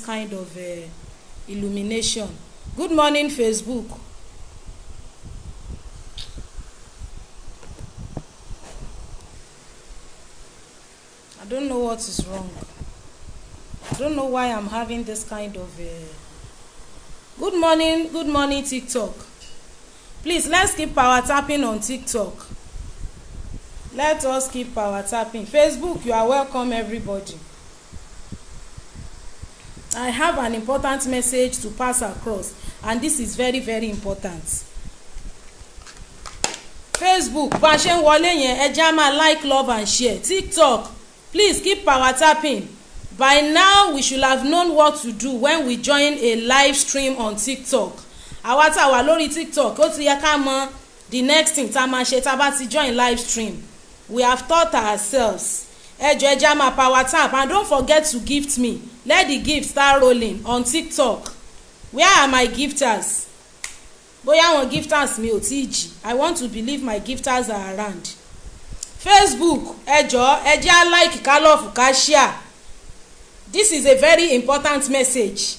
kind of uh, illumination. Good morning, Facebook. I don't know what is wrong. I don't know why I'm having this kind of. Uh... Good morning, good morning, TikTok. Please, let's keep power tapping on TikTok. Let us keep power tapping. Facebook, you are welcome, everybody. I have an important message to pass across and this is very very important. Facebook bá a ṣe ń wọlé like love and share TikTok please keep power tapping by now we should have known what to do when we join a live stream on TikTok àwa tá a wà TikTok oti ti yẹ the next thing tá a máa ṣe tá a join live stream we have taught ourselves ẹ jọ̀ọ́ ẹ jẹ́ power tap and don't forget to gift me let the gift start rolling on tiktok where are my gifters bóyá àwọn gifters mi ò tíì jì i want to believe my gifters are around facebook ẹ jọ̀ọ́ ẹ jẹ́ á like ká lọ́ọ̀fù this is a very important message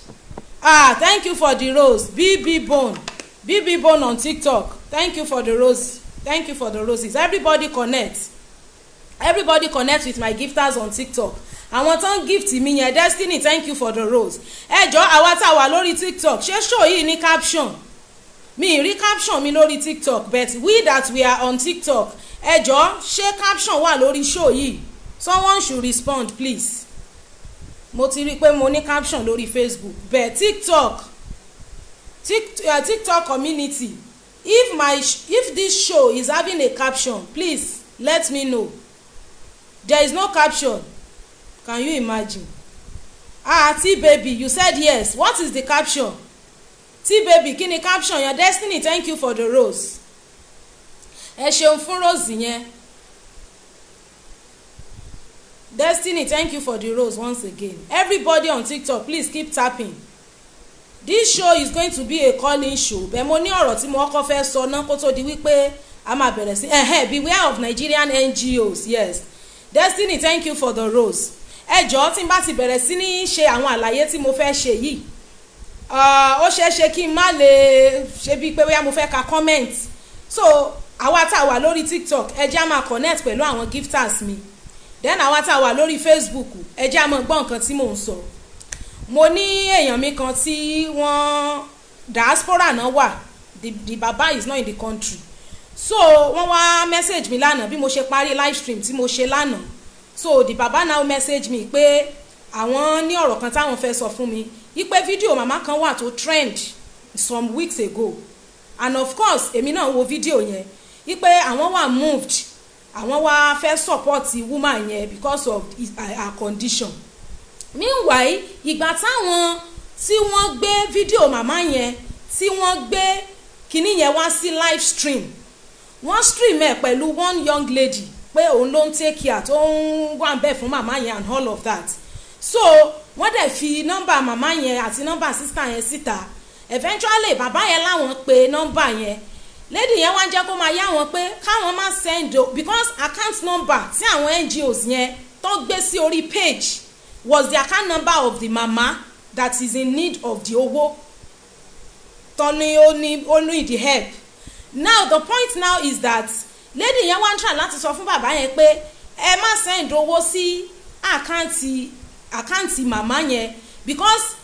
ah thank you for the rose bb bone bb bone on tiktok thank you for the rose thank you for the roses everybody connect everybody connect with my gifters on tiktok àwọn tó ń gift mi yẹn destiny thank you for the rose ẹ jọ àwa tá a wà lórí tiktok ṣé show yìí ní caption mi ì rí caption mi lórí tiktok but we that we are on tiktok ẹ jọ ṣé caption wà lórí show yìí someone should respond please mo ti rí i pé mo ní caption lórí facebook but tiktok eh, tiktok community if my if this show is having a caption please let me know there is no caption can you imagine ah t-baby you said yes what is the caption t-baby kini caption your destiny thank you for the rose ẹ ṣeun fún rose yẹn destiny thank you for the rose once again everybody on tiktok please keep tapping this show is going to be a calling show bẹ́ẹ̀ mo ní ọ̀rọ̀ tí mo kọ́kọ́ fẹ́ sọ náà kó tó di wípé a máa bẹ̀rẹ̀ sí beware of nigerian ngos yes destiny thank you for the rose ẹ jọ̀ọ́ tí n bá ti bẹ̀rẹ̀ sí ní ṣe àwọn àlàyé tí mo fẹ́ ṣe yìí ó ṣeé ṣe kí n má lè ṣe bíi pé bóyá mo fẹ́ ka comment so àwa tá a wà lórí tiktok ẹ jẹ́ á máa connect pẹ̀lú àwọn gifters mi then àwa tá a wà lórí facebook ẹ jẹ́ á máa gbọ́ nǹkan tí mò ń sọ mo ní èèyàn mi kan tí wọ́n diaspora náà wà the, the baba is not in the country so wọ́n wá message mi lánàá bí mo ṣe parí live stream tí mo ṣe lánàá so the baba now message me pé àwọn ní ọ̀rọ̀ kan táwọn fẹ́ sọ fún mi wípé fídíò màmá kan wà tó trend some weeks ago and of course èmi náà wo fídíò yẹn wípé àwọn wà moved àwọn wá fẹ́ support woman yẹn because of his, her, eh, her condition meanwhile ìgbà táwọn tí wọ́n gbé fídíò màmá yẹn tí wọ́n gbé kinní yẹn wá sí live stream wọ́n stream ẹ̀ pẹ̀lú one young lady pé òun ló ń take care tó ń wà bẹ́ẹ̀ fún màmá yẹn and all of that so wọ́n dẹ̀ fi nọ́mbà màmá yẹn àti nọ́mbà sísá yẹn síta eventually bàbá yẹn láwọn pe nọ́mbà yẹn lady yẹn wá jẹ́ kó máa yá wọn pé káwọn má send o because account number tí àwọn ngos yẹn tó gbé sí orí page was the account number of the mama that is in need of the owó tọ́ni ó ní ó ní the help now the point now is that lady yẹn wá ń try láti sọ fún bàbá yẹn pé ẹ má send owó sí àkáǹtì àkáǹtì màmá yẹn because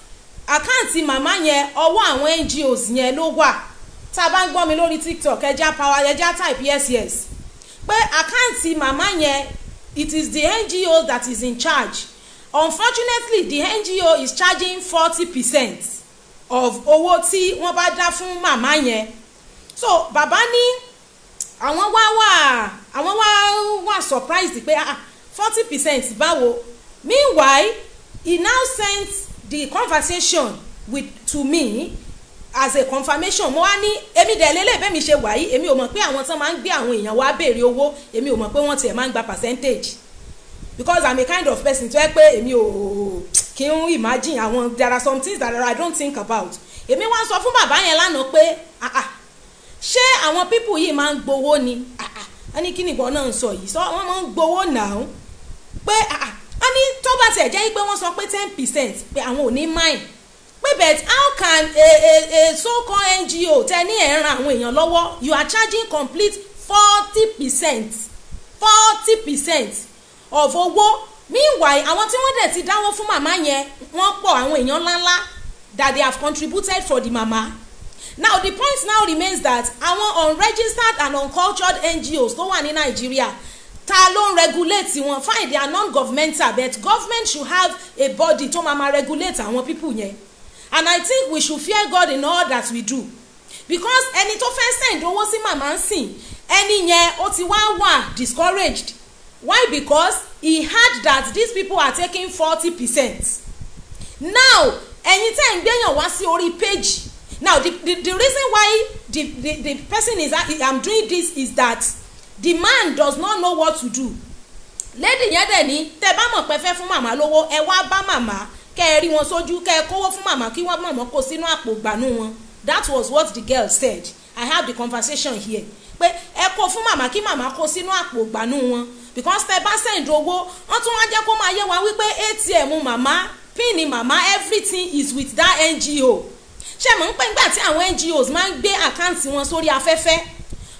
àkáǹtì màmá yẹn ọwọ́ àwọn NGOs yẹn ló wà tá a bá ń gbọ́ mi lórí TikTok ẹja power ẹja type yes yes pé àkáǹtì màmá yẹn it is the NGO that is in charge unfortunately the NGO is charging forty percent of owó tí wọ́n bá dá fún màmá yẹn so bàbá ní àwọn wá wà àwọn wá wà surprised pé ah, ah, forty percent báwo meanwhile he now sent the conversation with to me as a confirmation mo wá ní èmi dẹ̀ lélẹ̀ bẹ́ẹ̀ mi ṣe wàyí èmi ò mọ̀ pé àwọn tán máa ń gbé àwọn èèyàn wá béèrè owó èmi ò mọ̀ pé wọ́n tiẹ̀ máa ń gba percentage because i'm a kind of person tó yẹ pé èmi ò kí n imagine àwọn there are some things that i don't think about èmi wá ń sọ fún bàbá yẹn lánàá pé àwọn pípù yìí máa ń gbowó ni ah, ah, a ní kí ni ìbọn náà ń sọ yìí sọ wọ́n máa ń gbowó náà pé ah, a ní tó bá tiẹ̀ jẹ́ pé wọ́n sọ pé ten percent pé àwọn ò ní mind pé but how can a a a so called NGO tẹ ní ẹ̀ ń ran àwọn èèyàn lọ́wọ́ you are charging complete forty percent forty percent of owó meanwhile àwọn tí wọ́n dẹ̀ ti dáwọ́ fún màmá yẹn wọ́n pọ̀ àwọn èèyàn ńláńlá that they have contributed for the mama now the point now remains that àwọn unregistered and uncultured NGOs tó wà ní Nigeria, ta ló ń regulate wọn fine they are non-governmental but government should have a body tó máa ma regulate àwọn people yẹn and I think we should fear God in all that we do because ẹni tó fẹ́ send owó sí màmá ń sìn ẹni yẹn ó ti wá wà discouraged why because he heard that these people are taking forty percent now ẹ̀yin tẹ́ ń gbéyàn wá sí orí page now the the, the reason why the, the the person is i'm doing this is that the man does not know what to do lady yẹn dẹ̀ ní tẹ bá mọ̀ pé fún màmá lówó ẹ wá bá màmá kẹ́ ẹ rí wọn sójú kẹ́ ẹ kówó fún màmá kí wọ́n màmá kó sínú àpò gbanú wọn that was what the girl said i have the conversation here pé ẹ kó fún màmá kí màmá kó sínú àpò gbanú wọn because tẹ bá send owó wọ́n tún wá jẹ́ kó máa yé wa wípé atm màmá pin màmá everything is with that ngo ṣé mọ̀ ń pẹ́ nígbà tí àwọn NGOs máa ń gbé àkáǹtì wọn sórí afẹ́fẹ́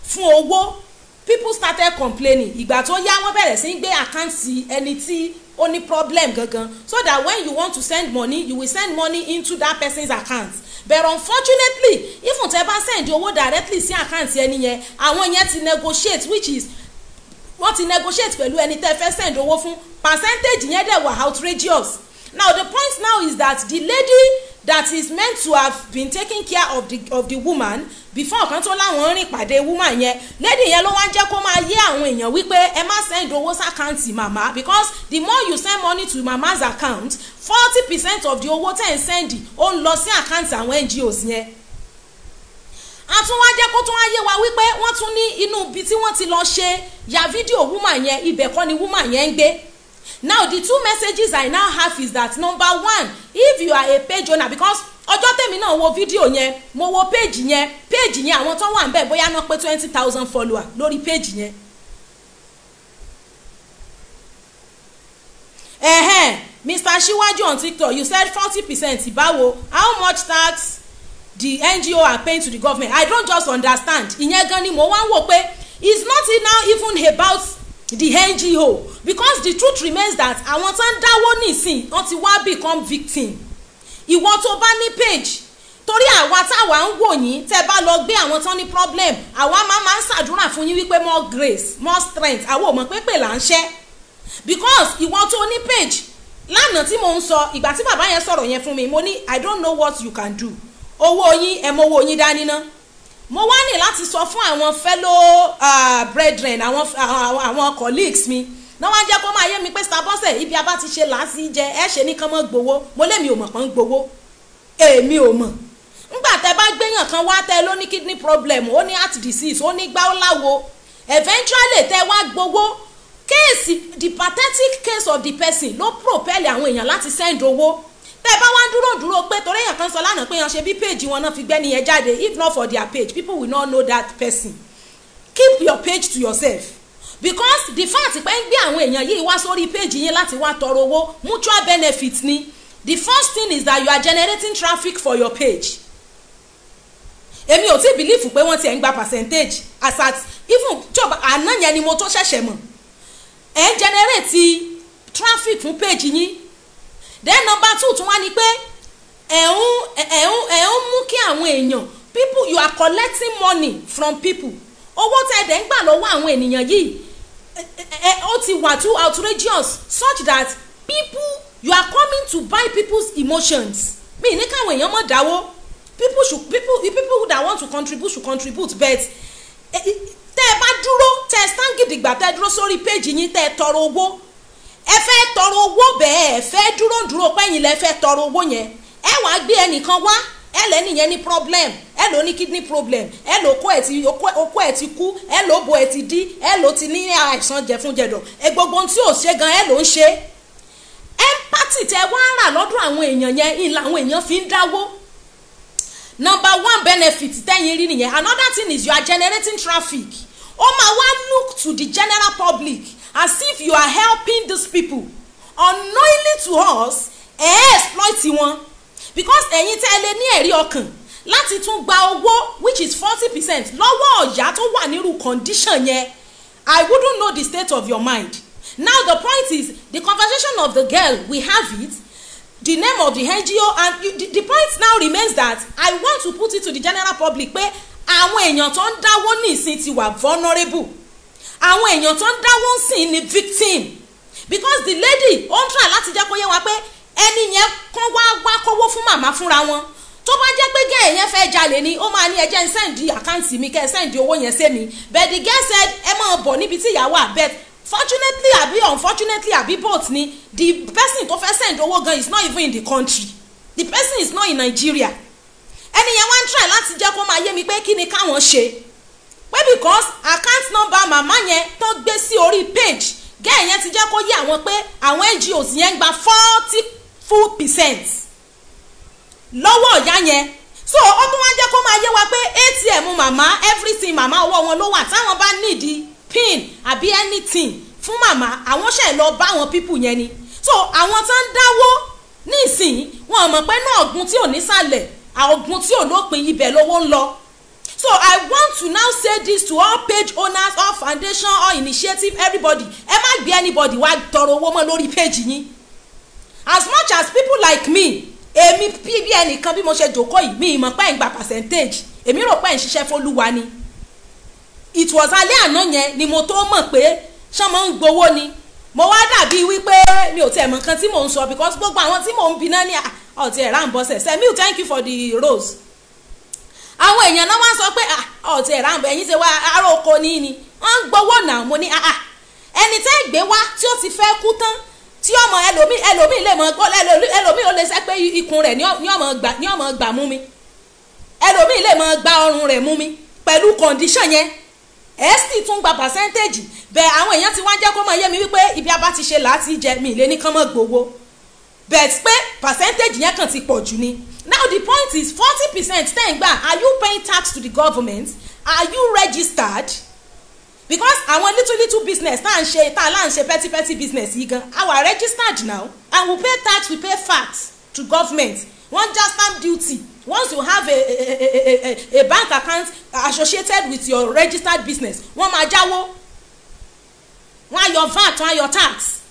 fún owó people started complaining ìgbà tó yá wọ́n bẹ̀rẹ̀ sí í gbé àkáǹtì ẹni tí ó ní problem gangan so that when you want to send money you will send money into that person's account but unfortunately if n tẹ bá send owó directly sí àkáǹtì ẹni yẹn àwọn yẹn ti negotiate which is wọ́n ti negotiate pẹ̀lú ẹni tẹ́ fẹ́ send owó fún percentage yẹn dẹ̀ wà outrageous now the point now is that the lady that is meant to have been taking care of the of the woman before kan tó láwọn rìn pàdé woman yẹn lady yẹn ló wá ń jẹ́ kó máa yé àwọn èèyàn wípé ẹ má send owó sàkáǹtì màmá because the more you send money to mama's account forty percent of the owó tẹ̀ ń send ó ń lọ sí àkáǹtì àwọn ngos yẹn àtúnwá jẹ́ kó tún ayé wa wípé wọ́n tún ní inú ibi tí wọ́n ti lọ ṣe ya fídíò woman yẹn ibẹ̀ kọ́ ni woman yẹn ń gbé now the two messages i now have is that number one if you are a page owner because ọjọ́ tèmi náà wo fídíò yẹn mo wo péèjì yẹn péèjì yẹn àwọn tó wà ń bẹ̀ bóyá náà pé twenty thousand follower lórí péèjì yẹn. ẹ̀hẹ́n mr shiwaju on tiktok you said forty percent ìbáwo how much tax the ngo are paying to the government i don't just understand ìyẹn gan ni mo wá ń wò pé it's not now even about the ngo because the truth remains that àwọn tó ń dáwó nísìn wọ́n ti wá become victim ìwọ tó bá ní page torí àwa táwa ń wò yín tẹ́ bá lọ gbé àwọn tán ní problem àwa máa máa ń ṣàdúrà fún yín wípé more grace more strength àwọn ò mọ̀ pé pè là ń ṣẹ́ because ìwọ tó ní page lánàá tí mo ń sọ ìgbà tí bàbá yẹn sọ̀rọ̀ yẹn fún mi mo ní i don't know what you can do owó yín ẹ̀ mọ owó yín dání náà mo wá ní láti sọ fún àwọn fellow uh, brethren àwọn àwọn colleagues mi náà wá jẹ́ kó máa yé mi pé sàbọ́sẹ̀ ibi abá ti ṣe làásì jẹ ẹ ṣe nìkan mọ́ gbowó mo lémi ò mọ̀ pọ́n gbowó èmi ò mọ̀ ngbà tẹ bá gbéyàn kan wá tẹ ló ní kidney problem ó ní heart disease ó ní gbáwóláwo eventually tẹ wá gbowó kéèsì the pathetic case of the person ló propel àwọn èèyàn láti send owó tẹ́ bá wá dúró dúró pé torí èèyàn kan sọ lánàá pé èèyàn bí péèjì wọn náà fi gbẹ́ni yẹn jáde if not for their page people will not know that person keep your page to yourself because the fact pé ń gbé àwọn èèyàn yìí wá sórí péèjì yín láti wá tọrọ owó mutual benefit ni the first thing is that you are generating traffic for your page èmi ò tí bìlífù pé wọ́n ti ẹ̀ ń gba percentage as at even jọba àná yẹn ni mo tó ṣẹ̀ṣẹ̀ mọ̀ ẹ̀ ń generate traffic fún page yín then number two tún wá ni pé ẹ̀ ń ẹ̀ ń ẹ̀ ń mú kí àwọn èèyàn people you are collecting money from people owó tẹ́ ẹ̀ dẹ̀ ń gbà lọ́wọ́ àwọn ènìyàn yìí ó ti wà too outrageous such that people you are coming to buy people's emotions mi ní káwọn èèyàn mọ̀ dáwọ́ people should people people that want to contribute should contribute but tẹ́ ẹ bá dúró tẹ́ ẹ stand gidigba tẹ́ ẹ dúró sórí péjì yín tẹ́ ẹ tọrọ owó ẹ fẹ́ tọrọ owó bẹ́ẹ̀ ẹ fẹ́ dúró dúró pẹ́yìn lẹ fẹ́ tọrọ owó yẹn ẹ wàá gbé ẹnìkan wá ẹ lẹ nìyẹn ní problem ẹ ló ní kidney problem ẹ ló kó ẹ ti okó ẹ ti kú ẹ ló bo ẹ ti dí ẹ ló ti ní àìsàn jẹfunjẹdọ ẹ gbogbo ohun tí ò ṣe gan ẹ ló ń ṣe empathy tẹ wá rà lọ́dọ̀ àwọn èèyàn yẹn ìlà àwọn èèyàn fi ń dáwó number one benefit tẹ́yìn rí nìyẹn another thing is you are generating traffic ó máa wá look to the general public as if you are helping these people unknowingly to us ẹ ẹ exploit wọn because ẹ̀yin tẹ́ ẹ lè ní ẹ̀rí ọkàn láti tún gba owó which is forty percent lọ́wọ́ ọ̀yá tó wà nírú condition yẹn I wouldn't know the state of your mind now the point is the conversation of the girl we have it the name of the NGO and you, the, the point now remains that I want to put it to the general public pé àwọn èèyàn tó ń dáwó ní ìsìn ti wà vulnerable àwọn èèyàn tó ń dáwọ́ ń sìn ni victim because the lady ó ń try láti jẹ́ kó yé wa pé ẹni yẹn kán wá wá kówó fún màmá fúnra wọn tó bá jẹ́ pé gẹ́ẹ̀ yẹn fẹ́ jalè ni ó máa ní ẹjẹ́ ń sẹ́ǹdì àkáǹtì mi kẹ́ ẹ sẹ́ǹdì owó yẹn sí but the girl said ẹ máa bọ̀ níbi tí ìyàwó abet fortunately àbí unfortunately àbí both ni the person tó fẹ́ send owó gan is not even in the country the person is not in Nigeria ẹni yẹn wá ń try láti jẹ́ kó máa yé mi pé kí ni káwọn ṣe pé because account number màmá yẹn tó gbé sí orí page gẹ́ẹ̀ yẹn ti jẹ́ kó yé àwọn pé àwọn ngos yẹn ń gba forty full percent lọ́wọ́ ọ̀yá yẹn so ó tún wá jẹ́ kó máa yé wa pé atm màmá everything màmá ọwọ́ wọn ló wà táwọn bá nídìí pin àbí anything fún màmá àwọn ṣẹ̀ lọ bá àwọn pípù yẹn ni so àwọn tó ń dáwó nísìnyí wọn mọ̀ pé náà ọ̀gbun tí ò nísàlẹ̀ ọ̀gbun tí ò lópin ibẹ̀ lówó ń lọ so i want to now say this to all page owners all foundation all initiative everybody ẹ má gbé anybody wá tọrọ owó mọ́ lórí page yín as much as people like me èmi bí ẹnìkan bí mo ṣe jòkó yìí mi ìmọ̀ pẹ́ ń gba percentage èmi rò pẹ́ ń ṣiṣẹ́ fólúwa ni it was alẹ́ àná yẹn ni mo tó mọ̀ pé ṣé mo ń gbowó ni mo wá dàbí wípé mi ò tiẹ̀ mọ̀ nǹkan tí mò ń sọ because gbogbo àwọn tí mò ń bi náà ní ah, ọ̀tí ẹ̀ ráǹbọ̀sẹ̀ sẹ́mi thank you for the rose àwọn èèyàn náà wá sọ pé ọ̀tí ah, ẹ̀ ráńbọ̀ ẹ̀yìn ṣe wá ará oko ní ni wọ́n ń gbowó náà mo ní ah, ah, ẹni tẹ́ gbé wá tí ó ti fẹ́ kú tán tí ọmọ ẹlòmíì ẹlòmíì lè mọ gbọ́ ẹlòmíì ó lè sẹ́ pé ikùn rẹ̀ ní ọmọ gbà ní ọmọ gbà mú mi ẹlòmíì lè mọ gbà ọrùn rẹ̀ mú mi pẹ̀lú kọ̀ǹdíṣàn yẹn ẹ sì tún gba pàṣẹ́ntéèjì bẹ́ẹ̀ àwọn èèyàn ti wá jẹ́ kó mọ̀ yé mi wípé ibi abá ti ṣe làá ti jẹ mi ìlénìkan mọ̀ gbowó bet pé percentage yẹn kàn ti pọ̀ jù ni now the point is forty percent ten gba are you paying tax to the government are you registered because àwọn little little business tá à ń ṣe tá à ń ṣe petipeti business yìí gan our registered now and we pay tax we pay VAT to government one just stamp duty once you have a a a a, a bank account associated with your registered business wọ́n máa jáwó wọ́n á yọ VAT wọ́n á yọ tax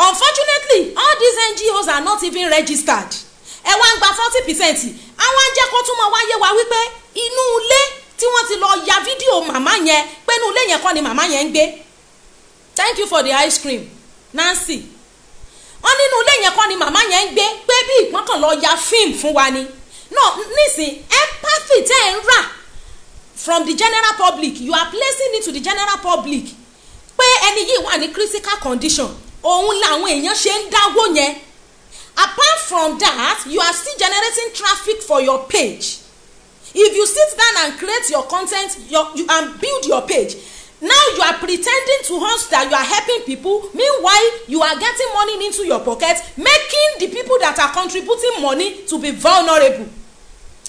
unfortunately all these NGOs are not even registered ẹ wá ń gba forty percent àwọn ń jẹ́ kó túmọ̀ wáyé wa wípé inú ilé tí wọ́n ti lọ ya fídíò màmá yẹn pé inú ilé yẹn kọ́ ni màmá yẹn ń gbé thank you for the ice cream Nancy wọ́n nínú ilé yẹn kọ́ ni màmá yẹn ń gbé pé bí ìpọ́n kan lọ ya fíìmù fún wa ni no nísìn empathy tẹ́ ẹ̀ ń rà from the general public you are placing it to the general public pé ẹni yìí wà ní critical condition òun làwọn èèyàn ṣe ń dáwó yẹn apart from that you are still generating traffic for your page if you sit down and create your content your, you, and build your page now you are pretending to us that you are helping people meanwhile you are getting money into your pocket making the people that are contributing money to be vulnerable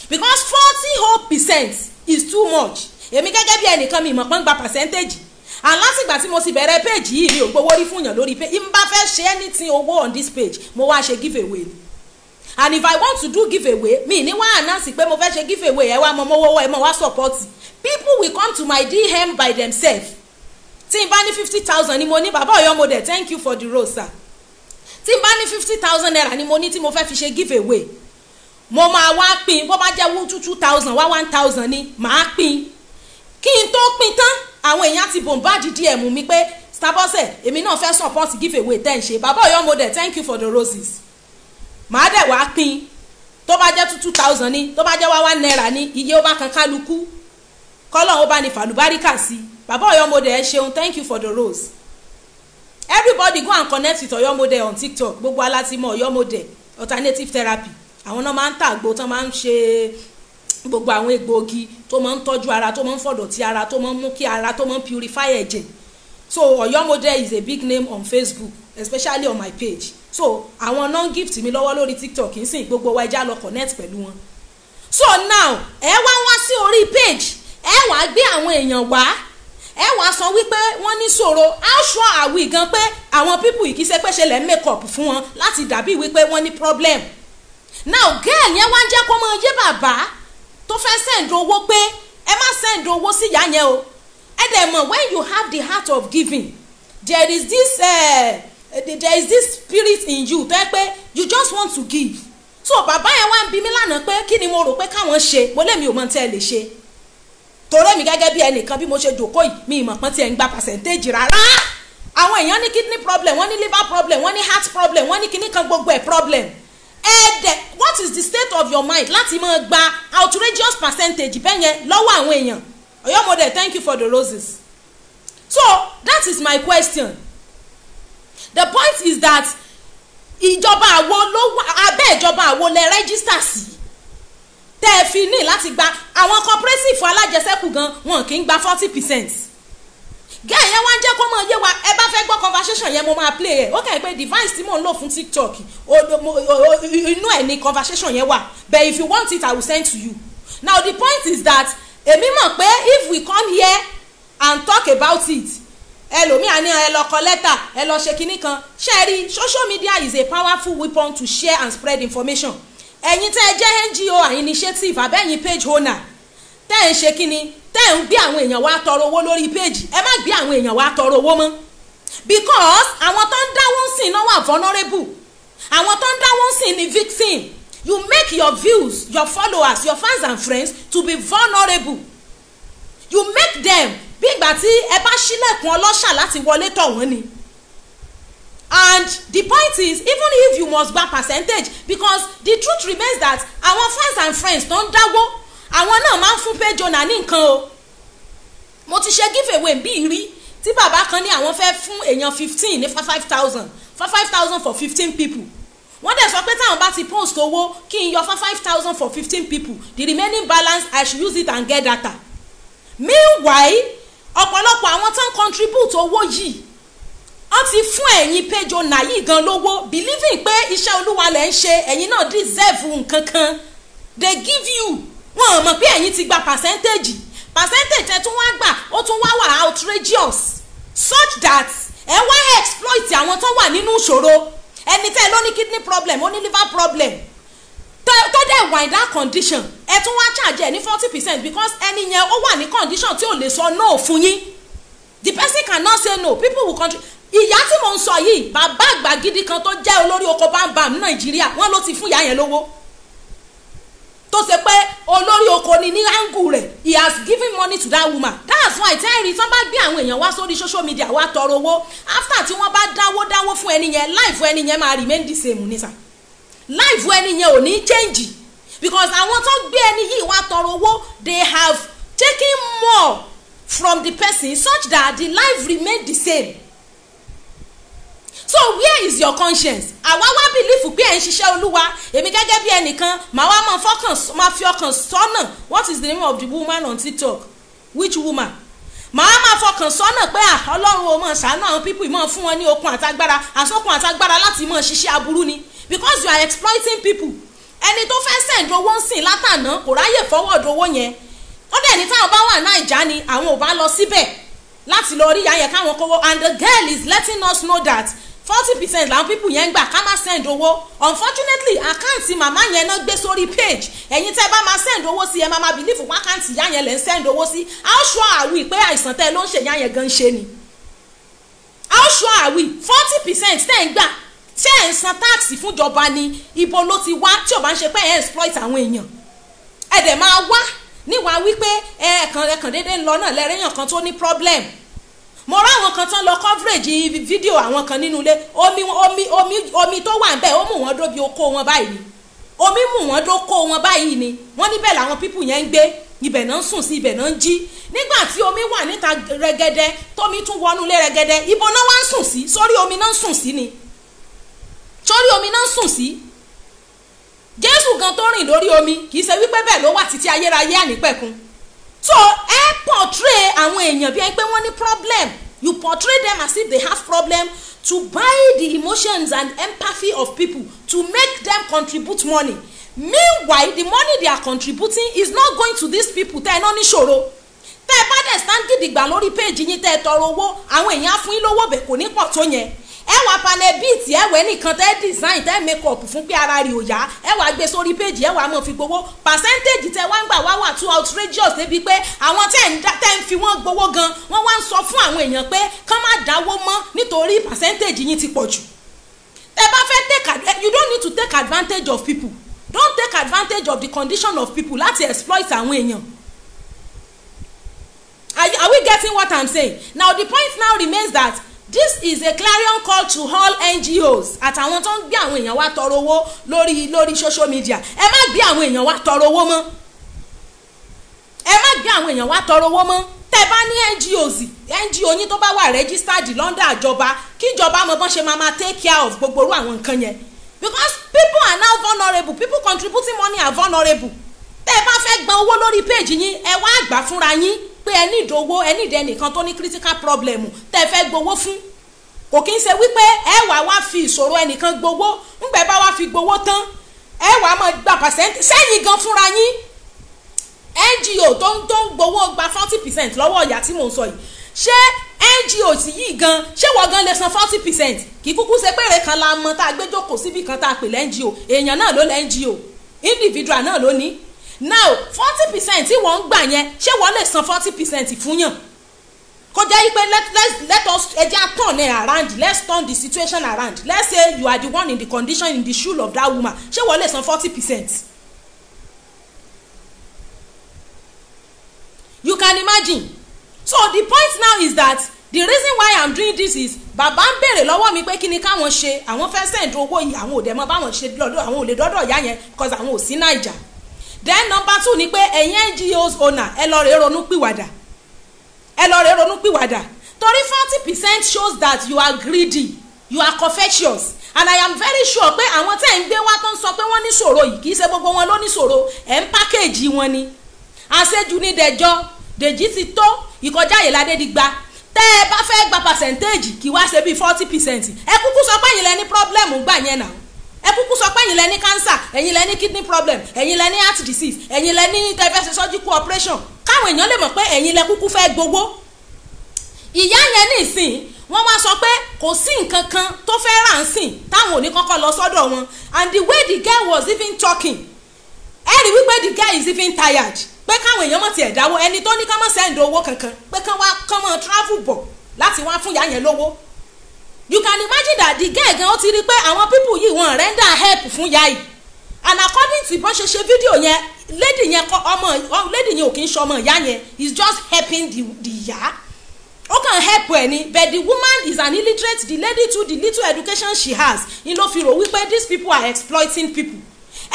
because forty whole percent is too much èmi gẹ́gẹ́ bí ẹnìkan mi ìmọ̀ pọ́n gba percentage and látìgbà tí mo sì bẹ̀rẹ̀ péjì yìí mi ò gbowó rí fún yàn lórí péjì n bá fẹ́ ṣe anything owó on this page mo wá ṣe give away and if i want to do give away mi ní wá announce pé mo fẹ́ ṣe give away ẹ wá mọ mọ́wọ́ ẹ mọ wá support people will come to my dm by themselves tí n bá ní fifty thousand ni mo ní bàbá ọ̀yọ́ mo dẹ̀ thank you for the rose sir tí n bá ní fifty thousand naira ni mo ní tí mo fẹ́ fi ṣe give away mo máa wá pín bó bá jẹ́ two two thousand wá one thousand ni màá pín kí n tó pín tán àwọn èèyàn ti bombard dm mi pé stabọ́sẹ̀ èmi náà fẹ́ support give away tẹ́ ń ṣe bàbá ọ̀yọ́ model thank you for the roses màá dẹ̀ wá pín tó bá jẹ́ two thousand ní tó bá jẹ́ wá one naira ní iye ó bá kan kálukú kọ́lọ̀ ó bá ní fàlùbáríkà sí bàbá ọ̀yọ́ model ẹ ṣeun thank you for the rose everybody go and connect with ọ̀yọ́ model on tiktok gbogbo aláti mọ ọ̀yọ́ model alternative therapy àwọn náà máa ń tàgbó tán máa ń ṣe gbogbo àwọn egbòogi tó máa ń tọ́jú ara tó máa ń fọ̀dọ̀tí ara tó máa ń mú kí ara tó máa ń purify ẹ̀jẹ̀ so oyomode is a big name on facebook especially on my page so àwọn non-gift mi lọ́wọ́ lórí tiktok ń sìn gbogbo wa ẹja lọ connect pẹ̀lú wọn so now ẹ wá wá sí orí page ẹ wá gbé àwọn èèyàn wá ẹ wá sọ wípé wọ́n ní ṣòro how sure are we gan pé àwọn people yìí kì í ṣe pé ṣe lẹ́ make up fún wọn láti dàbí wípé wọ́n ní problem now girl yẹn wá ń jẹ́ kó mọ yé bàbá tó fẹ́ send owó pé ẹ má send owó sí ìyá yẹn o ẹ dẹ̀ mọ̀ when you have the heart of giving there is this uh, there is this spirit in you tó pé you just want to give so bàbá yẹn wá ń bi mí lánàá pé kí ni mo rò pé káwọn ṣe mo lè mi ò mọ tẹ́ ẹ lè ṣe torí mi gẹ́gẹ́ bí ẹnìkan bí mo ṣe jòkó yìí mi ìmọ̀ pọ́n tiẹ̀ ń gba percentage rárá àwọn èèyàn ní kidney problem wọ́n ní liver problem wọ́n ní heart problem wọ́n ní kíní kan gbogbo ẹ̀ problem ẹ̀ẹ́dẹ̀ what is the state of your mind láti máa gba outrageous percentage bẹ́ẹ̀ yẹn lọ́wọ́ àwọn èèyàn ọ̀yọ́mọdé thank you for the roses so that is my question the point is that ìjọba àwo ló wà abẹ́ ìjọba àwo lẹ rẹ́gísítà sí tẹ́ ẹ fi ní láti gba àwọn cooperative alájẹsẹ́kù gan wọn kì í gba forty percent gẹ́ẹ̀ yẹn wá ń jẹ́ kó mọ̀ yé wa ẹ bá fẹ́ gbọ́ conversation yẹn mo máa play ẹ̀ ó kàn pé device tí mò ń lò fún tiktok inú ẹ̀ ni conversation yẹn wà but if you want it i will send to you now the point is that èmi mọ̀ pé if we come here and talk about it ẹlòmíà ni ẹ lọ kọ lẹ́tà ẹ lọ ṣe kinní kan ṣe rí social media is a powerful weapon to share and spread information ẹ̀yin tẹ́ ẹ jẹ́ ngo and initiative abẹ́yìn page owner tẹ́ ẹ̀ ń ṣe kí ni tẹ́ ẹ̀ ń gbé àwọn èèyàn wá tọrọ owó lórí péjì ẹ má gbé àwọn èèyàn wá tọrọ owó mọ́ because àwọn tó ń dáwó ń sìn náà wà vulnerable àwọn tó ń dáwó ń sìn ni victim you make your views your followers your fans and friends to be vulnerable you make them bí ìgbà tí ẹ bá ṣílẹ̀kùn ọlọ́ṣà láti wọlé tọ̀ wọ́n ni and the point is even if you must gba percentage because the truth remains that our fans and friends tó ń àwọn náà máa ń fún pé jona ní nǹkan o mo ti ṣe giveaway bíi rí tí bàbá kan ní àwọn fẹ́ fún èèyàn fifteen ní five thousand For five thousand for fifteen people wọ́n dẹ̀ sọ pé táwọn bá ti post owó kí n yọ five thousand for fifteen people the remaining balance I should use it and get data meanwhile ọ̀pọ̀lọpọ̀ àwọn tó ń contribute owó yìí wọ́n ti fún ẹ̀yin péjọ nàyí gan lówó believing pé iṣẹ́ olúwa lẹ̀ ń ṣe ẹ̀yin náà deserve nǹkan kan they give you wọn ò mọ̀ pé ẹ̀yin ti gba percentage percentage ẹ tún wá gbà ó tún wá wà outrageous such that ẹ wá exploit àwọn tó wà nínú ìṣòro ẹni tẹ́ ẹ ló ní kidney problem ó ní liver problem tó dẹ̀ wà in that condition ẹ tún wá charge ẹ ní forty percent because ẹni yẹn ó wà ní condition tí ò lè sọ no fún yín the person cannot say no people will control ìyá tí mo ń sọ yìí bàbá àgbà gidi kan tó jẹ́ olórí oko bámbam nàìjíríà wọ́n ló ti fún ìyá yẹn lówó tó ṣe pé olórí oko ni ní áńgù rẹ̀ he has given money to that woman that's why tẹ́rì tán bá gbé àwọn èèyàn wá sórí social media wá tọrọ owó after tí wọ́n bá dáwó dáwó fún ẹni yẹn life ẹni yẹn máa remain the same nísà life ẹni yẹn ò ní change because àwọn tó gbé ẹni yìí wá tọrọ owó they have taken more from the person such that the life remain the same so where is your conscience àwa wá bìlífù pé ẹ̀ ń ṣiṣẹ́ olúwa èmi gẹ́gẹ́ bí ẹnìkan màá wá máa fọkàn máa fi ọkàn sọ́nà what is the name of the woman on tiktok which woman màá máa fọkàn sọ́nà pé à ah, ọlọ́run o máa ṣàánú àwọn pípì máa fún wọn ní okun àtagbára àsokun àtagbára láti máa ṣiṣẹ́ aburú ni because you are exploiting people ẹni tó fẹ́ send owó ń sìn látàná kò ráyè forward owó yẹn ó dẹ̀ ní táwọn bá wà náìjà ni àwọn ò bá lọ síbẹ̀ láti lọ rí ìyá yẹn káwọn kówó and the girl is letting us know that forty percent làwọn people yẹn ń gbà ká má send owó unfortunately àkáǹtì màmá yẹn náà gbé sórí page ẹ̀yin tẹ́ bá máa send owó sí ẹ máa máa believe fún àkáǹtì yá yẹn lẹ́ ń send owó sí how sure are we pé àìsàn tẹ́ ló ń ṣe yá yẹn gan ṣe ni how sure are we forty percent tẹ́ ń gbà ṣé ẹ̀ ń san táàsì fúnjọba ni ibo ló ti wá tí ò bá ń ṣe pé ẹ̀ ń exploit àwọn èèyàn ẹ̀ dẹ̀ máa wá níwàá wípé ẹ̀ẹ̀kan ẹ̀kan déédéé ń lọ náà lẹ́rẹ̀ẹ́yàn kan tó ní problem mo rá àwọn kan tán lọ coverage fídíò àwọn kan nínú ilé omi omi omi omi tó wà níbẹ̀ ó mú wọn dóbi okó wọn báyìí ni omi mú wọn dóko wọn báyìí ni wọ́n níbẹ̀ làwọn pípù yẹn ń gbé ibẹ̀ náà ń sùn sí ibẹ̀ náà ń jí nígbà tí omi wà níta rẹgẹdẹ tómi tún wọnú ilé rẹgẹdẹ ibo náà wá ń sùn sí sórí omi náà ń sùn sí ni sórí omi náà ń sùn sí Jésù gan tó rìn lórí omi kì í ṣe wípé bẹ́ẹ̀ ló wà títí ayérayé ànípẹ̀kun so ẹ portray àwọn èèyàn bí ẹni pé wọ́n ní problem you portray them as if they have problem to buy the emotions and empathy of people to make them contribute money meanwhile the money they are contributing is not going to these people tẹ́ ẹ náà níṣòro tẹ́ ẹ bá dẹ̀ stand gidigba lórí péèjì yín tẹ́ ẹ tọrọ owó àwọn èèyàn á fún yín lówó bẹ̀ kò ní pọ̀ tó yẹn ẹ wà panẹ bíìtì ẹ nìkan tẹ design tẹ make up fún pé ara rẹ̀ ò ẹ wà gbé sórí péjì ẹ wà mọ̀ fi gbowó percentage tẹ wá ń gbà wá wà too outrageous débi pé àwọn tẹ ń fi wọ́n gbowó gan wọ́n wá ń sọ fún àwọn èèyàn pé kán má dáwó mọ́ nítorí percentage yín ti pọ̀ jù ẹ bá fẹ́ take you don't need to take advantage of people don't take advantage of the condition of people láti exploit àwọn èèyàn are, are we getting what i'm saying now the point now remains that this is a clarion call to all ngos àtàwọn tó ń gbé àwọn èèyàn wá tọrọ owó lórí lórí social media ẹ má gbé àwọn èèyàn wá tọrọ owó mọ́ ẹ má gbé àwọn èèyàn wá tọrọ owó mọ́ tẹ́ bá ní ngos ngo yín tó bá wà registered london àjọba kíjọba mọ bọ́n ṣe máa máa take care of gbogbo irú àwọn nǹkan yẹn because people are now vulnerable people contributing money are vulnerable tẹ́ bá fẹ́ gba owó lórí page yín ẹ wá gbà fúnra yín pé ẹ ní ìdòwò ẹ ní ìdẹnìkan tó ní critical problem tẹ́ fẹ́ gbowó fún kò kí ń ṣe wípé ẹ wà wá fi ìṣòro ẹnìkan gbowó ńgbẹ bá wá fi gbowó tán ẹ wà á máa gba percent sẹ́yìn gan fúnra yín NGO tó ń tó ń gbowó gba forty percent lọ́wọ́ ìyá tí mò ń sọ yìí ṣé NGO sì yìí gan ṣé wọ́n gan lè san forty percent kì í kúkú ṣe péré kan la mọ tá a gbé jókòó síbi kan tá a pè lẹ́ NGO èèyàn náà ló lẹ́ NGO individual náà ló ní now forty percent tí wọ́n ń gbà yẹn ṣé wọ́n lè san forty percent fún yàn kò jẹ́ pé let let let us ẹ jẹ́ turn it around let's turn the situation around let's say you are the one in the condition in the shoe of that woman ṣé wọ́n lè san forty percent. you can imagine so the point now is that the reason why i'm doing this is bàbá ń béèrè lọ́wọ́ mi pé kí ni káwọn ṣe àwọn fẹ́ send owó yìí àwọn ò dẹ̀ mọ́ báwọn ṣe lọ́dọ̀ àwọn ò lè dọ́dọ̀ ìyá yẹn because àwọn ò sí naija then number two ni pé ẹ̀yin NGOs owner ẹ lọ rèé ronú pìwàdà ẹ lọ rèé ronú pìwàdà torí forty percent shows that you are greedy you are covetous and i am very sure pé àwọn tẹ́ ń gbé wá tó ń sọ pé wọ́n ní ṣòro yìí kì í ṣe gbogbo wọn ló ní ṣòro ẹ̀ ń pákéèjì wọn ni àṣejù ní dẹjọ́ dèjì ti tó ìkọjá àyèládé di gba tẹ́ ẹ bá fẹ́ gba percentage kí wá ṣe bí forty percent ẹ kúkú sọ pé ẹ̀yin lẹ ní problem gbà yẹn náà ẹ kúkú sọ pé ẹ̀yin lẹ ní cancer ẹ̀yin lẹ ní kidney problem ẹ̀yin lẹ ní heart disease ẹ̀yin lẹ ní tẹfẹsẹ surgical operation káwọn èèyàn lè mọ̀ pé ẹ̀yin lẹ kúkú fẹ́ gbowó ìyá yẹn nísìnyí wọ́n wá sọ pé kò sí nǹkan kan tó fẹ́ rà ń sìn táwọn ò kọ́kọ́ lọ sọ́dọ̀ wọn and the way the girl was even talking ẹ rí wípé the girl is even tired pé káwọn èèyàn mọ̀ tiẹ̀ dáwọ́ ẹni tó ní ká mọ̀ sẹ́ǹdì owó kankan pé kán wá kán mọ̀ travel bọ̀ láti wá fún ìyá yẹn lówó you can imagine that the girl gan ó ti rí pé àwọn people yìí wọ́n render help fún ya yìí and according to bọ́n ṣe ṣe fídíò yẹn lady yẹn kọ ọmọ lady yẹn ò kì í ṣọmọ ìyá yẹn is just helping the the ya ó kàn help ẹ ni but the woman is an illiterate the lady too the little education she has ni ló fi rò wípé these people are exploiting people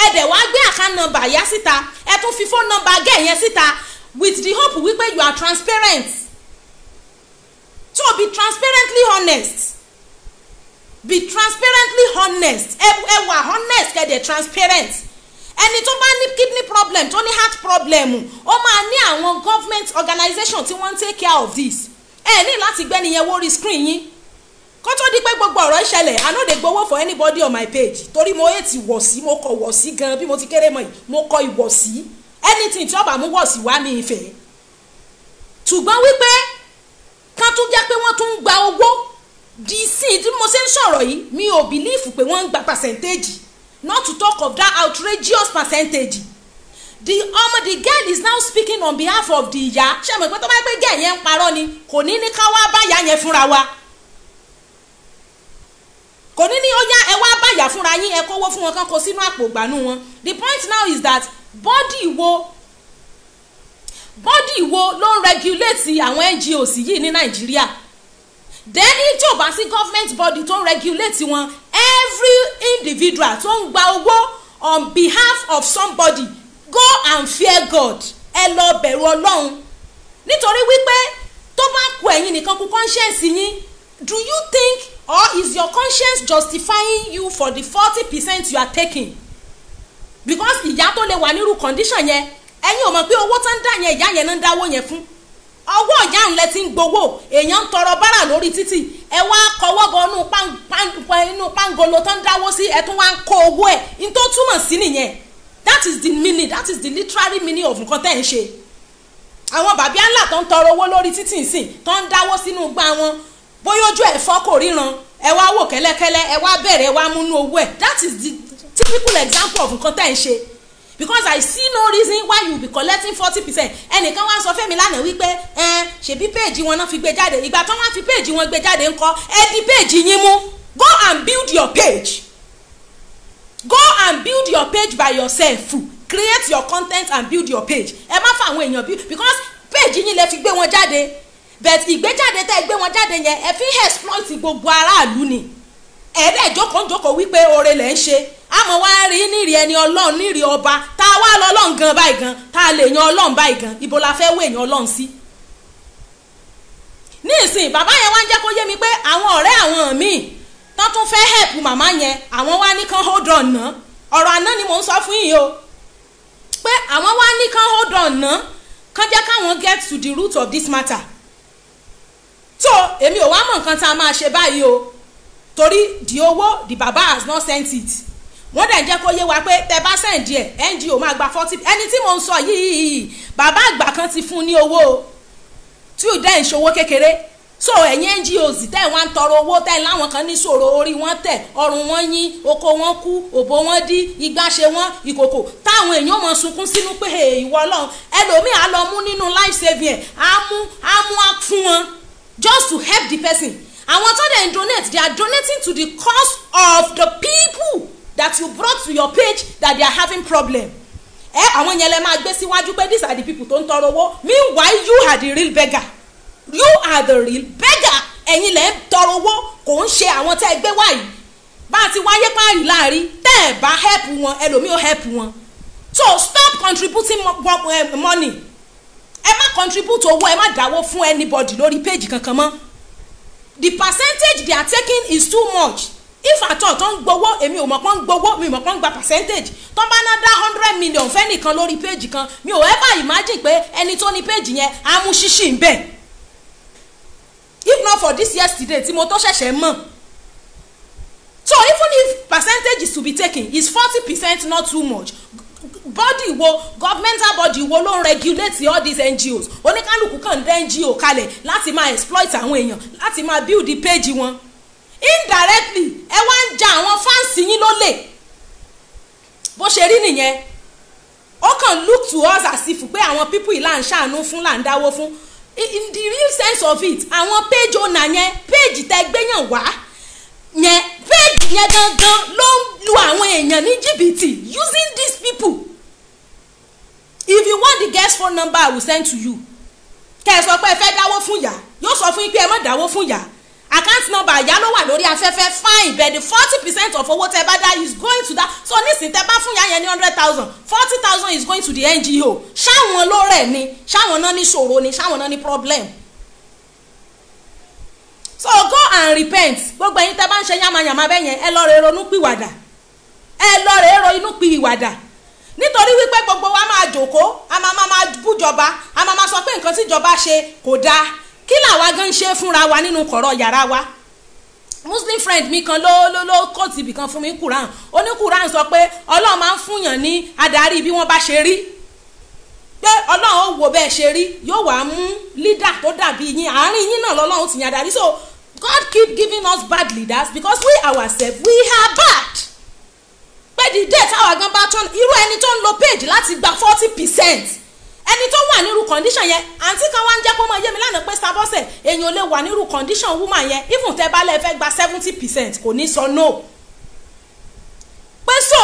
ẹ dẹ̀ wá gbé account number ìyá síta ẹ tún fi phone number gẹ̀ yẹn síta with the hope wípé you are transparent so be transparently honest be transparently honest ẹ ẹ wà honest kẹ̀dẹ̀ transparent ẹni tó bá ní kidney problem tó ní heart problem ó máa ní àwọn government organization tí wọ́n ń take care of this ẹ ní láti gbẹ́ni yẹn wórí screen yín kó tó di pé gbogbo ọ̀rọ̀ ìṣẹ̀lẹ̀ i no dey gbowó for anybody on my page torí mo yé ti wọ̀ sí mo kọ wọ̀ sí gan bí mo ti kéré mọ́ mo kọ ìwọ̀ sí anything tí ọba mú wọ̀ sí wá mi ìfẹ́ ṣùgbọ́n wípé ká tún jẹ́ pé wọ́n tún ń gba owó di sin tí mo ṣe ń sọ̀rọ̀ yìí mi ò bìlífù pé wọ́n gba percentage not to talk of that outrageous percentage the ọmọ um, the girl is now speaking on behalf of the ìyá ṣé mo pé tó bá gbé gẹ̀ yẹn ń parọ́ ni kò ní ní ká wá báyà yẹn fúnra wa kò ní ní ó yá ẹ wá báyà fúnra yín ẹ kówó fún wọn kán kó sínú àpò ìgbànú wọn the point now is that body wo body wo ló ń regulate àwọn NGOs yìí ní Nàìjíríà then ní tí ò sí government body tó ń regulate wọn every individual tó ń gba owó on behalf of somebody go and fear God ẹ lọ bẹ̀rù ọlọ́run nítorí wípé tó bá kú ẹ̀yin nìkan kú conscience yín do you think or is your conscience justifying you for the forty percent you are taking because ìyá tó lè wà nírú condition yẹn ẹ̀yin ò mọ̀ pé owó tó ń dá yẹn ìyá yẹn ń dáwó yẹn fún ọwọ́ ìyá ń ti ń gbowó èèyàn ń tọrọ bárà lórí títì ẹ wá kọwọ́ bọ inú pangolo tó ń dáwó sí ẹ tún wá ń kó owó ẹ n tó túmọ̀ sí nìyẹn that is the meaning that is the literary meaning of nǹkan tẹ́ ẹ̀ ń ṣe àwọn bàbá ńlá tó ń tọrọ owó lórí títì nsìn tó ń dáwó sínú gbá wọn bóyá ojú ẹ̀ fọ́ kò ríran ẹ wá wò kẹ́lẹ́kẹ́lẹ́ ẹ wá bẹ̀rẹ̀ ẹ wá múnú owó ẹ that is the typical example of nǹkan tẹ́ ẹ̀ ń ṣe because i see no reason why you be collecting forty percent ẹnìkan wá sọ fẹ́mi lánàá wípé ẹ ṣèbí péèjì wọn náà fi gbé jáde ìgbà tó wọn fi péèjì wọn gbé jáde ńkọ́ ẹ di péèjì yín mú go and build your page go and build your page by yourself create your content and build your page ẹ má fà àwọn èèyàn bí because page yín lè fi gbé wọn jáde but ìgbéjáde tẹ́ ẹ gbé wọn jáde yẹn ẹ fi exploit gbogbo aráàlú ni ẹ̀ẹ́dẹ̀ jókòó jókòó wípé oore lẹ́ ń ṣe àmọ́ wá rí nírì ẹni ọlọ́run nírì ọba tá a wá lọ ọlọ́run gan báyìí gan tá a lè yan ọlọ́run báyìí gan ibo la fẹ́ wé yan ọlọ́run sí. ní ìsìn bàbá yẹn wá ń jẹ́ kó yé mi pé àwọn ọ̀rẹ́ àwọn míì tán tún fẹ́ help màmá yẹn àwọn wá ní kán hold on ná ọ̀rọ̀ àná ni mò ń sọ fún yìí o pé àwọn wá ní kán hold on ná kán jẹ́ káwọn get to the root of this matter. tó èmi ò wá mọ̀ nǹkan tá a máa ṣe báyìí o torí the owó the baba has not sent it wọ́n dẹ̀ jẹ́ kó yé wa pé tẹ bá sẹ́ǹdì ẹ̀ ngo máa gba forty ẹni tí mo ń sọ yìí bàbá àgbà kan ti fún ní owó tí ò dẹ́ ìṣòwò kékeré so ẹ̀yin ngos tẹ́ wọ́n ń tọrọ owó tẹ́ láwọn kan ní ṣòro orí wọn tẹ̀ ọrùn wọn yín oko wọn kú òbó wọn dí igbá ṣe wọn ìkòkò táwọn èèyàn mọ̀ sunkún sínú pé ìwọ ọlọ́run ẹlòmíì á lọ mú nínú life saving ẹ̀ á mú á mú á fún wọn just to help the person àwọn tó dẹ̀ ń donate they are donating to the cause of the people that you brought to your page that they are having problem ẹ àwọn yẹn lẹ máa gbé síwájú pé these are the people tó ń tọrọ owó meanwhile you are the real beggar you are the real beggar ẹ̀yin lẹ ń tọrọ owó kò ń ṣe àwọn tẹ́ ẹ gbé wáyìí bá a ti wáyé páàrí láàrin tẹ́ ẹ bá help wọn ẹlòmíì ò help wọn so stop contributing eh, money ẹ má contribute owó ẹ má dáwó fún anybody lórí page kankan mọ́ the percentage they are taking is too much If ìfàtọ̀ tó ń gbowó èmi ò mọ̀ pọ́n ń gbowó mi ò mọ̀ pọ́n ń gba percentage tó bá ná dá hundred million fẹ́ nìkan lórí péjì kan mi ò ever imagine pé ẹni tó ní péjì yẹn á ń bẹ̀ if not for this yesterday tí mo tó ṣẹ̀ṣẹ̀ mọ̀ so even if percentage is to be taken is forty percent not too much body wo governmental body wo ló ń regulate all these ngos oníkálukú kan dá ngo kalẹ̀ láti máa exploit àwọn èèyàn láti máa build the page wọn indirectly ẹ wá ń ja àwọn fáǹsì yín lólè bó ṣe rí nìyẹn ó kàn look to us as if pé àwọn people yìí là ń ṣàánú fún là ń dáwó fún in the real sense of it àwọn page ọ̀nà yẹn page tẹ gbẹ́yàn wá yẹn page yẹn gangan ló ń lu àwọn èèyàn ní jìbìtì using these people if you want the guest phone number i will send to you kẹ́ ẹ sọ pé ẹ fẹ́ dáwó fún yà yóò sọ fún yín pé ẹ má dáwó fún yà account number ìyá ló wà lórí afẹ́fẹ́ fine but the forty percent of owó tẹ bá dá is going to that so nísìnyí tẹ bá fún ìyá yẹn ní hundred thousand forty thousand is going to the NGO ṣáwọn ló ni ṣáwọn náà ní ṣòro ni ṣáwọn náà ní problem so go and repent gbogbo ẹ̀yin tẹ bá ń ṣe yamayama bẹ́ẹ̀ yẹn ẹ lọ rẹ ronú pìwàdà ẹ lọ rẹ ro inú pìwàdà nítorí wípé gbogbo wa máa jòkó a máa máa bújọba a máa máa sọ pé nǹkan tíjọba ṣe kò dáa kí làwa gan ṣe fúnra wa nínú kọ̀rọ̀ yàrá wa muslim friend mi kan ló ló ló kóòtù ibì kan fún mi quran ó ní quran sọ pé ọlọ́run máa ń fúnyàn ní adarí bí wọ́n bá ṣe rí pé ọlọ́run ó wo bẹ́ẹ̀ ṣe rí yóò wá mú leader tó dàbí yín àárín yín náà lọ́lọ́run ti yàn adarí so God keep giving us bad leaders because we ourselves we are bad pé the date àwọn gan bá tán irú ẹni tó ń lo page láti gba forty percent ẹni tó wà nírú condition yẹn àǹtí kan wá ń jẹ́ kó máa yé mi lánàá pé sábọ́sẹ̀ èèyàn ò lè wà nírú condition woman yẹn even tẹ́ bá lẹ́ẹ̀ fẹ́ gba seventy percent kò ní sọ no pé so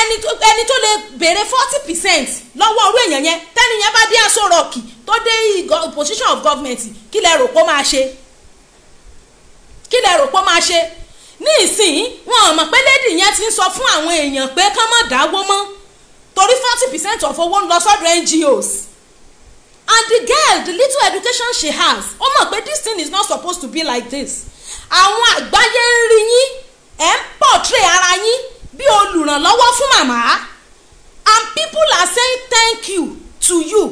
ẹni tó ẹni tó lè béèrè forty percent lọ́wọ́ orú èèyàn yẹn tẹ́ni yẹn bá dé aṣọ rọ̀ọ̀kì tó dé position of government kí lẹ rò pé ó máa ṣe kí lẹ rò pé ó máa ṣe ní ìsìn wọn ò mọ̀ pé lady yẹn ti ń sọ fún àwọn èèyàn pé kán má dáwó mọ́ torí forty percent of owó ń lọ sọ́dọ̀ NGOs and the girl the little education she has ó mọ̀ pé this thing is not supposed to be like this àwọn àgbáyé ń rí yín ẹ̀ ń portray ara yín bí olùrànlọ́wọ́ fún màmá and people are saying thank you to you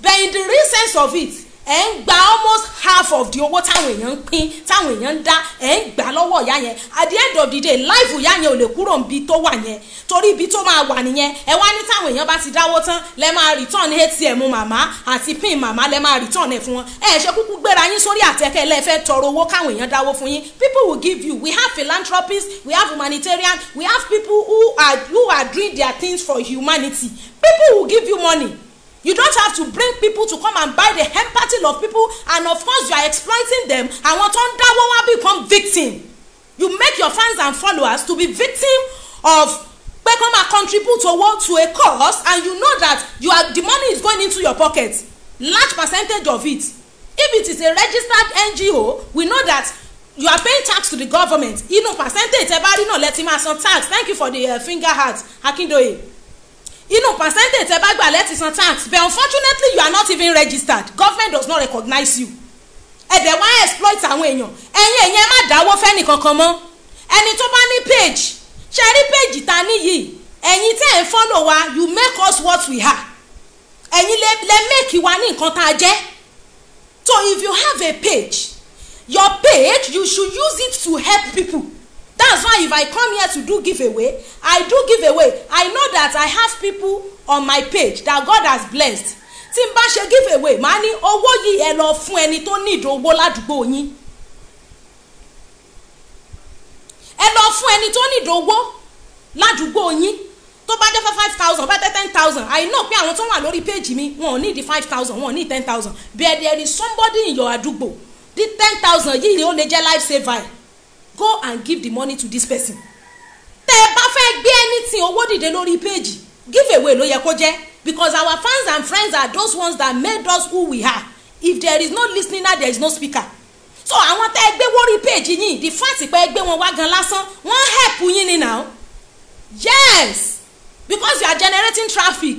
but in the real sense of it ẹ̀ ń gba almost half of the owó táwọn èèyàn ń pín táwọn èèyàn ń dá ẹ̀ ń gbà lọ́wọ́ ìyá yẹn at the end of the day life ìyá yẹn ò lè kúrò níbi tó wà yẹn torí ibi tó máa wà nìyẹn ẹ wá ní táwọn èèyàn bá ti dáwó tán lẹ máa return atm màmá àti pin màmá lẹ máa return ẹ fún wọn ẹ ṣe kúkú gbéra yín sórí àtẹkẹ lẹ fẹ́ tọrọ owó káwọn èèyàn dáwó fún yín people will give you we have philanthropists we have humanitarian we have people who are who are doing their things for humanity people will give you money you don't have to bring people to come and buy the empathy of people and of course you are exploiting them And tó ń one wá become victim you make your fans and followers to be victim of pé kó máa contribute owó to a cause and you know that you are the money is going into your pocket large percentage of it if it is a registered NGO we know that you are paying tax to the government inú percentage ẹ bá rí náà lẹ́tí máa san tax thank you for the uh, finger heart Akindoye inú percentage ẹ bá gbà lẹ́tì san tax but unfortunately you are not even registered government does not recognize you ẹ dẹ̀ wá exploit àwọn èèyàn ẹ̀yin ẹ̀yin ẹ má dáwọ́ fẹ́ni kankan mọ́ ẹni tó bá ní page ṣe rí page ta níyìí ẹ̀yin tẹ́ ẹ̀ ń follow wa you make us what we are ẹ̀yin lè lè make wa ní nǹkan tá a jẹ́ so if you have a page your page you should use it to help people that's why if i come here to do giveaway i do giveaway i know that i have people on my page that god has blessed tí n bá ṣe giveaway màá ní owó yìí ẹ lọ fún ẹni tó ní ìdòwò ládùúgbò yín ẹ lọ fún ẹni tó ní ìdòwò ládùúgbò yín tó bá jẹ́ five thousand bá jẹ́ ten thousand i know pé àwọn tó wà lórí péjì mi wọn ò ní di five thousand wọn ò ní ten thousand but there is somebody in your àdúgbò the ten thousand yìí ó lè jẹ́ life saver go and give the money to this person tẹ ẹ bá fẹ́ gbé anything owó dìde lórí péjì give away ló yẹ kó jẹ́ because our fans and friends are those ones that made us who we are if there is no listener there is no speaker so àwọn tẹ́ ẹ gbé wórí péjì yìí the fact pé ẹ gbé wọn wá gan lásán wọ́n help yín ni now yes because you are generating traffic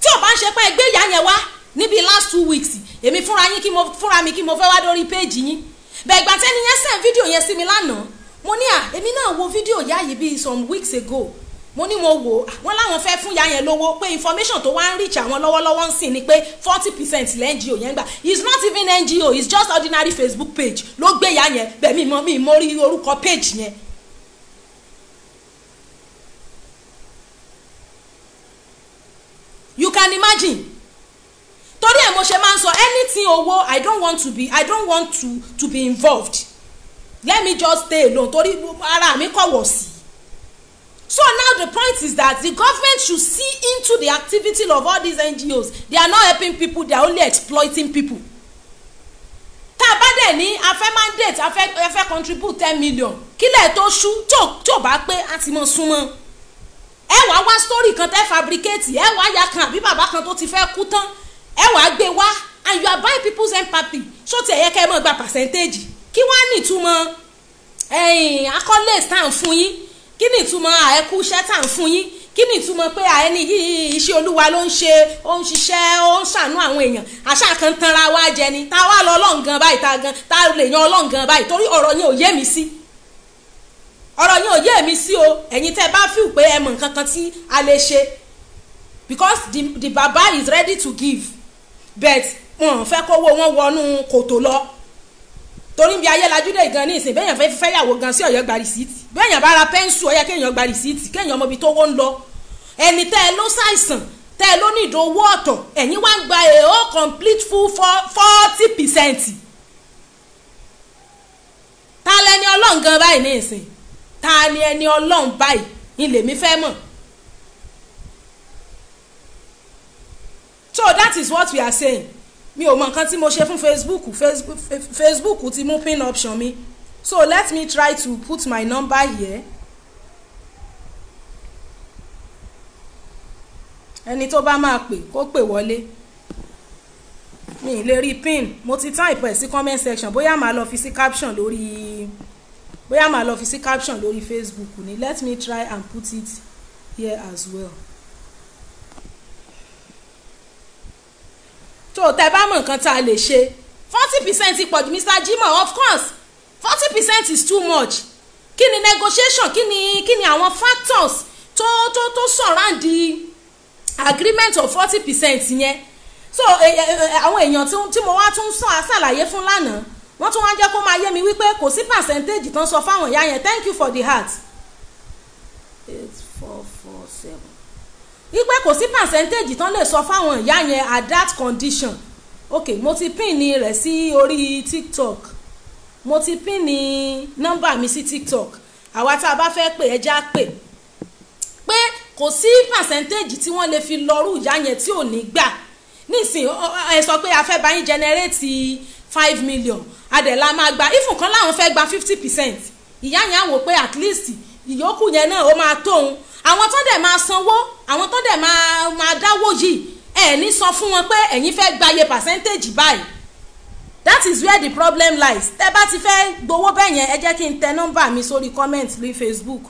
tí o bá ń ṣe pé ẹ gbé ìyá yẹn wá níbi last two weeks èmi fúnra yín kí mo fúnra mi kí mo fẹ́ wá lórí péjì yín bẹ́ẹ̀ ìgbà tẹ́ni yẹn send fídíò yẹn sí mi lánàá mo ní à èmi náà wo fídíò yá yìí bíi some weeks ago mo ní wọn wò wọn láwọn fẹ́ fún ya yẹn lówó pé information tó wá ń reach àwọn lọ́wọ́lọ́wọ́ ń sìn ni pé forty percent lẹ́ ngo yẹn gbà it's not even ngo it's just ordinary facebook page ló gbé ya yẹn bẹ́ẹ̀ mi mọ mi mo rí orúkọ page yẹn. you can imagine torí ẹ̀ mo ṣe máa ń sọ anything owó i don't want to be i don't want to to be involved let me just stay alone torí ara mi kọ̀ wọ̀ sí so now the point is that the government should see into the activity of all these NGOs they are not helping people they are only exploiting people tá a bá dẹ̀ ní a mandate a fẹ́ contribute ten million kílẹ̀ tó ṣú tí ò bá pé a ti mọ súnmọ́ ẹ wá wá story kan tẹ́ fabricate ẹ wá ya kan àbí bàbá kan tó ti fẹ́ kú tán ẹ wàá gbé wá and you are buying people's empathy So ti ẹ̀yẹ kẹ́ ẹ mọ̀ gba percentage kí wọ́n á ní ìtumọ̀ akọ́lé tá à ń fún yín kí ni ìtumọ̀ àẹ́kú iṣẹ́ tá à ń fún yín kí ni ìtumọ̀ pé àẹ́ni yìí iṣẹ́ olúwa ló ń ṣe ó ń ṣiṣẹ́ ó ń ṣàánú àwọn èèyàn àṣà kan tanra wá jẹ ni tá a wá lọ ọlọ́ǹgan báyìí tá a gan tá a lè yan ọlọ́ǹgan báyìí torí ọ̀rọ̀ yẹn ò yé mi sí ọ̀rọ̀ yẹn ò yé mi sí o ẹ̀yin tẹ́ bá feel pé nǹkan kan tí a lè ṣe because the, the baba is ready to give bet wọn fẹ́ kówó wọn wọnú kòtò lọ torí bí ayélajú dé gan ní ìsìn bẹ́ẹ̀yàn fẹ́ fẹ́yàwó gan sí ọ̀yọ́ gba rìsíìtì bẹ́ẹ̀yàn bá ra pẹ́ńsù ọ̀yẹ́ kéèyàn gba rìsíìtì kéèyàn mọ ibi tó wọ́n ń lọ ẹni tẹ́ ẹ ló ṣàìsàn tẹ́ ẹ ló ní ìdówó ọ̀tọ̀ ẹ̀yin wá ń gba èèó complete full forty percent ta lẹni ọlọ́run gan báyìí ní ìsìn ta ni ẹni ọlọ́run báyìí ni lèmi fẹ́ mọ̀ is what we are saying mi ò mọ nǹkan tí mo ṣe fún facebook facebook facebook ti mú pin option mi so let me try to put my number here ẹni tó bá máa pè kó pè wọlé mi lè rí pin mo ti type ẹ̀ sí comment section bóyá màá lọ fi sí caption lórí bóyá màá lọ fi sí caption lórí facebook ni let me try and put it here as well. tó tẹ bá mọ nǹkan tá a lè ṣe forty percent pọ̀ jù Mr. Jimoh of course forty percent is too much kí ni negotiation kí ni kí ni àwọn factors tó tó tó surround the agreement of forty percent yẹn so e, e, e, àwọn èèyàn tí mo wá tún sọ àṣàlàyé fún lánàá wọ́n tún wá jẹ́ kó máa yé mi wípé kò sí percentage tán sọ fáwọn ìyá yẹn thank you for the heart. eight four four seven wípé kò sí percentage tán lè sọ fáwọn ìyá yẹn at that condition ok mo ti pin ni rẹ̀ sí orí tiktok mo ti pin ni nọ́mbà mi sí tiktok àwa tá a bá fẹ́ pè ẹja pè pé kò sí percentage tí wọ́n lè fi lọ́rù ìyá yẹn tí ò ní gbà nísìn ẹ sọ pé a fẹ́ bá yín generate five million adẹ̀la máa gba ifun kan láwọn fẹ́ gba fifty percent ìyá yẹn á wò pé at least ìyókù yẹn náà ó máa tóun àwọn tó dẹ̀ máa sanwó àwọn tó dẹ̀ máa máa dáwó yìí ẹ̀ ní sọ fún wọn pé ẹ̀yin fẹ́ gbayé percentage báyìí that is where the problem lies tẹ́ bá ti fẹ́ gbowó bẹ́ẹ̀ yẹn ẹ jẹ́ kí n tẹ nọ́mbà mi sórí comment lórí Facebook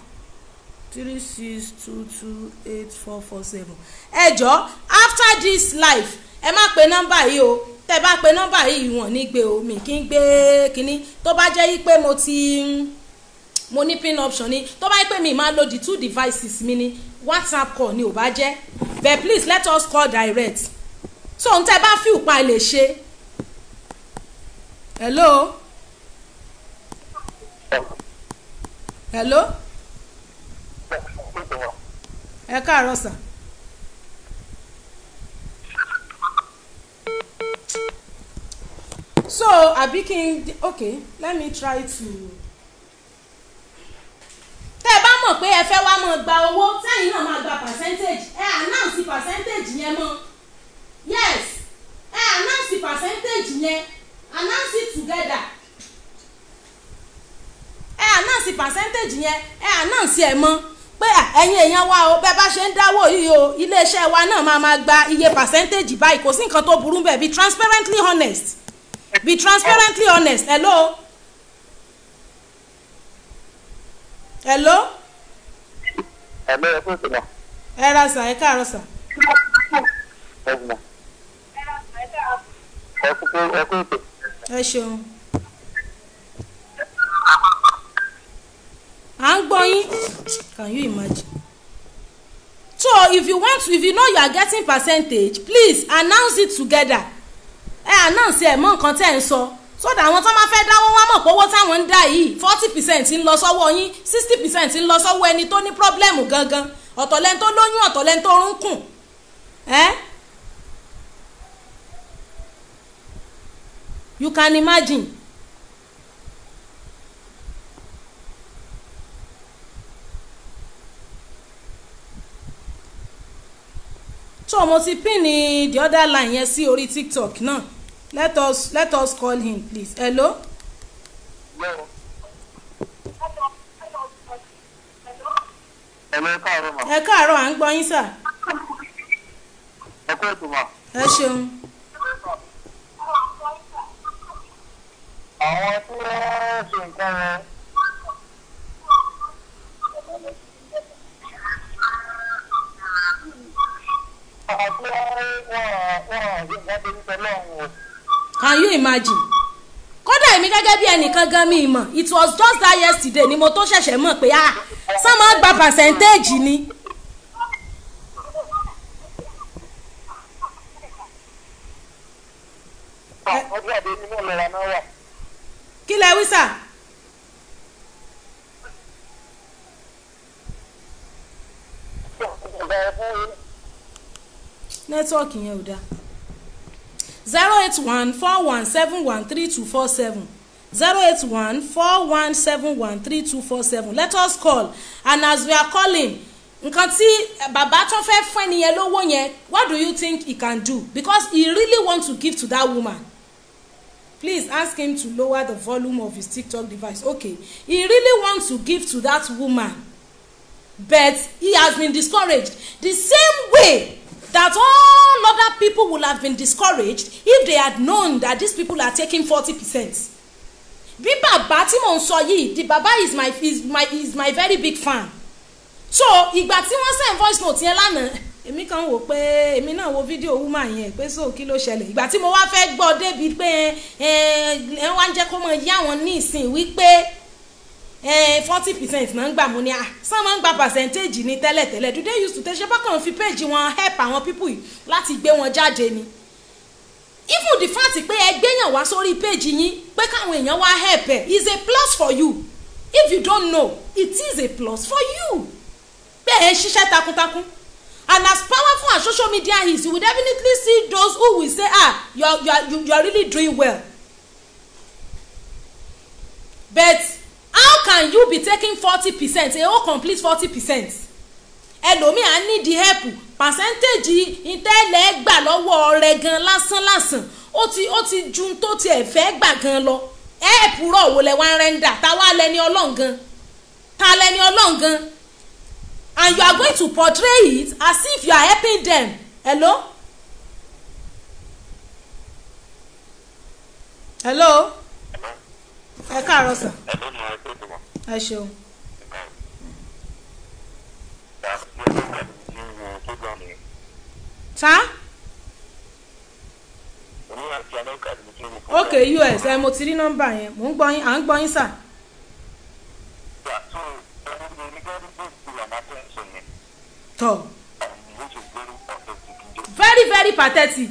three six two two eight four four seven. ẹ after this life ẹ má pe nọ́mbà yìí o tẹ́ bá pe nọ́mbà yìí wọ́n ní gbé kí n gbé kínní tó bá jẹ́ yí pé mo ti. Mm, mo ní pin option ni tó bá yẹ pé mi máa lo the two devices mi ni whatsapp call ni ò bá jẹ́ but please let us call direct so n tẹ́ bá fi ìpa lè ṣe hello hello ẹ káàárọ̀ sà. so àbí kí okay let me try to tẹ́ ẹ bá mọ̀ pé ẹ fẹ́ wá máa gba owó sẹ́yìn náà máa gba percentage ẹ announce the percentage yẹn mọ́ yes ẹ announce the percentage yẹn announce it together ẹ announce the percentage yẹn ẹ announce ẹ mọ́ pé ẹ̀yin èèyàn wa o bẹ́ẹ̀ bá ṣe ń dáwọ́ yìí o iléeṣẹ́ wa náà máa máa gba iye percentage báyìí kò sí nǹkan tó burú bẹ́ẹ̀ be transparently honest be transparently honest hello. hello. ẹ̀gbẹ́ rẹ̀ fún ìṣẹ̀lẹ̀. ẹ ra sàn ẹ káàárọ̀ sàn. ẹ jùlọ. ẹ kú ẹ kú ìpè. ẹ ṣeun. à ń gbọ́ yín can you imagine. so if you want to if you know you are getting percentage please announce it together ẹ announce ẹ mọ nǹkan tẹ́ ẹ ń sọ. So sọ́dọ̀ àwọn tó máa fẹ́ dáwọ́ wá mọ̀ pé owó táwọn ń dá yìí forty percent ń lọ sọ́wọ́ yín sixty percent ń lọ sọ́wọ́ ẹni tó ní pírọ́blẹ́mù gangan ọ̀tọ̀lẹ́ni tó lóyún ọ̀tọ̀lẹ́ni tó rún kùn ẹ́ you can imagine. So o mo ti pín ní the other line yẹn sí orí tiktok náà let us let us call him please hello. hello. ẹ káàárọ̀ à ń gbọ́ yín sà. ẹ kú ètò wa. ẹ ṣeun. àwọn tí wọ́n ṣe nǹkan yẹn. àwọn tí wọ́n wọ́n wọ́n ṣe nǹkan tó ń tẹ̀lé ọ̀hún o can you imagine kódà èmi gẹ́gẹ́ bí ẹnìkan gan mi mọ̀ it was just that yesterday ni mo tó ṣẹ̀ṣẹ̀ mọ̀ pé ah sàn máa gba percentage ni. kí lẹ wí sà. nẹ́tíwọ̀kì yẹn ò dáa zero eight one four one seven one three two four seven zero eight one four one seven one three two four seven let us call and as we are calling nkan tí bàbá tó fẹ́ fún ẹnìyẹn lówó yẹn what do you think he can do because he really want to give to that woman please ask him to lower the volume of his tiktok device okay he really want to give to that woman but he has been discouraged the same way that all other people would have been discouraged if they had known that these people are taking forty percent bí bàbá tí mò ń sọ yìí the baba is my is my is my very big fan so ìgbà tí wọ́n send voice note yẹn lánàá èmi kan wò pé èmi náà wo fídíò woman yẹn pé so kí ló ṣẹlẹ̀ ìgbà tí mo wá fẹ́ gbọ́ débi pé ẹ eh, eh, ẹ wá ń jẹ́ kó mọ yá wọn ní ìsìn wípé forty percent náà ń gbà mú ni à sàn máa ń gba percentage ní tẹ́lẹ̀tẹ́lẹ̀ do they use to tẹ́ ṣe bákan fi page wọn help àwọn people yìí láti gbé wọn jáde ni even the fact pé ẹ gbéyàn wá sórí page yín pé káwọn èèyàn wá help ẹ is a plus for you if you don't know it is a plus for you pé ẹ ṣiṣẹ́ takuntakun and as powerful as social media is you will definitely see those who will say ah you are, you are, you are really doing well but how can you be taking forty percent a whole complete forty percent ẹlòmíì á ní di help percentage ìtẹ́lẹ̀ gbà lọ́wọ́ rẹ̀ gan lásán lásán ó ti ó ti ju tó tiẹ̀ fẹ́ gbà gan lọ help rọ̀ wò lẹ̀ wá rẹ́ńdà ta wá lẹni ọlọ́ǹgan ta lẹni ọlọ́ǹgan and you are going to portray it as if you are helping them hello hello ẹ káàárọ̀ sà. ẹ ló mọ ẹgbẹ́ tó wà. ẹ ṣeun. ta. ok us ẹ mo ti rí nọ́mbà yẹn mò ń gbọ́ yín à ń gbọ́ yín sà. tọ́ very very pathetic.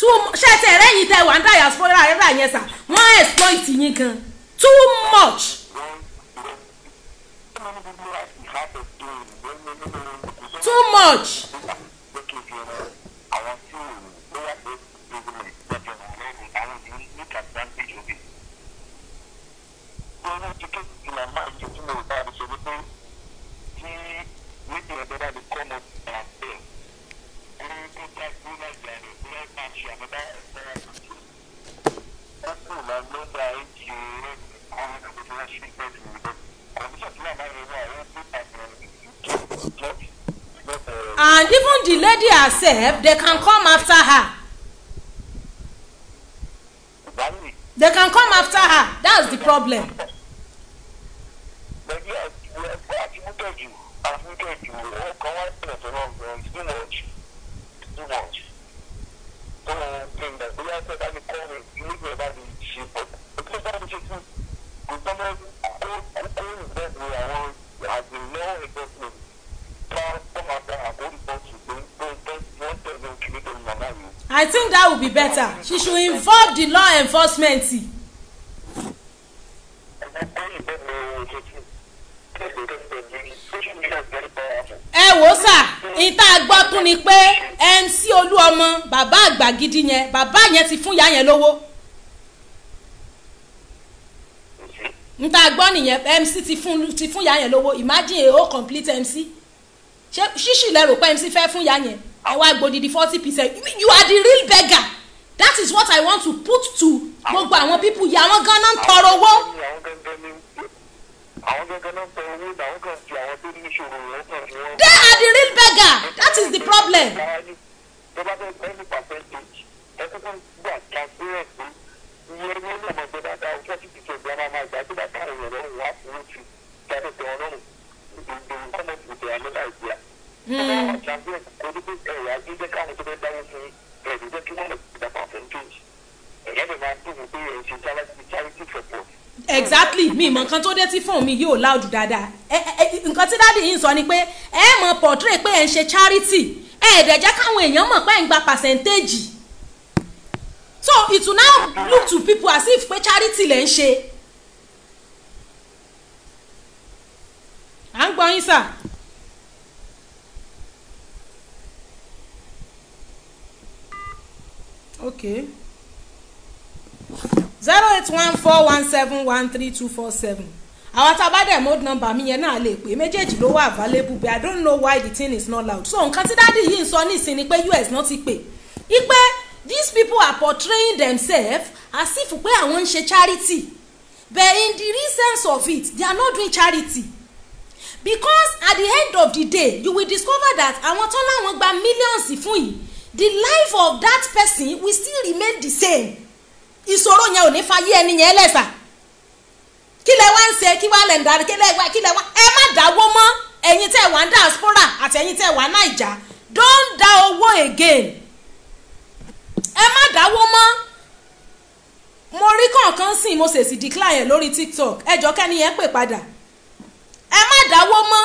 too much ṣe tẹ ẹrẹ́yìn tẹ wà ń dá yàsọ́ra ẹ̀rọ yẹn sà wọ́n exploit yín gan too much. too much. the lady herself they can come after her they can come after her that's the problem sir she should involve the law enforcement. ẹ wò sà ìta gbọ́ tún ni pé mc olúọmọ bàbá àgbà gidi yẹn bàbá yẹn ti fún ìyá yẹn lówó. ìta gbọ́ nìyẹn mc ti fún ti fún ìyá yẹn lówó imagine a whole complete mc ṣé ṣíṣì lẹ rò pé mc fẹ́ fún ìyá yẹn ẹ wá gbòdìdì forty percent you are the real beggar is what i want to put to gbogbo àwọn people yìí àwọn ganan ń tọrọ owó. they are the real beggar that is the problem. Mm exactly mi mọ nǹkan tó dé tí fóun mi yóò láòdù dáadáa nǹkan tí dáàdì yìí ń sọ ni pé ẹ mọ portray pé ẹ ń ṣe charity ẹ ẹ̀ dẹ̀ jẹ́ káwọn èèyàn mọ̀ pé ẹ ń gba percentage so it will now look to people as if pé charity lẹ ń ṣe. à ń gbọ́ yín sà. okay zero eight one four one seven one three two four seven àwọn tá a bá mode number mi yẹn náà lè pè méjèèjì ló wà available but i don't know why the thing is not loud so nǹkan tí dáàdi yìí ń sọ nísìnyí ni pé us náà ti pè í pé these people are portraying themselves as if pé àwọn ń ṣe charity but in the real sense of it they are not doing charity because at the end of the day you will discover that àwọn tó láwọn gba millions fún yìí the life of that person will still remain the same ìṣòro yẹn ò ní fayé ẹni yẹn lẹ́sà kí lẹ wá ń ṣe kí wá lẹ̀ ń darí kí lẹ wá kí lẹ wá ẹ má dáwó mọ́ ẹ̀yin tẹ̀ wá diaspora àti ẹ̀yin tẹ̀ wá naija don da owó again ẹ má dáwó mọ́ mo rí kọ̀ọ̀kan sìn mo ṣèṣì declare lórí tiktok ẹ jọ kẹ́ni yẹn pè padà ẹ má dáwó mọ́.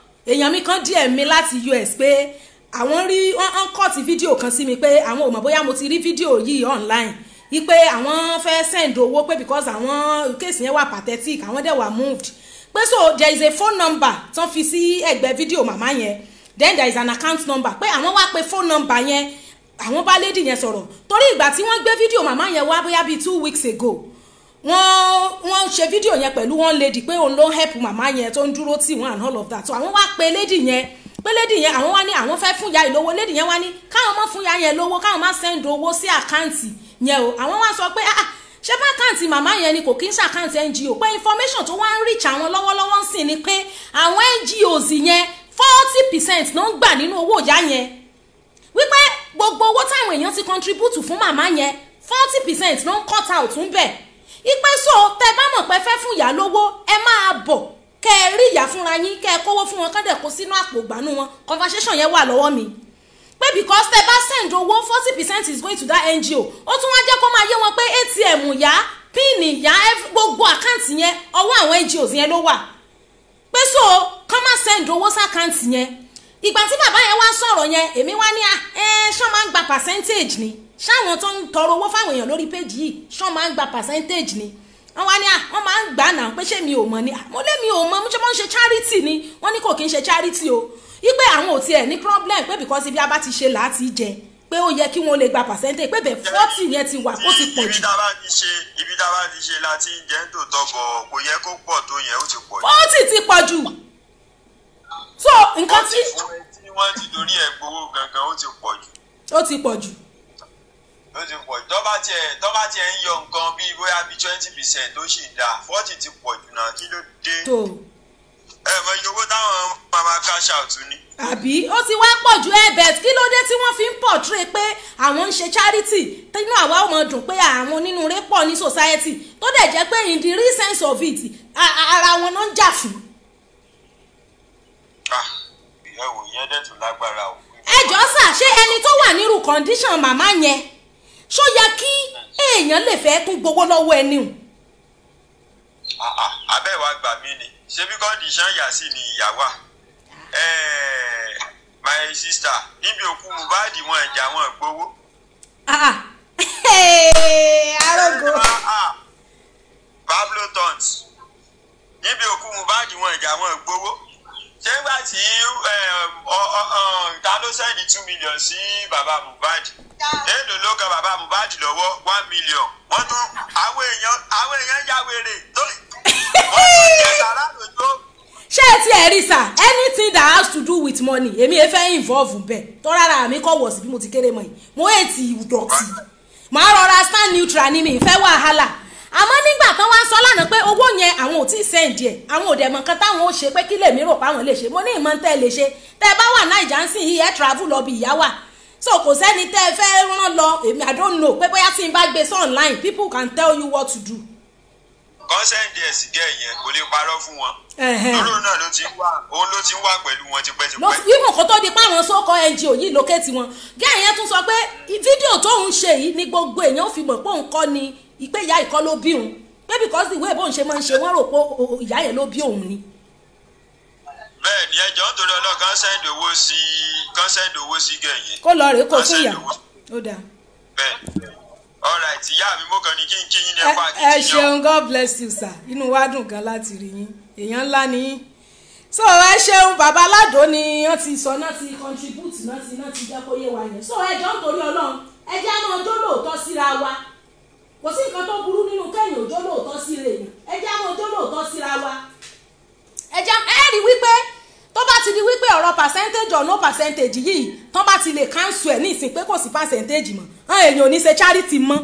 èèyàn mi kan díẹ̀ mi láti US pé àwọn rí wọ́n kọ́ọ̀tì fídíò kan sí mi pé àwọn ò mọ̀ bóyá mo ti rí fídíò yìí online ipe àwọn fẹ́ send owó pé because àwọn case yẹn wà pathetic àwọn dẹ̀ wà moved pé so there is a phone number tán fi sí ẹgbẹ́ fídíò màmá yẹn then there is an account number pé àwọn wá pe phone number yẹn àwọn bá lady yẹn sọ̀rọ̀ torí ìgbà tí wọ́n gbé fídíò màmá yẹn wá bóyá bíi two weeks ago wọ́n wọ́n ṣe fídíò yẹn pẹ̀lú one lady pé òun ló help màmá yẹn tó ń dúró tì wọ́n and all of that so àwọn wá pe lady yẹn pé lady yẹn àwọn wá ní àwọn fẹ́ fún ya ìlówó lady yẹn wá ní káwọn má fún ya yẹn lówó káwọn má send owó sí àkáǹtì yẹn o àwọn wá sọ pé ah, ah ṣé bá àkáǹtì màmá yẹn ni kò kí ń ṣàkáǹtì ngo pé information tó wá ń reach àwọn lọ́wọ́lọ́wọ́ ń sìn ni pé àwọn ngos yẹn forty percent ló ń gbà nínú owó ìyá yẹn wípé gbogbo owó táwọn èèyàn ti contribute fún màmá yẹn forty percent ló ń cut out ń bẹ̀ ipe so tẹ bá mọ̀ pé fẹ́ fún ìyá lówó ẹ máa bọ̀ kẹ ẹ rí ìyá fúnra yín kẹ ẹ kówó fún wọn kọ́dẹ̀ kó sínú àpò ìgbànú wọn conversation yẹn wà lọ́wọ́ mi pé because tẹ bá send owó forty percent is going to that NGO ó tún wá jẹ́ kó máa yé wọn pé ATM ìyá pin ìyá gbogbo àkáǹtì yẹn ọwọ́ àwọn NGOs yẹn ló wà pé so kọ́ máa send owó sákáǹtì yẹn ìgbà tí bàbá yẹn wá sọ̀rọ̀ yẹn èmi wá ní ah, ẹ ṣọ́ máa ń gba percentage ni ṣáwọn tó ń tọrọ owó fáwọn èèyàn lórí péjì yìí ṣán máa ń gba percentage ni wọ́n wá ní à ah, wọ́n máa ń gbà náà pé ṣé mi ò mọ̀ ni ah, mo lé mi ò mọ̀ mo ṣe máa ń ṣe charity ni wọ́n ní kò kí ń ṣe charity o ipe àwọn ò tiẹ̀ ní problem pé because ibi a bá ti ṣe là á ti jẹ pé ó yẹ kí wọ́n lè gba percentage pé bẹ́ẹ̀ forty yẹn ti wà kó ti pọ̀ jù. ibi tá a bá ti ṣe ibi tá a bá ti ṣe la ti ń jẹ́ ń tò tọ́gbọ̀ kò yẹ kó pọ̀ tó yẹ ó ti pọ̀ jù. forty ti pọ̀ jù so nǹkan tí. wọ́n ti fún ẹ tí wọ́n ti torí ẹ̀ gbowó gangan ó ti pọ̀ jù. ó ti pọ̀ jù ló ti pọ̀ tọ́ba tiẹ̀ tọ́ba tiẹ̀ ń yọ nǹkan bíi bóyá bíi twenty percent tó ṣì dá forty ti pọ̀ jù náà kí ló dé. ẹ mọ iye owó táwọn mama cash out ni. àbí ó ti wá pọ̀ ju ẹ̀bẹ̀t kí ló dé tí wọ́n fi ń portray pé àwọn ń ṣe charity tínú àwa ò mọ̀ dùn pé àwọn onínúure pọ̀ ní society tó dẹ̀ jẹ́ pé in the real sense of it ara wọn náà ń jà fún. Ah, ìyá ìwòye ẹ̀dẹ̀ tó lágbára o. ẹ jọ sà ṣé ẹni tó wà nírú condition màmá yẹn ṣó yẹ kí èèyàn lè fẹ́ tún gbowó lọ́wọ́ ẹni o. Ah, ah, abẹ́wà gbà mí ni ṣé bí kọ́ndíṣán yà sí ni ìyá ah. Eh, my sister níbi òkú Mohbad wọn ẹ̀jà wọn Ah ah, Pablo tons níbi òkú Mohbad wọn ẹ̀jà wọn gbowó ṣé nígbà tí um, um, ta ló sẹ́ẹ̀dì two million sí bàbá Mohbad èèlò ló kan bàbá Mohbad lọ́wọ́ one million wọ́n tún àwọn èèyàn àwọn èèyàn ya tó wọ́n tún jẹ sàrà lójó. ṣé ẹ ti ẹ̀ rí sà anything that has to do with money èmi ẹ fẹ́ involve bẹ́ẹ̀ tó rárá mi kọ̀ wọ̀ sí bí mo ti kéré mọ́ yìí mo ètì ìdọ̀tí màá rọra stand neutral ní mi ìfẹ́ wàhálà àmọ́ nígbà kan wá ń sọ lánàá pé owó yẹn àwọn ò tí ì sẹ́ǹdì ẹ̀ àwọn ò dẹ̀mọ̀ kan táwọn ó ṣe pé kí lèmi rò páwọn lè ṣe mo ní ìmọ̀ tẹ́ ẹ lè ṣe tẹ́ ẹ bá wà náìjà ń sìn yìí ẹ travel lọ bí ìyá wà so kò sẹ́ni tẹ́ ẹ fẹ́ rán lọ èmi I don't know pé bóyá tí n bá gbé sí online people can tell you what to do. consent ẹ̀ sì gẹ́ yẹn kò lè parọ́ fún wọn lóró náà ló ti wá wá pẹ̀lú wọn tipẹ́tipẹ́. even kó tó di páwọn sókọ ngo yìí lókè tiwọn gẹ́ẹ̀ tún sọ pé fídíò tóun ṣe yìí ni gbogbo èèyàn fi mọ̀ pé òun kọ́ ni ìpé ìyá ìkọ́ ló bí òun pé because ìwé ìbọn ṣe máa ń ṣe wọ́n rò pé ìyá yẹn ló bí òun ni. bẹ́ẹ̀ ni ẹjọ́ ń torí ọlọ́ọ̀ kan sẹ́ńdì owó sí kan sẹ́ńdì owó sí gẹ̀yìn. kó lọ rèé kó fún ìyá ó dáa. bẹ́ẹ̀ alright ìyá mi mo kàn ní kí n kí yín nípa ẹ ṣeun God bless you sir inú wa dùn gan láti rí yín èèyàn ńlá ni yín so ẹ ṣeun bàbá aládò ni wọn ti sọ náà ti contribute náà ti náà ti jẹ kó yé wa yẹn so ẹ jọ ń torí Ọlọ́run ẹ jẹ́ náà tó lóòótọ́ síra wa kò sí nǹkan tó burú nínú kẹ́yìn òjò lóòótọ́ sí rẹ̀ yìí ẹ jẹ́ àwọn òjò lóòótọ́ síra wa. ẹ jẹ́ ẹ rí wípé tó bá ti di wípé ọ̀rọ̀ percentage or no percentage yìí tán bá ti lè cancel ẹ̀ ní ìsìn pé kò sí percentage mọ́ àwọn èèyàn ò ní ṣe charity mọ́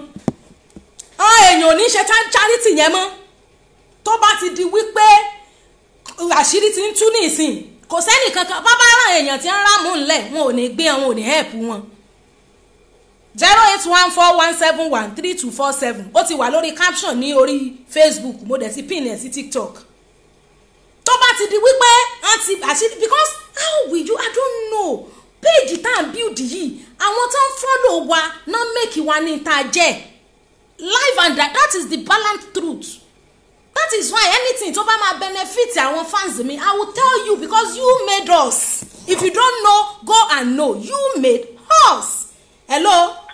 àwọn èèyàn ò ní ṣe charity yẹn mọ́ tó bá ti di wípé àṣírí ti ń tú ní ìsìn kò sẹ́nì kankan bá bá èèyàn ti ń rámú ńlẹ̀ wọn ò ní gbé wọn ò ní help wọn zero eight one four one seven one three two four seven ó ti wà lórí caption ní orí facebook mo dẹ̀ ti pin ẹ̀ sí tiktok tó bá ti di wípé àti àṣírí because how will you i don't know péèjì tá à ń build yìí àwọn tó ń follow wa náà make wa ní ta jẹ́ life and that, that is the balanced truth that is why anything tó bá máa benefit àwọn fans mi i will tell you because you made us if you don't know go and know you made us hello.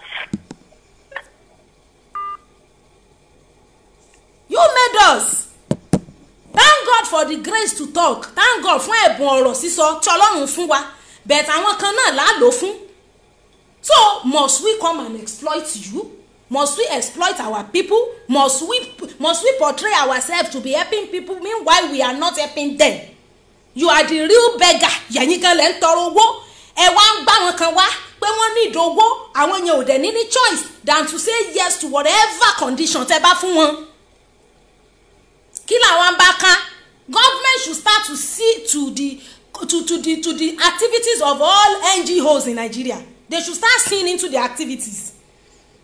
you made us thank God for the grace to talk thank God fún ẹ̀bùn ọ̀rọ̀ sísọ tí ọlọ́run fún wa but àwọn kan náà là á lò fún so must we come and exploit you must we exploit our people must we must we portray ourselves to be helping people meanwhile we are not helping them you are the real beggar yẹ̀yin kan lẹ́ ń tọrọ owó ẹ wá ń gbá wọn kan wá pé wọ́n ní ìdówó àwọn yẹn ò dẹ̀ ní ní choice than to say yes to whatever condition tẹ́ bá fún wọn kí làwọn bá ká government should start to see to the to to the to the activities of all NGOs in Nigeria they should start seeing into their activities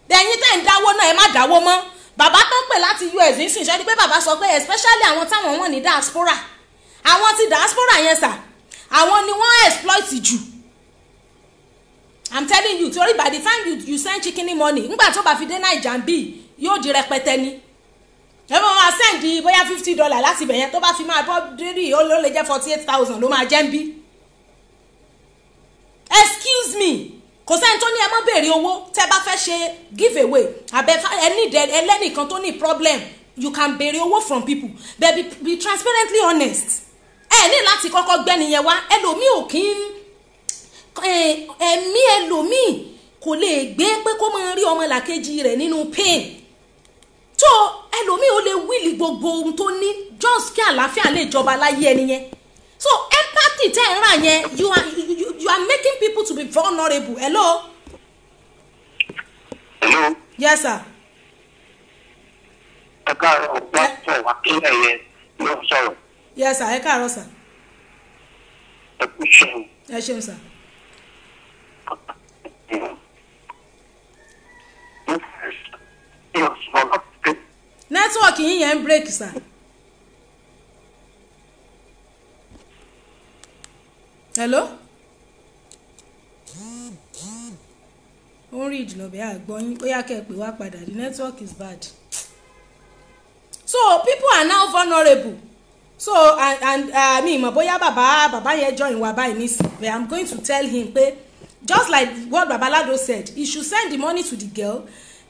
ẹ̀yin tẹ́ ń dáwó náà ẹ má dáwó mọ́ bàbá tó ń pè láti US nísìnyí ṣe ni pé bàbá sọ pé especially àwọn táwọn wọn ní diaspora àwọn ti diaspora yẹn sà àwọn ni wọ́n exploit jù i'm telling you torí by the time you you send chicken money ńgbà tó bá fi dé naija bíi yóò di rẹpẹtẹ ni ẹ bá máa sẹ́ǹdì bóyá fifty dollar láti bẹ̀yẹn tó bá fi máa bọ́ dérì ó lè jẹ́ forty eight thousand ló máa jẹ́ ń bí. excuse me kò sẹ́ni tó ní ẹ mọ́ béèrè owó tẹ́ bá fẹ́ ṣe give away abẹ ẹni ẹlẹ́nìkan tó ní problem you can béèrè owó from people but be, be transparently honest ẹ ní láti kọ́kọ́ gbẹ́ni yẹn wá ẹlòmíì ò kí ń ẹ̀mí ẹlòmíì kò lè gbé pé kó máa rí ọmọlàkejì rẹ̀ nínú pain tó ẹlòmíì ó lè wíìlì gbogbo ohun tó ní just kí àlàáfíà lè jọba láyé ẹni yẹn so empathy tẹ́ ẹ̀ ń yẹn you are you, you are making people to be vulnerable hello. hello. yes sir. ẹ káàárọ̀ ọ̀pọ̀ ọ̀pọ̀ akínyẹ̀ yẹn ló ń sọ̀rọ̀. yes sir ẹ káàárọ̀ sir. ẹ kú ṣeun. ẹ ṣeun sir. Yeah. Yes, well, nẹ́tíwọ̀kì yín yẹn ń break sà. hello ó ń rí ìjìnlọ bẹ́ẹ̀ àgbọ́yìn ó yá kẹ́ ẹ pè wá padà the network is bad so people are now vulnerable so and and uh, mi mọ̀ bóyá bàbá bàbá yẹn join wa báyìí nísìnyí but i'm going to tell him pé just like what babalado said he should send the money to the girl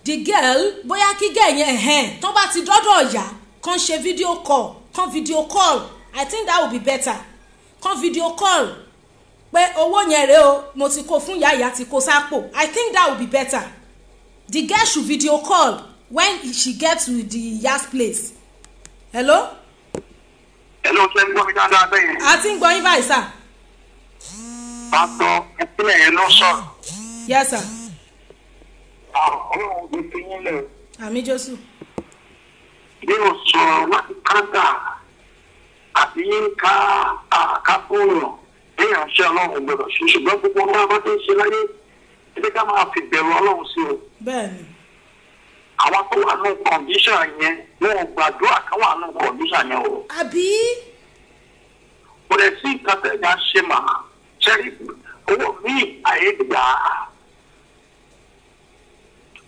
the girl bóyá kí girl yẹn ẹ̀hẹ́n tó bá ti dọ́dọ̀ ọ̀yà kan ṣe video call kan video call i think that would be better kan video call pé owó yẹn rèé o mo ti kó fún ìyá ìyá ti kó sápò i think that would be better the girl should video call when she get to the Yas place hello. hello ṣé ń gbọ́ mi dáadáa bẹ́ẹ̀. a ti ń gbọ́ yín báyìí sá. pásítọ̀ ìpínlẹ̀ yẹn ló sọ̀rọ̀. yes sir àkóhùn ìfiyín lẹ̀. àmì jésù. bí o sọ̀rọ̀ láti káńtà àti yínká àkápòyàn èèyàn ṣe ọlọ́run gbọdọ̀ ṣe ṣùgbọ́n gbogbo ọmọ ọmọ tó ń ṣe láyé ẹgbẹ́ ká máa fi bẹ̀rù ọlọ́run sí o. bẹ́ẹ̀ni. àwọn tó wà nù kọ̀ǹdíṣàn yẹn wọn ò gbàdúrà kan wà nù yẹn o. àbí. kò lè sí ìkàtẹ́jà ṣe màá ṣẹ́rí owó mi àyè gbà á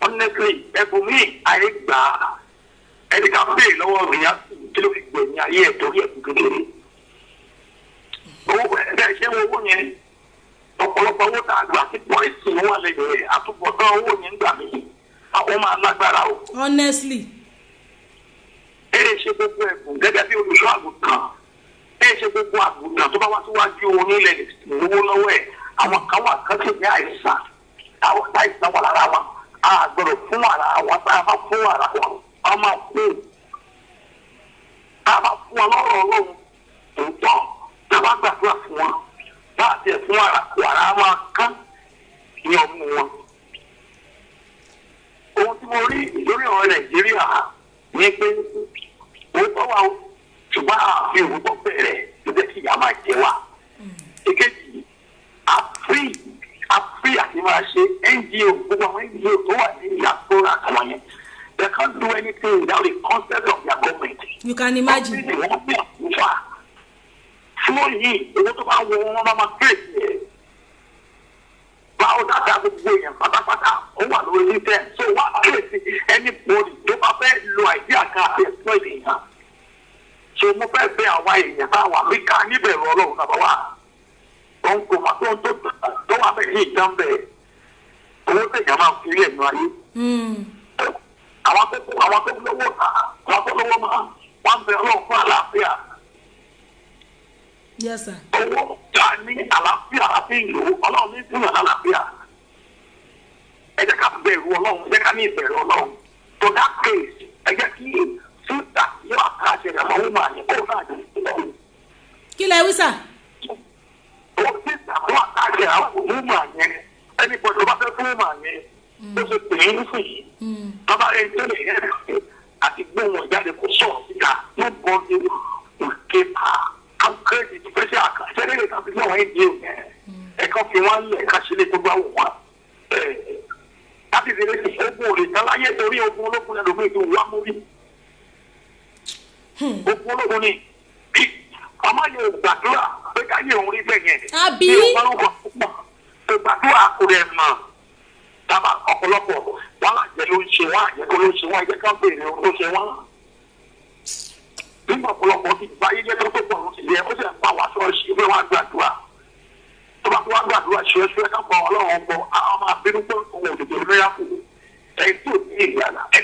honestly ẹlòmíì àyè gbà á ẹni ká béèrè lọ́wọ́ ìyá kí ló fi gbẹ̀yìn ayé ẹ̀ torí ẹ̀ kékeré owó ẹ̀ ṣé owó yẹn ọ̀pọ̀lọpọ̀ owó tá a gbà sí pọ̀ ìsìn wọn lè bẹ̀rẹ̀ àtúbọ̀tán owó yẹn gbà mí àwọn máa lágbára o. honestly. ẹ ẹ ṣe gbogbo ẹ̀bùn gẹ́gẹ́ bí olùṣọ́ àgùntàn ẹ ṣe gbogbo àgùntàn tó bá wá síwájú onílẹ̀ lówó lọ́wọ́ ẹ̀ àwọn kan wà kan a gbọ́dọ̀ fún ara wa tá a bá fún ara wa a máa fún a bá fún wa lọ́rọ̀ Ọlọ́run tòótọ́ tá a bá gbàdúrà fún wa bá a tiẹ̀ fún ara wàrà máa kán ní ọmú wọn. ohun tí mo rí lórí ọ̀rọ̀ Nàìjíríà ni pé òótọ́ wa ṣùgbọ́n àfi òótọ́ bẹ̀rẹ̀ ló jẹ́ kí ìyá máa jẹ wa. Hmm. èkejì àfíì a free ṣe ngo gbogbo àwọn ngo tó wà ní ìyá tó rà kàwọn yẹn they can't do anything without the consent of their government. you can imagine. wọ́n ti wọ́n bí àkúfà fún yìí owó tó bá wọ wọn bá máa kéré sí ẹ̀ báwo dáadáa gbogbo èèyàn pátápátá ó wà lórí títẹ̀ so wà kéré sí ẹni bòdì tó bá fẹ́ lo àìdí àká àti ẹ̀sùn ènìyàn so mo fẹ́ bẹ̀ àwa èèyàn báwa mi ká níbẹ̀rù ọlọ́run náà bá wà òun kò mọ̀ pé òun tó tó wà bẹ́ẹ̀ ní ìdán bẹ́ẹ̀ owó tẹ̀yàn máa fi lẹ̀ nù ayé. Hmm. àwọn tó kú àwọn tó lówó àwọn tó lówó máa wọ́n bẹ ọlọ́run fún àlàáfíà. owó ta ní àlàáfíà àti ìlú ọlọ́run ní ìdúnà àlàáfíà. ẹ jẹ́ ká bẹ̀rù ọlọ́run jẹ́ ká ní ìbẹ̀rù ọlọ́run to that case ẹ jẹ́ kí sísà yóò àkáṣe ìrànlọ́wọ́ máa ní kó náà jẹ́ kí lẹ wí sà ó ti àwọn àtàkì àwọn òmùmà yẹn ẹni gbọ́dọ̀ bá fẹ́ fún òmùmà yẹn hmm. ó ṣe pè é nísìnyí hmm. bàbá rẹ tó lè yẹ àti gbé wọn jáde kó sọ̀rọ̀ síta ló bọ nínú òkè pa àkọkẹ́rẹ́dì tó fẹ́ ṣe àkàṣẹ́rẹ́ lè tàbí náà wọ́n yé òun hmm. ẹ̀ka fi wọ́n lẹ̀ ká ṣe lè gbogbo àwọn wọn láti fi lè ṣe ogun òde sáláyé torí ogun ológun ẹlòmíì tó wà mórí ogun ológun ni bí a má gbàdúrà pé ká yẹ òun rí yẹn. àbí bí o bá ń wà pé gbàdúrà kò rẹ̀ mọ̀ ọ̀pọ̀lọpọ̀ wọn àjẹ ló ń ṣe wọn àjẹ kó ló ń ṣe wọn àjẹ ká béèrè ló ṣe wọn. nígbà ọ̀pọ̀lọpọ̀ ti gba ayé tó tó pọ̀ lọ́sẹ̀ yẹ ó sì ń pa wá ṣọ́ọ̀ṣì pé wọ́n á gbàdúrà tó bá wá gbàdúrà ṣẹ́ṣẹ́ ká pọ̀ ọlọ́run gbọ́ àwọn máa bínú pé òun òdòdó lóyà kù ẹ̀ tó ní ìlànà ẹ̀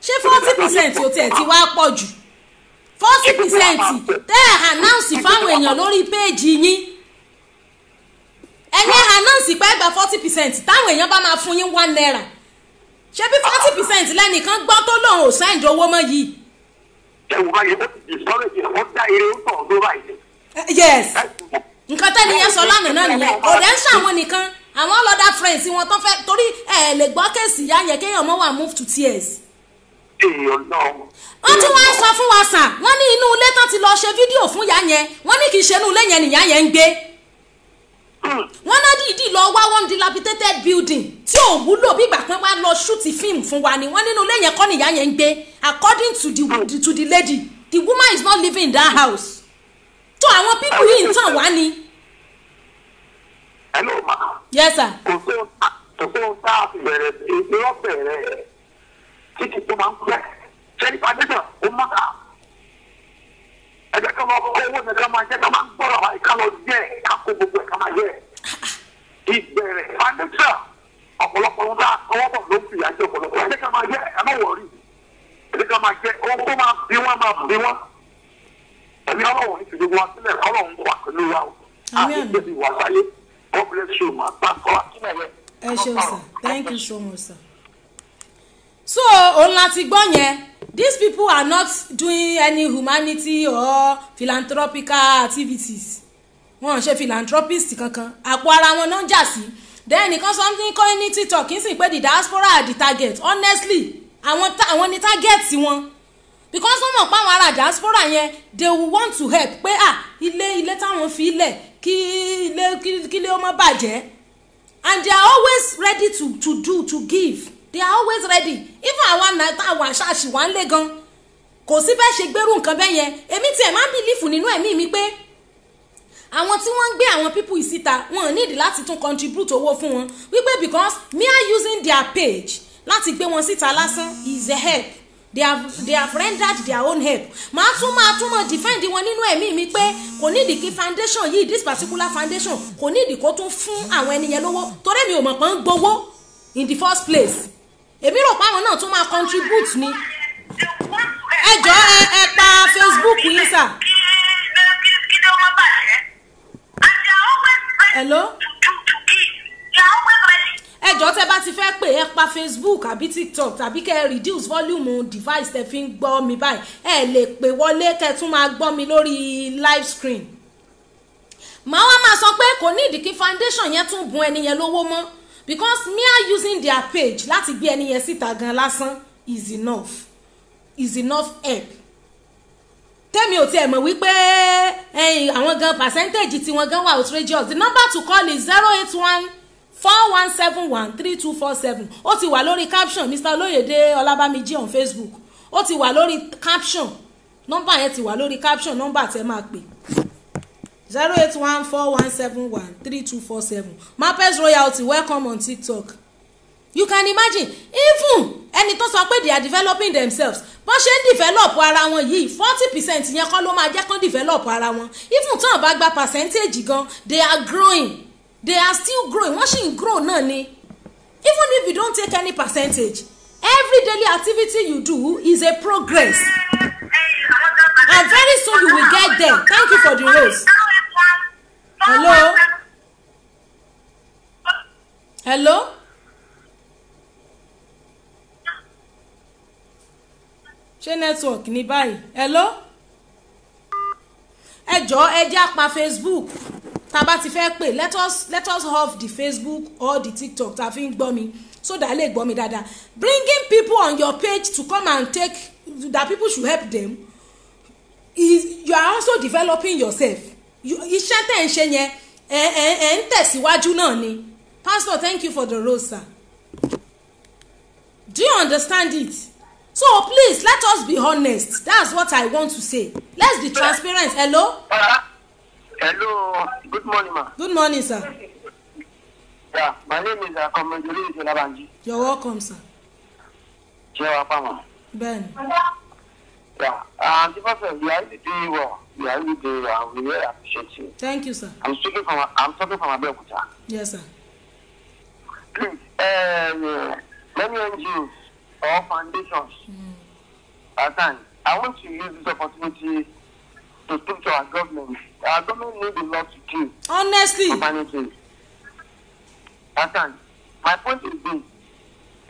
ṣé forty percent o tiẹ̀ ti wá pọ̀ jù forty percent tẹ́ ẹ̀ announce fáwọn èèyàn lórí péèjì yín ẹ̀yin announce pé gba forty percent táwọn èèyàn bá máa fún yín one naira ṣé bí forty percent lẹ́nìkan gbọ́ tó lòun ò sáìndì owó mọ́ yìí. ẹ wò báyìí ó ti sọ̀rọ̀ yìí ó dá eré ó tọ̀ ọ̀dọ́ báyìí. Eh, yes nǹkan tẹ́ni yẹn sọ lánàá náà nìyẹn kò ń ṣàwọn nìkan àwọn ọlọ́dà friends wọn tó fẹ́ torí ẹ̀ lè gbọ́ kéèsì yá yẹn kéèyàn mọ́ wà move to tears. èèyàn náà wọ́n tún wá sọ fún wa sà wọ́n ní inú ilé tán ti lọ ṣe fídíò fún ìyá yẹn wọ́n ní kì í ṣe inú ilé yẹn nìyá yẹn ń gbé wọ́n náà dìídì lọ wá one dilapidated building tí ò wúlò bí ìgbà pé wọ́n á lọ ṣúùtì fíìmù fún wa ni wọ́n nínú ilé yẹn kọ́ nìyá yẹn ń gbé according to the, to the lady the woman is not living in that house tó àwọn pípù yìí ń tàn wá ni. hello ma. yes sir. kò sí ohun tá a bẹ̀rẹ̀ irọ́ bẹ̀rẹ̀ títí tó máa ń pẹ́ sẹ́ni foundation ó mọ̀ ká ẹgbẹ́ kan máa owó nìkan máa jẹ́ ká máa gbọ́dọ̀ máa ká lọ jẹ́ ká kó gbogbo ẹ̀ ká máa jẹ́ ìbẹ̀rẹ̀ ń bá ọwọ́pọ̀ ló ń fìyà jẹ ọ̀pọ̀lọpọ̀ ẹgbẹ́ kan máa jẹ́ ẹ má wọ̀rí ẹgbẹ́ owó kó bí wọ́n máa bí wọ́n ẹ̀mí ọlọ́run ti gbogbo wa sílẹ̀ ọlọ́run wà pẹ̀lú wa o àti ìgbésí wà sáyé God bless you ma pa kọ́ ẹ ṣeun sir thank you so much sir so òun láti gbọ́ yẹn these people are not doing any humanity or philanthropical activities wọn ṣe philanthropist kankan àpò ara wọn náà jà sí then nìkan something kọ́ ní tiktok kì í sì pé the diaspora are the target honestly àwọn àwọn ni target wọn because wọ́n mọ̀ pé àwọn ará diaspora yẹn they want to help pé ah ilé ilé táwọn fi lẹ̀ kí ilé kí ilé ó má bàjẹ́ and they are always ready to to do to give they are always ready even àwa náà tá àwọn àṣàṣì wà ń lé gan kò sí bẹ́ẹ̀ ṣe gbẹ́rù nǹkan bẹ́ẹ̀ yẹn èmi tiẹ̀ máa ń bìlífù nínú ẹ̀mí mi pé àwọn tí wọ́n ń gbé àwọn people ìsíta wọn ò nídìí láti tún contribute owó fún wọn wípé because me are using their page láti gbé wọn síta lásán is a help they have they have rendered their own help màá tún máa tún mọ defend wọn nínú ẹ̀mí mi pé kò nídìí kí foundation yìí this particular foundation kò nídìí kó tún fún àwọn ẹni yẹn lówó torí mi ò mọ̀ pé gbowó in the first place èmi rò pé àwọn náà tún máa contribute ni ẹ jọ ẹ ẹ pa Facebook yín sà. hello ẹ jọ tẹ bá ti fẹ́ pè ẹ pa Facebook àbí TikTok tàbí kẹ ẹ reduce volume device tẹ fi ń gbọ́ mi báyìí ẹ lè pè wọlé kẹ tún máa gbọ́ mi lórí live screen màá wá máa sọ pé kò ní ìdí kí foundation yẹn tún bùn ẹni yẹn lówó mọ́ because mere using their page láti gbé ẹni yẹn síta gan lásán is enough is enough help tẹ́mi ò tiẹ̀ mọ̀ wípé àwọn gan percentage tí wọ́n gan wà outrageous the number to call is zero eight one four one seven one three two four seven ó ti wà lórí caption mr olóyèdè ọlábàmíjì on facebook ó ti wà lórí caption nọ́mbà yẹn ti wà lórí caption Number. tẹ́ máa pè zero eight one four one seven one three two four seven mapes royalty welcome on tiktok you can imagine even ẹni tó sọ pé they are developing themselves bọ́n ṣe ń develop ara wọn yìí forty percent yẹn kọ́ ló máa jẹ́ kán develop ara wọn even tán bá gba percentage gan they are growing they are still growing wọ́n ṣì ń grow náà ni even if you don't take any percentage every daily activity you do is a progress and very soon you will get there thank you for the rose hello hello. ṣé network ní báyìí hello ẹ jọ̀ọ́ ẹ jẹ́ àpá facebook tá a bá ti fẹ́ pè let us let us off the facebook or the tiktok tá a fi ń gbọ́ mi so that lè gbọ́ mi dáadáa bringing people on your page to come and take that people should help them is you are also developing yourself iṣẹ́ tẹ̀ ń ṣe yẹn ẹ̀ ẹ̀ ẹ̀ ń tẹ̀síwájú náà ni pastor thank you for the rose sir do you understand it so please let us be honest that's what i want to say let's be transparent hello. hello good morning ma. good morning sir. Yeah, my name is Akomodori uh, Olabanji. You're welcome, sir. Ṣé wàá pa wọn? Bẹ́ẹ̀ni. Yeah, and uh, the person, you are doing well you are really doing well. Uh, we really appreciate you. Thank you, sir. I'm speaking from I'm talking from Abeokuta. Yes, sir. Please, um, many NGOs or foundations mm. I want to use this opportunity to speak to our government. Our government needs a lot to do. Honestly. Humanity. At My point is this.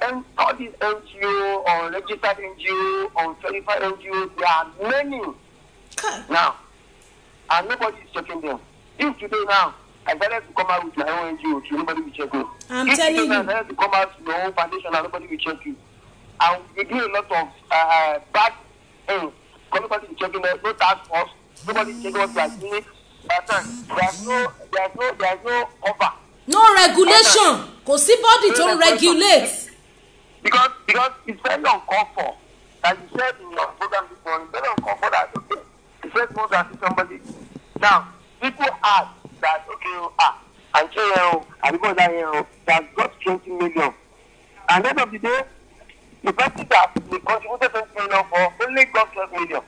And all these NGO or registered NGO or certified NGOs, there are many Now, and nobody is checking them. If today now, I decided to come out with my own NGO, to nobody will check me. I'm if telling today, you. I decided to come out with my own foundation, and nobody will check you. And we do a lot of uh, bad things. Nobody is checking them. No task force. Nobody is checking what we are doing. There's no, there's no, there's no cover. No regulation. Kò sí body tó regulate. Because because it's very uncomfortable. As you said in your program before, it's very uncomfortable that okay break more than somebody. Now, people ask that, okay, ah, and KL, and because I uh, has got 20 million. And end of the day, the person that we contributed 20 million for only got 12 million.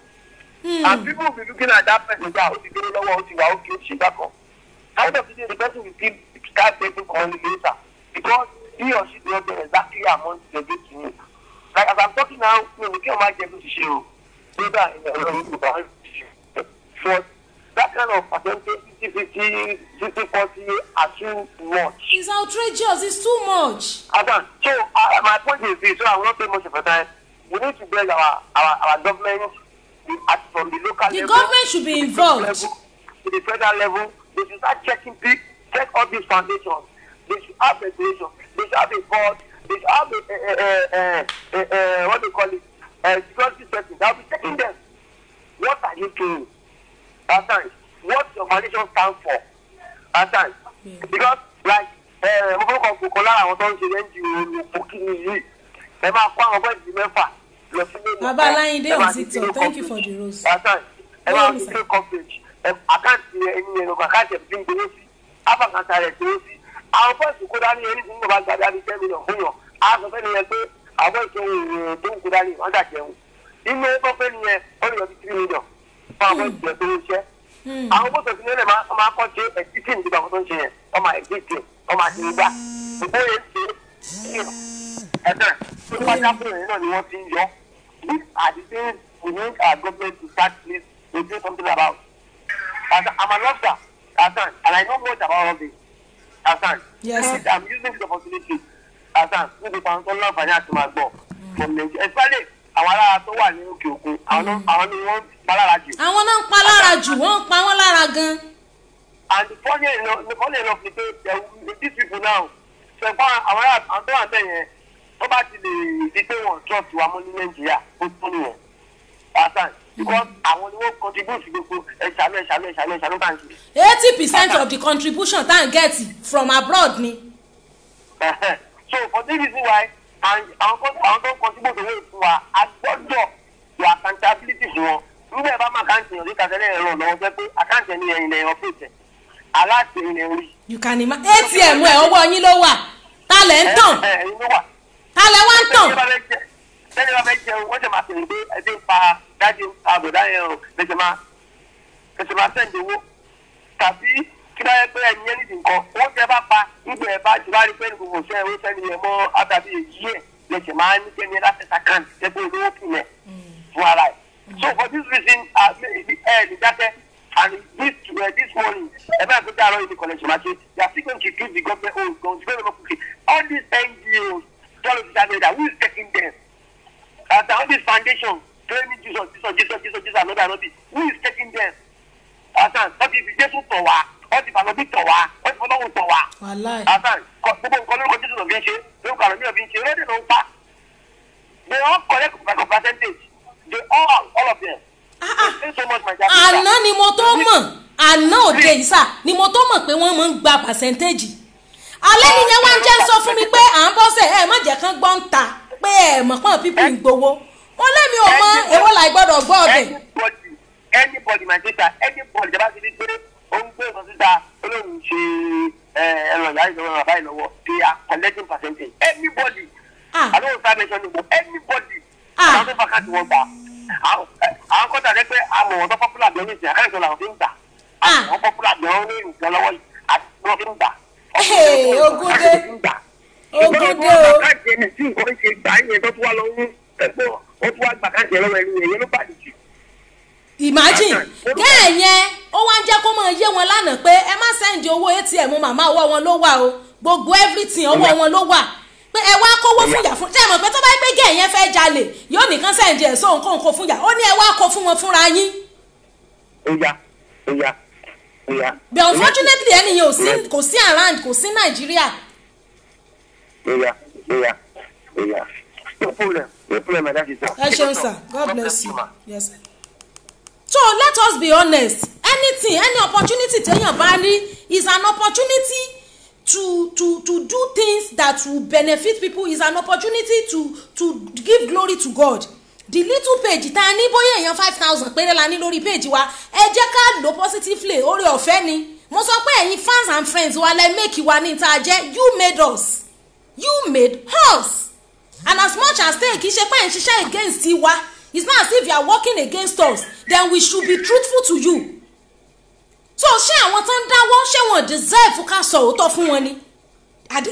Hmm. And people will be looking at that person that, oh, the girl, oh, the girl, oh, the girl, End of the day, the person will still start taking calling later because he or she knows the exactly amount they give to me. Like as I'm talking now, you know, we can't imagine to show forth. That kind of percentage, 50, 50, 50, are too much. It's outrageous. It's too much. Adam, so uh, my point is this, so I will not take much of your time. We need to bring our, our, our government at, from the local the level. The government should be involved. to the federal level. They should start checking, check all these foundations. They should have regulation. They should have a board. They should have a, a, a, a, a, a, a what do you call it? A security setting. They'll be checking them. What are you doing? at what your foundation stand for at times because like eh, mo fọwọ́ kan kò lára àwọn tó ń ṣe ngo ní bukini yìí ẹ máa kó àwọn bọ́ọ̀dì mẹ́fà lọ sí lẹ́nu bàbá aláyíndé on tiktok thank you for the rose at times ẹ máa fi ṣe coverage àkáǹtì ẹni ẹnu àkáǹtì ẹ̀ fi ń gbowó sí àbàkàtà rẹ̀ gbowó sí àwọn bọ́ọ̀sì kó dání ẹni tí ń bá gba dání ten million fún yàn á sọ fẹ́ nìyẹn pé àwọn fún àwọn ìjẹ tó ń ṣe hmm. àwọn bó sọ̀tún yẹn lè máa kọ́ ṣe ẹ̀sìtìn nígbà tó ń ṣe yẹn wọ́n máa ẹ̀sìtìn wọ́n máa ṣe igbá ìgbó yẹn ṣe ẹ̀fẹ̀ tó pátá fún ìrìn náà ni wọ́n ti ń yọ this are the things we need our government to start please to do something about as i'm an officer hasan and i know much about all this hasan yes. please i'm using this opportunity hasan níbi kan tó ń lọ àǹfààní àti máa gbọ́ hmm. from nigeria especially àwọn ará tó wà ní òkè òkun àwọn mm. ni wọ́n pa jù. àwọn náà ń pa jù wọ́n ń pa wọ́n lára gan. and the funny enough the funny enough ni pé eh, these people now ṣe fún àwọn ará àwọn tó yẹn wọ́n bá ti lè di pé wọ́n trust wa mọ́ ní nàìjíríà ó tún nìyẹn pàṣán because àwọn ni wọ́n contribute gbogbo ẹ̀ṣánú ẹ̀ṣánú ẹ̀ṣánú ẹ̀ṣánú bá ń ṣe. eighty percent of the contribution tá à get from abroad ni. so for this reason why àwọn tó ń kọ síbò tó wé fún wa a gbọ́dọ̀ yọ accountability fún wọn nígbà ẹ bá máa káǹtì yàn ríkà tẹ́lẹ̀ ẹ̀rọ lọ́wọ́ jẹ́ pé àkáǹtì ẹni ẹ̀yìn lẹ́yìn ọ̀fẹ́ ìtẹ̀ aláàtì ẹ̀yìn lẹ́yìn orí. yukani ma atm ẹ ọwọ́ yín ló wà ta lẹ ń tàn ta lẹ wá ń tàn. bẹ́ẹ̀ni bá fẹ́ jẹun wọ́n jẹ máa tẹ̀lé pé ẹbí ń pa dájú àbùdá yẹn o lè kí bá yẹ pé ẹni yẹn nìdí nǹkan owó tẹ bá pa ibẹ̀ bá ti wá rí pẹ́ẹ́nì gbogbo ṣẹ́ owó sẹ́ni yẹn mọ́ àtàbí èyí ẹ̀ lẹ́sẹ̀ máa ń jẹ́ ní láti sàkáǹtì olówó kù mẹ́ fún ara ẹ̀. Mm. so for this reason ẹ uh, ẹ lè dákẹ́ and this uh, this morning ẹ bá gbẹ́dẹ́ àárọ̀ ìdí kọ̀lẹ́sì máa ṣe they are still going to give the government own guns very well quickly all these NGOs tell us that who is taking them and all these foundations training Jesus Jesus Jesus Jesus that another another who is taking them and But if you just tọ̀ wá wọ́n ti fàlọ́ bí tọ̀ wá wọ́n ti fọlọ́wọ́ tọ̀ wá. asan gbogbo nǹkan lórúkọ títí ló fi ṣe lórúkọ àlọ́ mi ò fi ṣe rédíò ló ń pa they all collect like percentage they all all of them. Ah, ah. àná ni mo tó mọ̀ àná òde ìsà ni mo tó mọ̀ pé wọ́n máa ń gba percentage alẹ́ nìyẹn wá ń jẹ́ sọ fún mi pé à ń bọ́ sẹ̀ má jẹ́ kán gbọ́ ń ta pé ẹ̀ mọ̀ pọ́n pípì ń gbowó wọn lẹ́mi ò mọ èwo làì gbọ́dọ̀ gbọ́ ọ̀bẹ. anybody my sister anybody jaba ti fi gbé ó ń gbé ìkan síta olóhùn ṣe ẹran ìyá ìjọba bàbá ìlọ́wọ́ they are collecting percentage anybody àlóhùn sáà mẹ́sàn-án anybody ah. àwọn tó fà káàdì wọn gbà àwọn kọ́tà rẹ pé àmọ̀ tó popular gan ní ìsìn àkàrẹ̀sọ làwọn fi ń gbà àwọn ah. popular gan ní ìsìn lọ́wọ́ yìí àti wọn fi ń gbà ogúndé ogúndé o. káàdì ẹni tí nǹkan ṣe gbà yẹn tó tún wà lọ́wọ́ imagine kẹ́ẹ̀ yẹn ó wá ń jẹ́ kó máa yé wọn lánàá pé ẹ má sẹ́ǹdì owó atm màmá ọwọ́ wọn ló wà o gbogbo everything ọwọ́ wọn ló wà pé ẹ wá kówó fúnyà fún tẹ́ ẹ mọ̀ pé tó bá gbé gẹ̀ yẹn fẹ́ jalè yóò nìkan sẹ́ǹdì ẹ̀ sóhun kóhun kó fúnyà ó ní ẹ wá kó fún wọn fúnra yín. ó yá ó yá ó yá. but unfortunately ẹnìyẹn kò sí around kò sí nàìjíríà. ó yá ó yá ó yá no problem no problem my dad is there. ẹ ṣeun sir god bless you yes sir so let us be honest anything any opportunity téèyàn bá rí is an opportunity to to to do things that will benefit people is an opportunity to to give glory to God the little page tá a ní bóyá èèyàn five thousand péré la ní lórí page wa ẹ jẹ́ ká lò positively oore ọ̀fẹ́ ni mo sọ pé ẹ̀yin fans and friends wa lẹ make wa ní ta jẹ́ you made us you made us and as much as take iṣẹ́ pé ẹ̀ ń ṣiṣẹ́ against wa it's not as if you are working against us then we should be truthful to you so ṣé àwọn tó ń dáwọ́ ṣé wọ́n deserve ká sọ òótọ́ fún wọn ni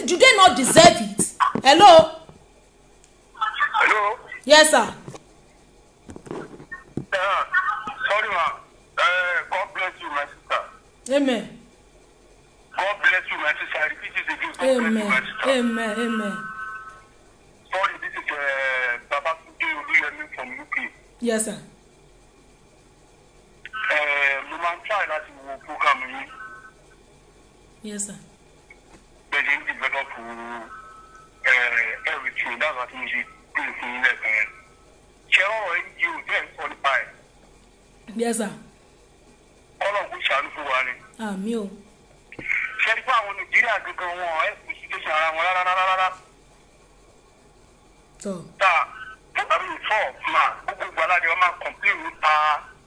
do they not deserve it hello. hello. yes sir. Uh, sorry ma uh, God bless you my sister. amen. God bless you my sister I repeat this again God amen. bless you my sister. amen amen. sorry this is uh, baba olúyẹmí from uk. yes sir. ẹ mo máa ń try láti wo program yìí. yes sir. bẹ́ẹ̀ ni develop everything that's what mo ṣe pè fún ilẹ̀ kan yẹn. ṣé ọ̀rọ̀ ngo jẹ́ nǹkan nípa ẹ̀. yes sir. ọlọ́run kò ṣàánú fún wa ni. àmì o. ṣé nípa àwọn nàìjíríà gangan wọn ẹ̀ kò sí tẹ̀sán ara wọn rárá rárá rárá. tọ́. tá a tó bá bíi fọ máa gbogbo gbala ni wọn máa kọ̀m̀pín nípa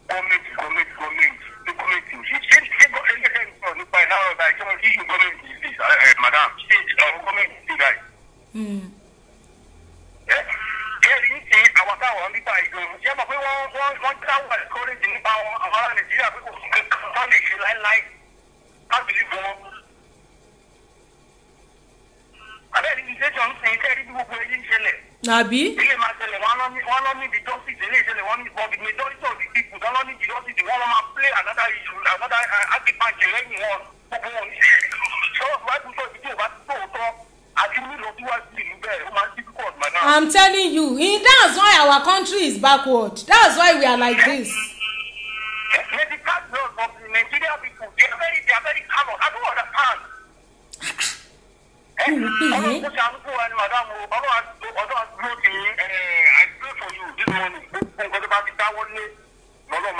gọ́ọ̀mẹ̀ntì gọ́ọ̀mẹ̀ntì gọ́ọ̀mẹ̀ntì ní gọ́ọ̀mẹ̀ntì yìí ṣé ṣé ẹgbẹ́ ń sọ nípa ẹ̀ láwọn ọ̀gá ìjọba yíyù gọ́ọ̀mẹ̀ntì yìí ẹ̀ madam ṣé ọ̀rọ̀ gọ́ọ̀mẹ̀ntì yìí báyìí. ẹ ẹ yìí ṣe àwọn táwọn nípa ìdòwò ṣé mọ̀ pé wọ́n wọ́n wọ́n dáwọ́ àkọ́rẹ́jì nípa àwọn ará nàìjíríà pé kò kàn lè ṣe láéláé kábìlì gan abẹ́rẹ́ ìṣẹ́jọ́ ń sìn kẹ́rì bí gbogbo ẹ̀yìn ṣẹlẹ̀ àbí. ilé máa tẹ̀lé wọn lọ ní wọn lọ ní the justice ilé ìtẹ̀lé wọn ní but the majority of the people wọn ní the justice wọn lọ máa play another issue another uh, artifact lẹ́yìn wọn gbogbo wọn ní sọ́wọ́ tí wàá sọ ìdíje ìwà tó tọ́ àti nílò tí wàá sì ní ó máa ń difficult man. i'm telling you in that's why our country is backward that's why we are like this. medical laws of the nigerian people they very they very common i don't understand. kí ni pè é. ọlọ́run kò ṣàánú fún wa ni madam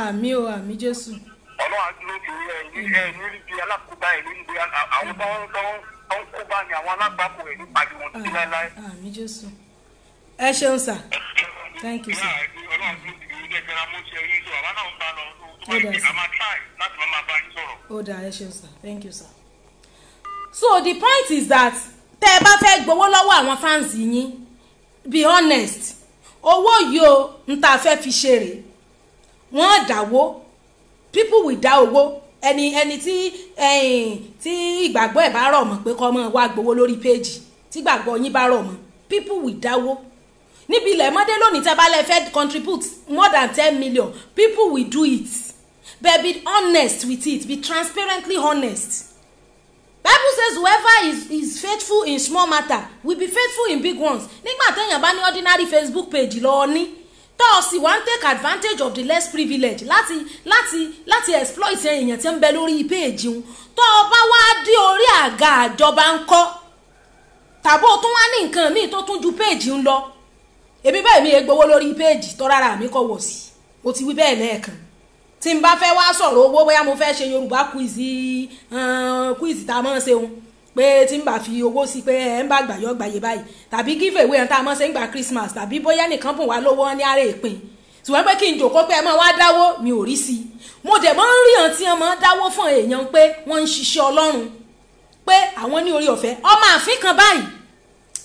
àmì o eh, àmì jésù. ọlọ́run àdúró ti eh, ní ẹ eh, ẹ ní ibi alákòóbá ẹ ní ibi àwọn tó ń tó ń kó bá ní àwọn alágbàpọ̀ ẹ ní pàdé wọn sí láéláé. àmì jésù ẹ ṣeun sà thank you sir. ọlọ́run àdúró ti ní ẹ jẹ́ra mú ṣe yín sọ àwa náà ń bá lọ ó dà ẹ ṣeun sir thank you sir so the point is that tẹ́ ẹ bá fẹ́ gbowó lọ́wọ́ àwọn fans yín be honest owó yìí o ń ta fẹ́ fi ṣe rè wọ́n dáwó people will dá owó ẹni ẹni tí tí ìgbàgbọ́ ẹ̀ bá rọ̀ mọ́ pé kọ́ mọ́ wá gbowó lórí péjì tí ìgbàgbọ́ yín bá rọ̀ mọ́ people will dáwó níbi ilẹ̀ mọ́dé lónìí tẹ́ bá lẹ́ fẹ́ contribute more than ten million people will do it but be honest with it be transparently honest bible says whoever is is faithful in small matter will be faithful in big ones nígbà téèyàn bá ní ordinary facebook page lọ ní tó o sì wá ń take advantage of the less privilege láti láti láti exploit èèyàn tí ń bẹ lórí péèjì ń tó o bá wá dé orí àga àjọba ń kọ́ tàbó tún wá ní nǹkan míì tó tún ju péèjì ń lọ èmi bẹ́ẹ̀ mi è gbowó lórí péèjì tó rárá mi kọ̀ wọ̀ sí mo ti wí bẹ́ẹ̀ lẹ́ẹ̀kan tí n bá fẹ́ wá sọ̀rọ̀ owó bóyá mo fẹ́ ṣe yorùbá kúìsì kúìsì eh, tá a máa ń ṣe òun pé tí n bá fi owó sí pé ẹ ń bá gbàyọ́ gbàyè báyìí tàbí gífẹ̀ ìwé ẹ̀ńtà mọ́ ṣe ń gba christmas tàbí bóyá nìkan bùn wá lówó ní ara ìpín ṣùgbọ́n pé kí n jòkó pé ẹ máa wá dáwó mi ò rí sí i mo dẹ̀ mọ́ ń rí hàn tí wọ́n máa dáwó fún èèyàn pé wọ́n ń ṣiṣẹ́ ọlọ́run pé àwọn ní orí ọ̀fẹ́ ọmọ àfin kan báyìí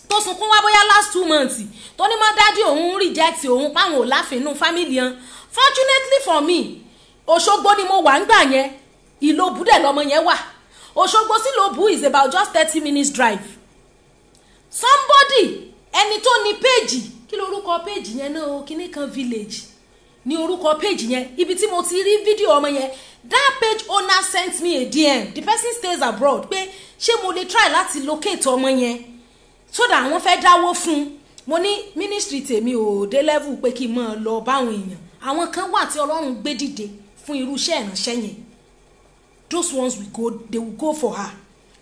tó sunkún wá bóyá last two months tó ní mọ́ dájú òun reject òun páwọn ò láfinú family hàn fortunately for me Òṣogbo ni mo wà ń gbà yẹn Ìlòbù dẹ̀ lọmọ yẹn wà Òṣogbo sí Ìlòbù is about just thirty minutes drive somebody ẹni tó ní péèjì kí ló orúkọ péèjì yẹn náà o kíní kan village ní orúkọ péèjì yẹn ibi tí mo ti rí fídíò ọmọ yẹn that page owner sent me a DM the person stays abroad pé ṣé mo lè try láti locate ọmọ yẹn so that àwọn fẹ́ dáwó fún un mo ní ministry tèmi ò dé level pé kí n máa lọ báwọn èèyàn àwọn kan wà tí Ọlọ́run gbé dìde fún irú iṣẹ́ ìránṣẹ́ yẹn those ones will go they will go for her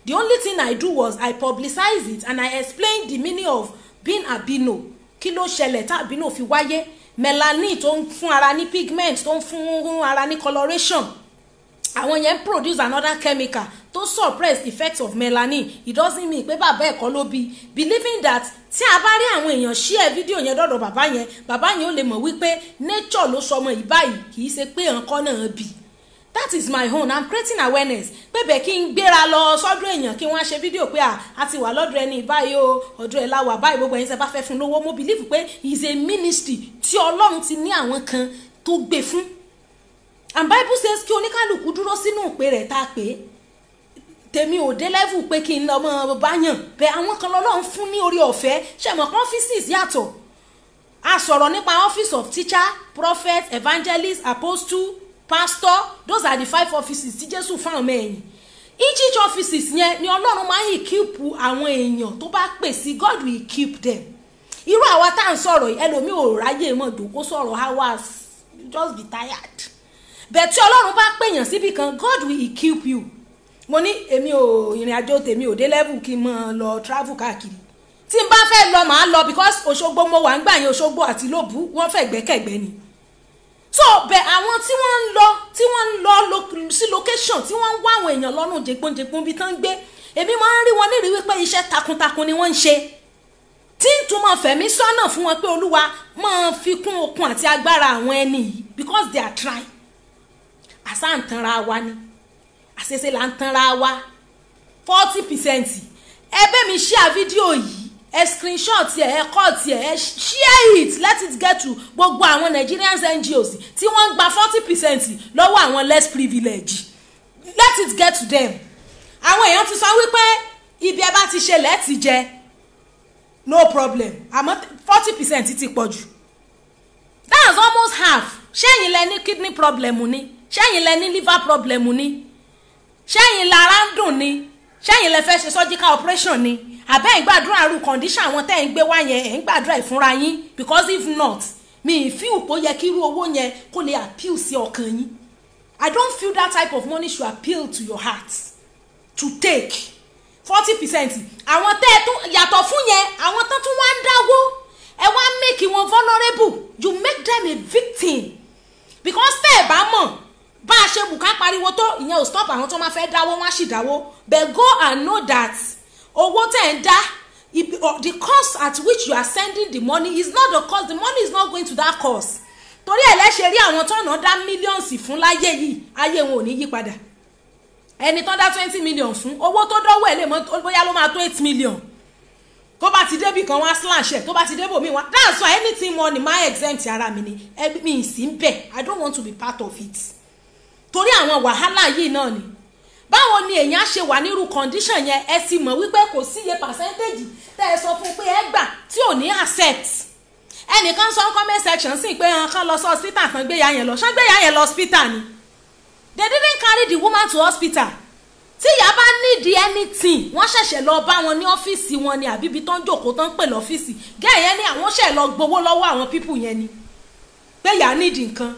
the only thing i do was i publicize it and i explain the meaning of being albino kí ló ṣẹlẹ̀ tá albino fi wáyé melanin tó ń fún ara ní pigment tó ń fún ara ní coloration àwọn yẹn produce another chemical tó suppress effect of melanin it doesn't mean pé bàbá ẹ̀kọ́ ló bí believing that tí a bá rí àwọn èèyàn share video yẹn dọ̀dọ̀ bàbá yẹn bàbá yẹn ó lè mọ̀ wípé nature ló sọ ọmọ yìí báyìí kì í ṣe pé nǹkan náà bì that is my own i'm creating awareness pébè kí n gbéra lọ sọ́dọ̀ èèyàn kí wọ́n á ṣe fídíò pé a ti wà lọ́dọ̀ ẹni báyìí o ọ̀dọ̀ ẹ̀ la wà báyìí gbogbo ẹ̀yin tẹ́ bá fẹ́ fún lówó mo believe pé is a ministry tí ọlọ́run ti ní àwọn kan tó gbé fún and bible says kí oníkálukú dúró sínú ìpè rẹ̀ tá a pè é tèmi ò dé level pé kí n lọ mọ báyàn bẹ àwọn kan lọ́lọ́run fún ní orí ọ̀fẹ́ ṣẹ̀mọ̀ kan yàtọ̀ a sọ̀rọ̀ nípa office of teacher prophet evangelist apostle pastor those are the five offices tí jésù fún àwọn ẹ̀yìn each offices yẹn ni ọlọ́run máa ń equip àwọn èèyàn tó bá pè sí god will keep them irú àwa tá à ń sọ̀rọ̀ ẹlòmíì ò ráyè mọ̀ dòkó sọ̀rọ̀ hours just be tired bẹ́ẹ̀ tí ọlọ́run bá pèèyàn síbi kan God will equip you mo ní èmi ò ìrìn àjò tèmi ò dé level kí n máa lọ travel káàkiri tí n bá fẹ́ lọ màá lọ because Òṣogbo mo wà ń gbà yẹn Òṣogbo àti lóbu wọ́n fẹ́ gbẹ́kẹ̀gbẹ́ ni so bẹ àwọn tí wọ́n ń lọ tí wọ́n ń lọ sí location tí wọ́n ń wá àwọn èèyàn lọ́nà jẹgbọ́njẹgbọ́n bíi tán ń gbé èmi máa ń rí wọn nírìí wípé iṣẹ́ takuntakun ni wọ́n ń ṣe tí n tún máa fẹ̀mí sọ́nà fún wọn pé olúwa máa fi kún okun àti agbára àwọn ẹni yìí because they are trying àṣà ń tanra wa ni àṣeṣe là ń tanra wa forty percent ẹbẹ́ mi ṣíà fídíò yìí ẹ screenshot ẹ ẹ cut ẹ ẹ share it let it get to gbogbo àwọn Nigerian NGOs tí wọ́n ń gba forty percent lọ́wọ́ àwọn less privilege let it get to them àwọn èèyàn ti sọ wípé ibi ẹ bá ti ṣe lẹ́ẹ̀tì jẹ no problem àmọ́ forty percent ti pọ̀ jù that's almost half ṣé ẹ̀yin lẹ ní kidney problem ni ṣẹ́yìn lẹ ní liver problem ni ṣẹ́yìn lára ń dùn ni ṣẹ́yìn lẹ fẹ́ ṣe surgical operation ni àbẹ́ ìgbàdúrà àrùn condition àwọn tẹ́ ń gbé wá yẹn ẹ̀ ń gbàdúrà ìfúnra yín because if not mi ì feel pé ó yẹ kí irú owó yẹn kó lè appeal sí ọkàn yín I don't feel that type of money should appeal to your heart to take forty percent àwọn tẹ́ ẹ tún yàtọ̀ fún yẹn àwọn tán tún wá ń dáwó ẹ wá make wọn vulnerable you make them a victim because tẹ́ ẹ bá mọ̀ bá a ṣe bùkà pariwo tó ìyẹn ò stop àwọn tó máa fẹ́ dáwó wọ́n á sì dáwó but go and know that owó tẹ̀ ń dá uh, the cost at which you are sending the money is not the cost the money is not going to that cost torí ẹ̀ lẹ́sẹ̀ rí àwọn tó ọ̀nà dá mílíọ̀nsì fún láyé yìí ayé wọn ò ní yí padà ẹni tó dá twenty million fún owó tó dọ́wọ́ ẹ̀ lè mọ bóyá ló máa tó eight million tó bá ti débì kan wá slash ẹ̀ tó bá ti débò mí wá that's why anything money my exempt ara mi ni ẹbí mi ì sí ń bẹ̀ i don't want to be part of it torí àwọn wàhálà yìí náà ni báwo ni èèyàn ṣe wà nírú condition yẹn ẹ sì mọ̀ wípé kò sí iye percentage tẹ́ ẹ sọ fún pé ẹ gbà tí ò ní accept ẹnìkan sọ comment section sí pé kan lọ sí hospital kan gbéyà yẹn lọ ṣán gbéyà yẹn lọ hospital ni they didn't carry the woman to hospital tí ìyá bá nídìí anything wọ́n ṣẹ̀ṣẹ̀ lọ bá wọn ní ọ́fíìsì wọn ni àbíbi tán jòkóó tán pè lọ́fíìsì gẹ́ẹ̀ yẹn ni àwọn ṣẹ̀ lọ gbowó lọ́wọ́ àwọn pípù yẹn ni pé ìyá nídìí nǹkan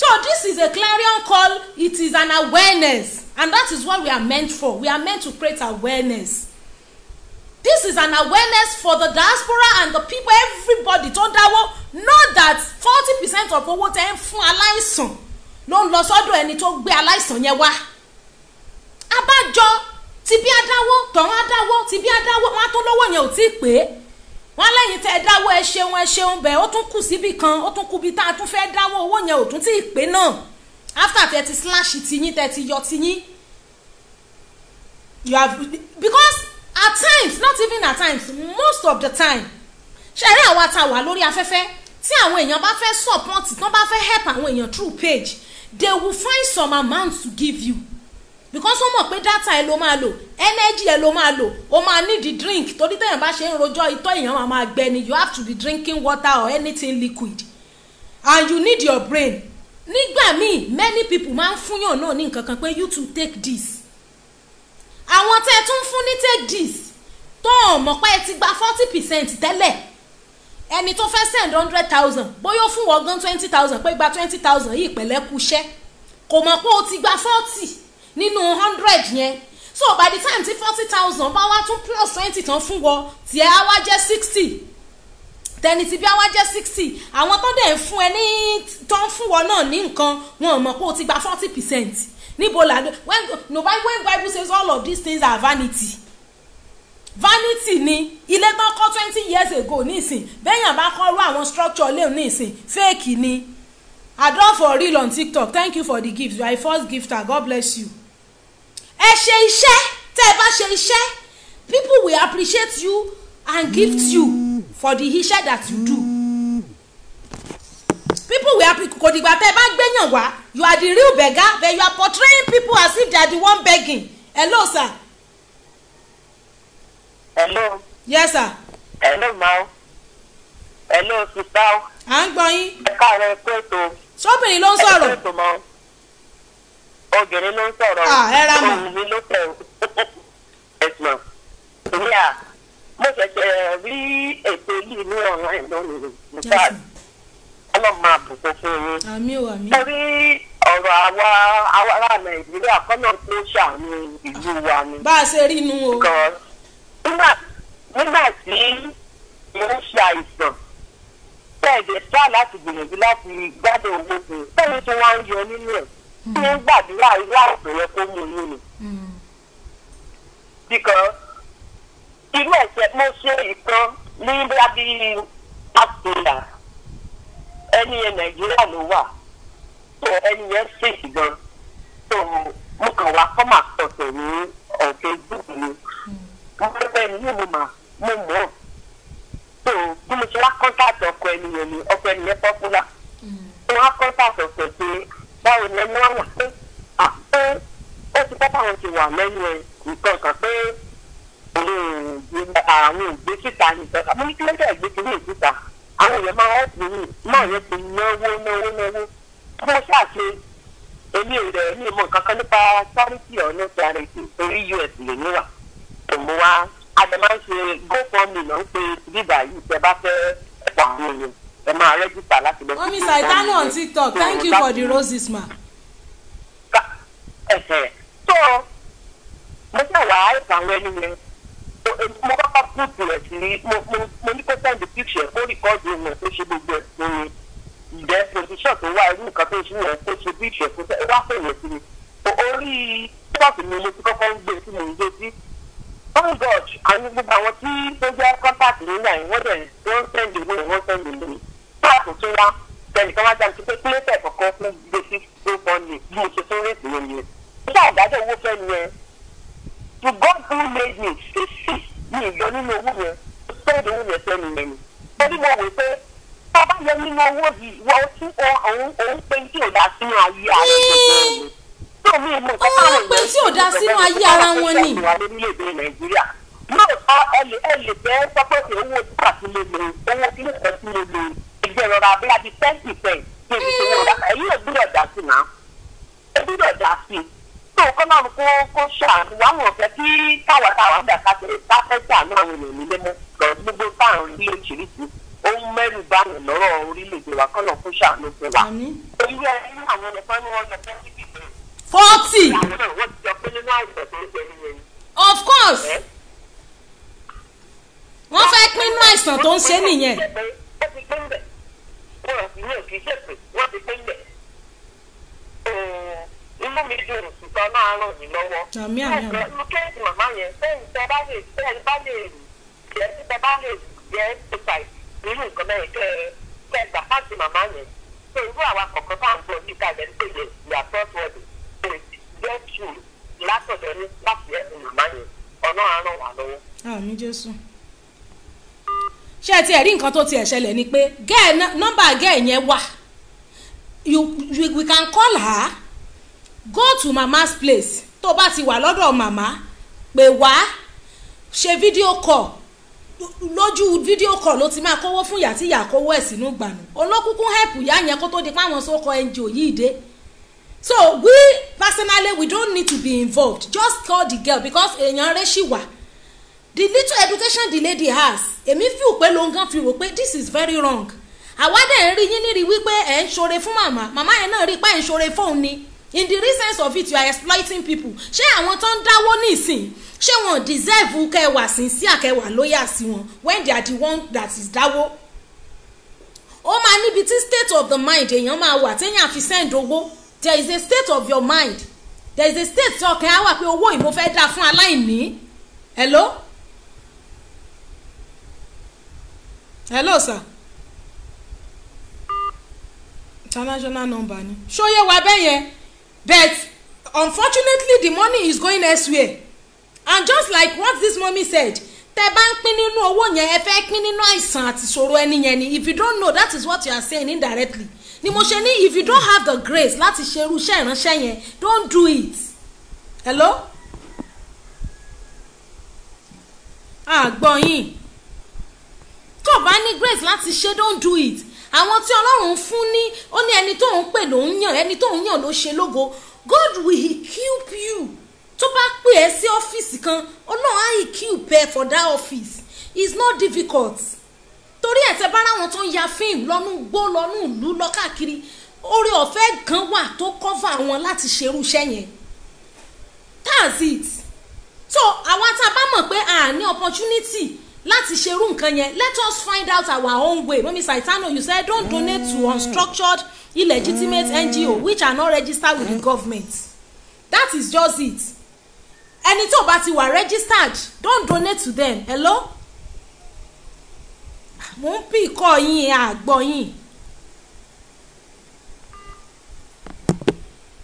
so this is a clarion call it is an awareness and that is what we are meant for we are meant to create awareness this is an awareness for the diaspora and the people everybody tó dáwọ́ know that forty percent of owó tẹ́ ń fún aláìsàn ló ń lọ sọ́dọ̀ ẹni tó gbé aláìsàn yẹn wá abájọ tibí adáwọ́ tọ̀hún adáwọ́ tibí adáwọ́ wọn á tó lówó yẹn ò tí ì pé wọ́n lẹ́yìn tẹ́ ẹ ẹ ṣeun ẹ ṣeun bẹ́ẹ̀ ó tún kù síbì kan ó tún kù bí tá a tún fẹ́ dáwọ́ owó yẹn ò tún tí ì pé náà after tẹ́ ti slash tiyín tẹ́ ti yọ tiyín you have because at times not even at times most of the time ṣẹ̀rí àwa ta wà lórí afẹ́fẹ́ tí àwọn èèyàn bá fẹ́ support tí wọ́n bá fẹ́ help àwọn èèyàn through page they will find some amount to give you because ó mọ̀ pé data ẹ ló máa lò energy ẹ ló máa lò ó máa need the drink torí téèyàn bá ṣe ń rojọ́ itọ́ èèyàn máa máa gbẹ ni you have to be drinking water or anything liquid and you need your brain nígbà míì many people máa ń fúnyàn náà ní nǹkan kan pé you too take this àwọn tẹ́ ẹ tún fún ní take this tó ò mọ̀ pé ẹ ti gba forty percent tẹ́lẹ̀ ẹni tó fẹ́ send hundred thousand bóyá ó fún wọ́n gan twenty thousand pé gba twenty thousand yìí pẹ̀lẹ́kùṣẹ́ kò mọ̀ pé o ti gba forty nínú hundred yẹn so by the time tí forty thousand bá wá tún plus twenty tán fún wọ tiẹ̀ á wá jẹ́ sixty tẹni tí bí a wá jẹ́ sixty àwọn tó dẹ̀ ń fún ẹ ní tó ń fún wọn náà ní nǹkan wọn mọ̀ pé o ti gba forty percent níbo la when no by when bible says all of these things are vanity vanity ni ilé tán kọ́ twenty years ago nísìn bẹ́yàn bá kọ́ rú àwọn structure léwu nísìn fake ni adore for real on tiktok thank you for the gift you are a first gifter god bless you ẹ ṣe iṣẹ́ tẹ́ ẹ bá ṣe iṣẹ́ people will appreciate you and gift you for the iṣẹ́ that you do people will appreciate kò dìgbà tẹ́ ẹ bá gbẹ̀yàn wá you are the real beggar but you are portraying people as if they are the one begging hello sir. hello. yes sir. hello mao hello sitao. à ń gbọ́ yín. ẹ káàárọ̀ ẹ pé ètò. sóbìnrin ló ń sọ̀rọ̀. ẹ pé ètò mọ́ obìnrin ló ń sọ̀rọ̀ ah, ohun mi ló tẹ̀ ẹ̀sùn ìyá mo ṣẹ̀ṣẹ̀ rí ètò yìí ní online lónìí nípa ọlọ́mọ àbùkù fún yín torí ọ̀rọ̀ àwa ará nàìjíríà kọ́nà tó ṣàánú ìlú wa ni. bá a ṣe rí inú o. nígbà tí mo ń ṣe àìsàn bẹ́ẹ̀ dẹ̀ sá láti gbìyànjú láti gbádùn owó fún un bẹ́ẹ̀ ni tí wọ́n ń yọ nínú ẹ̀. Hmm. tí ń gbàdúrà irú àìsàn yẹn kó mú yín ni. Hmm. bíkan irú ẹ̀sẹ̀ mo ṣe ìkan ní bíi pásítọ̀là ẹni yẹn nàìjíríà ló wà tó ẹni yẹn ṣèṣì gan tó mo kàn wá kọ́ máa sọ̀tọ̀ ní ọ̀gá ìgbìmọ̀ mi hmm. mo fẹ́ ní mo mà mo mọ̀ tó bí mo ṣe wá kọ́ńtàtì ọkọ ẹni yẹn ni ọkọ ẹni yẹn pọ́pùlà mo wá kọ́ńtàtì ọkọ pé báwo ni ẹni wọn mọ̀ pé àpé ó ti pápá àwọn ti wà lẹ́yìn ẹ nǹkan kan pé àwọn ìgbé síta nìkan àmọ́ ní kílódé ìgbé kiri ìsíta àwọn èèyàn máa ń pè mí máa yẹ pé náwó náwó náwó mo ṣàṣe èmi ò rẹ̀ ní ìmọ̀ kankan nípa charity ọ̀nà charity orí us lè níwà òmùwa àdèmá ń ṣe go for me náà ń pe bíbá yìí tẹ bá fẹ́ ẹ̀pọ̀ àwọn ẹ máa rẹ́gísítà láti lọ. mọ́mí saitano on tiktok thank you for the roses ma. so mo ṣe wà á ìtàwọn ẹni yẹn mo kọ́kọ́ púpù rẹ̀ sí mo ní kó send picture kó rìkọ́dù ìwọ̀n tó ṣe gbogbo ẹ̀ sí mi ìdẹ́ position tó wá irú nǹkan tó ṣe yẹn tó ṣe bí ìṣẹ̀kú wá fẹ̀yẹ̀ sí mi orí pọ́ọ̀tù mi mo ti kọ́kọ́ ń gbé tí mo ń gbé sí oh god àwọn gbogbo àwọn tí tó jẹ́ kọ́ńtàkì nígbà yẹn wọ́n dẹ̀ wọ́n sẹ́ndì owó wọ́n sẹ́ndì lónìí àpò tó wá tẹnìkan wá jáde pé kílẹ̀tẹ̀ kọ̀ọ̀kan fún gbèsè tó kàn lè bí mo ṣe fún rèétì yẹn nìyẹn. nígbà ìdájọ́ owó fẹ́ ni ẹ to God who made me fifty ní ìyọ nínú owó yẹn tó tẹ́lẹ̀ owó yẹn sẹ́ni yẹn ni. torí mo wò pé tó bá yẹ nínú owó yìí wọ ojú òun òun pé tí ò dá sínú ayé ara ẹ̀ tó mi mọ̀ kọ́ táwọn ìgbẹ́ tí ò dá sínú ayé ara wọn ni. yóò sọ ẹ lè fẹ́ sọ owó tí pàtó lè owó tí lè lè jẹ́ ìrora bí i ten percent kí ebi tó ń ò gbúdọ̀ dá sí náà ẹ gbúdọ̀ dá sí i tó kọ́lọ́run kó kó ṣàánú wà wọ́n fẹ́ kí káwa táwa ń dà káàkiri bá fẹ́ ṣàánú àwọn èèyàn nílé mọ́ lọ gbogbo táwọn ilé ìṣèlú ó ń mẹ́rù bá wọn lọ́rọ̀ orílẹ̀-èdè wa kọ́lọ́ wọ́n forty. of course. wọ́n fẹ́ pín nínú àìsàn tó ń ṣe nìyẹn wọn ìwé òkè ṣèpè wọn ti pé lẹ inú mi dùn ṣùgbọ́n náà ràn mí lọ́wọ́ inú kéèkì màmá yẹn sẹ́yìn tẹ́ bá lè sẹ́yìn bá lè jẹ́ tẹ́ bá lè jẹ́ pípa nínú nǹkan mẹ́rin kẹ́ ẹ kẹ́ gbà láti màmá yẹn pé irú àwa kọ̀ọ̀kan tá à ń gbọ́ níta yẹn ń pèlè ìyàtọ̀ tọ́jú kò jẹ́ tù látọ̀dọ̀ ní láti ẹ̀ màmá yẹn ọ̀nà àràn wà lọ́wọ́. àmì jésù ṣé ẹ ti ẹ̀rí nǹkan tó ti ẹ̀ ṣẹlẹ̀ ni pé gẹ́ẹ̀ nọ́mbà gẹ́ẹ̀ yẹn wà you we can call her go to mama's place tó bá ti wà lọ́dọ̀ màmá pè wá ṣe fídíò call lójú fídíò call ló ti máa kówó fún ìyá tí ìyá kówó ẹ̀ sínú gbànú olókùnkùn help ìyá yẹn kó tó di páwọn sókọ ngo yìí dé so we personally we don't need to be involved just call the girl because èèyàn rẹ̀ ṣì wà the little education the lady has èmi fi ò pé longan fi rò pé this is very wrong àwa dẹ̀ ń rí yín nírí wípé ẹ̀ ń ṣoore fún màmá màmá yẹn náà rí i pé ẹ̀ ń ṣoore fóun ni in the reasons of it you are exploiting people ṣé àwọn tó ń dáwó nísìn ṣé wọn deserve kẹwàá sí sí àkẹwàá lóyà sí wọn when they are the one that is dáwó ó máa níbi tí state of the mind èèyàn máa wà téèyàn fi send owó there is a state of your mind there is a state tí ọkàn á wà pé owó ìmọ̀ fẹ́ dá fún aláìní hello hello sir international number ni ṣóyè wa bẹ́ẹ̀ yẹn but unfortunately the money is going elsewhere and just like what this mummy said tẹ bá ń pín nínú owó yẹn ẹ fẹ́ pín nínú àìsàn àti ìṣòro ẹni yẹn ni if you don't know that is what you are saying indirectly ni mo ṣe ní if you don't have the grace láti ṣe irú iṣẹ́ ìránṣẹ́ yẹn don't do it hello. àgbọ̀yìn. Ah, tó bá ní grace láti ṣe don't do it àwọn tí ọlọ́run fún ní ó ní ẹni tó ń pè ló ń yàn ẹni tó ń yàn ló ṣe lógo God will equip you tó bá pè ẹ́ sí ọ́fíìsì kan ọlọ́run á equip ẹ for that office it's not difficult torí ẹ̀ tẹ́ bá ráwọn tó ń ya fíìmù lọ́nú gbó lọ́nú ìlú lọ káàkiri oore ọ̀fẹ́ kan wà tó cover wọn láti ṣerú iṣẹ́ yẹn that's it so àwa tá a bá mọ̀ pé a ní opportunity láti ṣerú nǹkan yẹn let us find out our own way mọ́mí saitano you said don't donate to unstructured illegitimate ngo which are not registered with the government that is just it ẹni tó bá ti wà registered don't donate to them hello mo ń pì kọ́ yín àgbọ̀ yín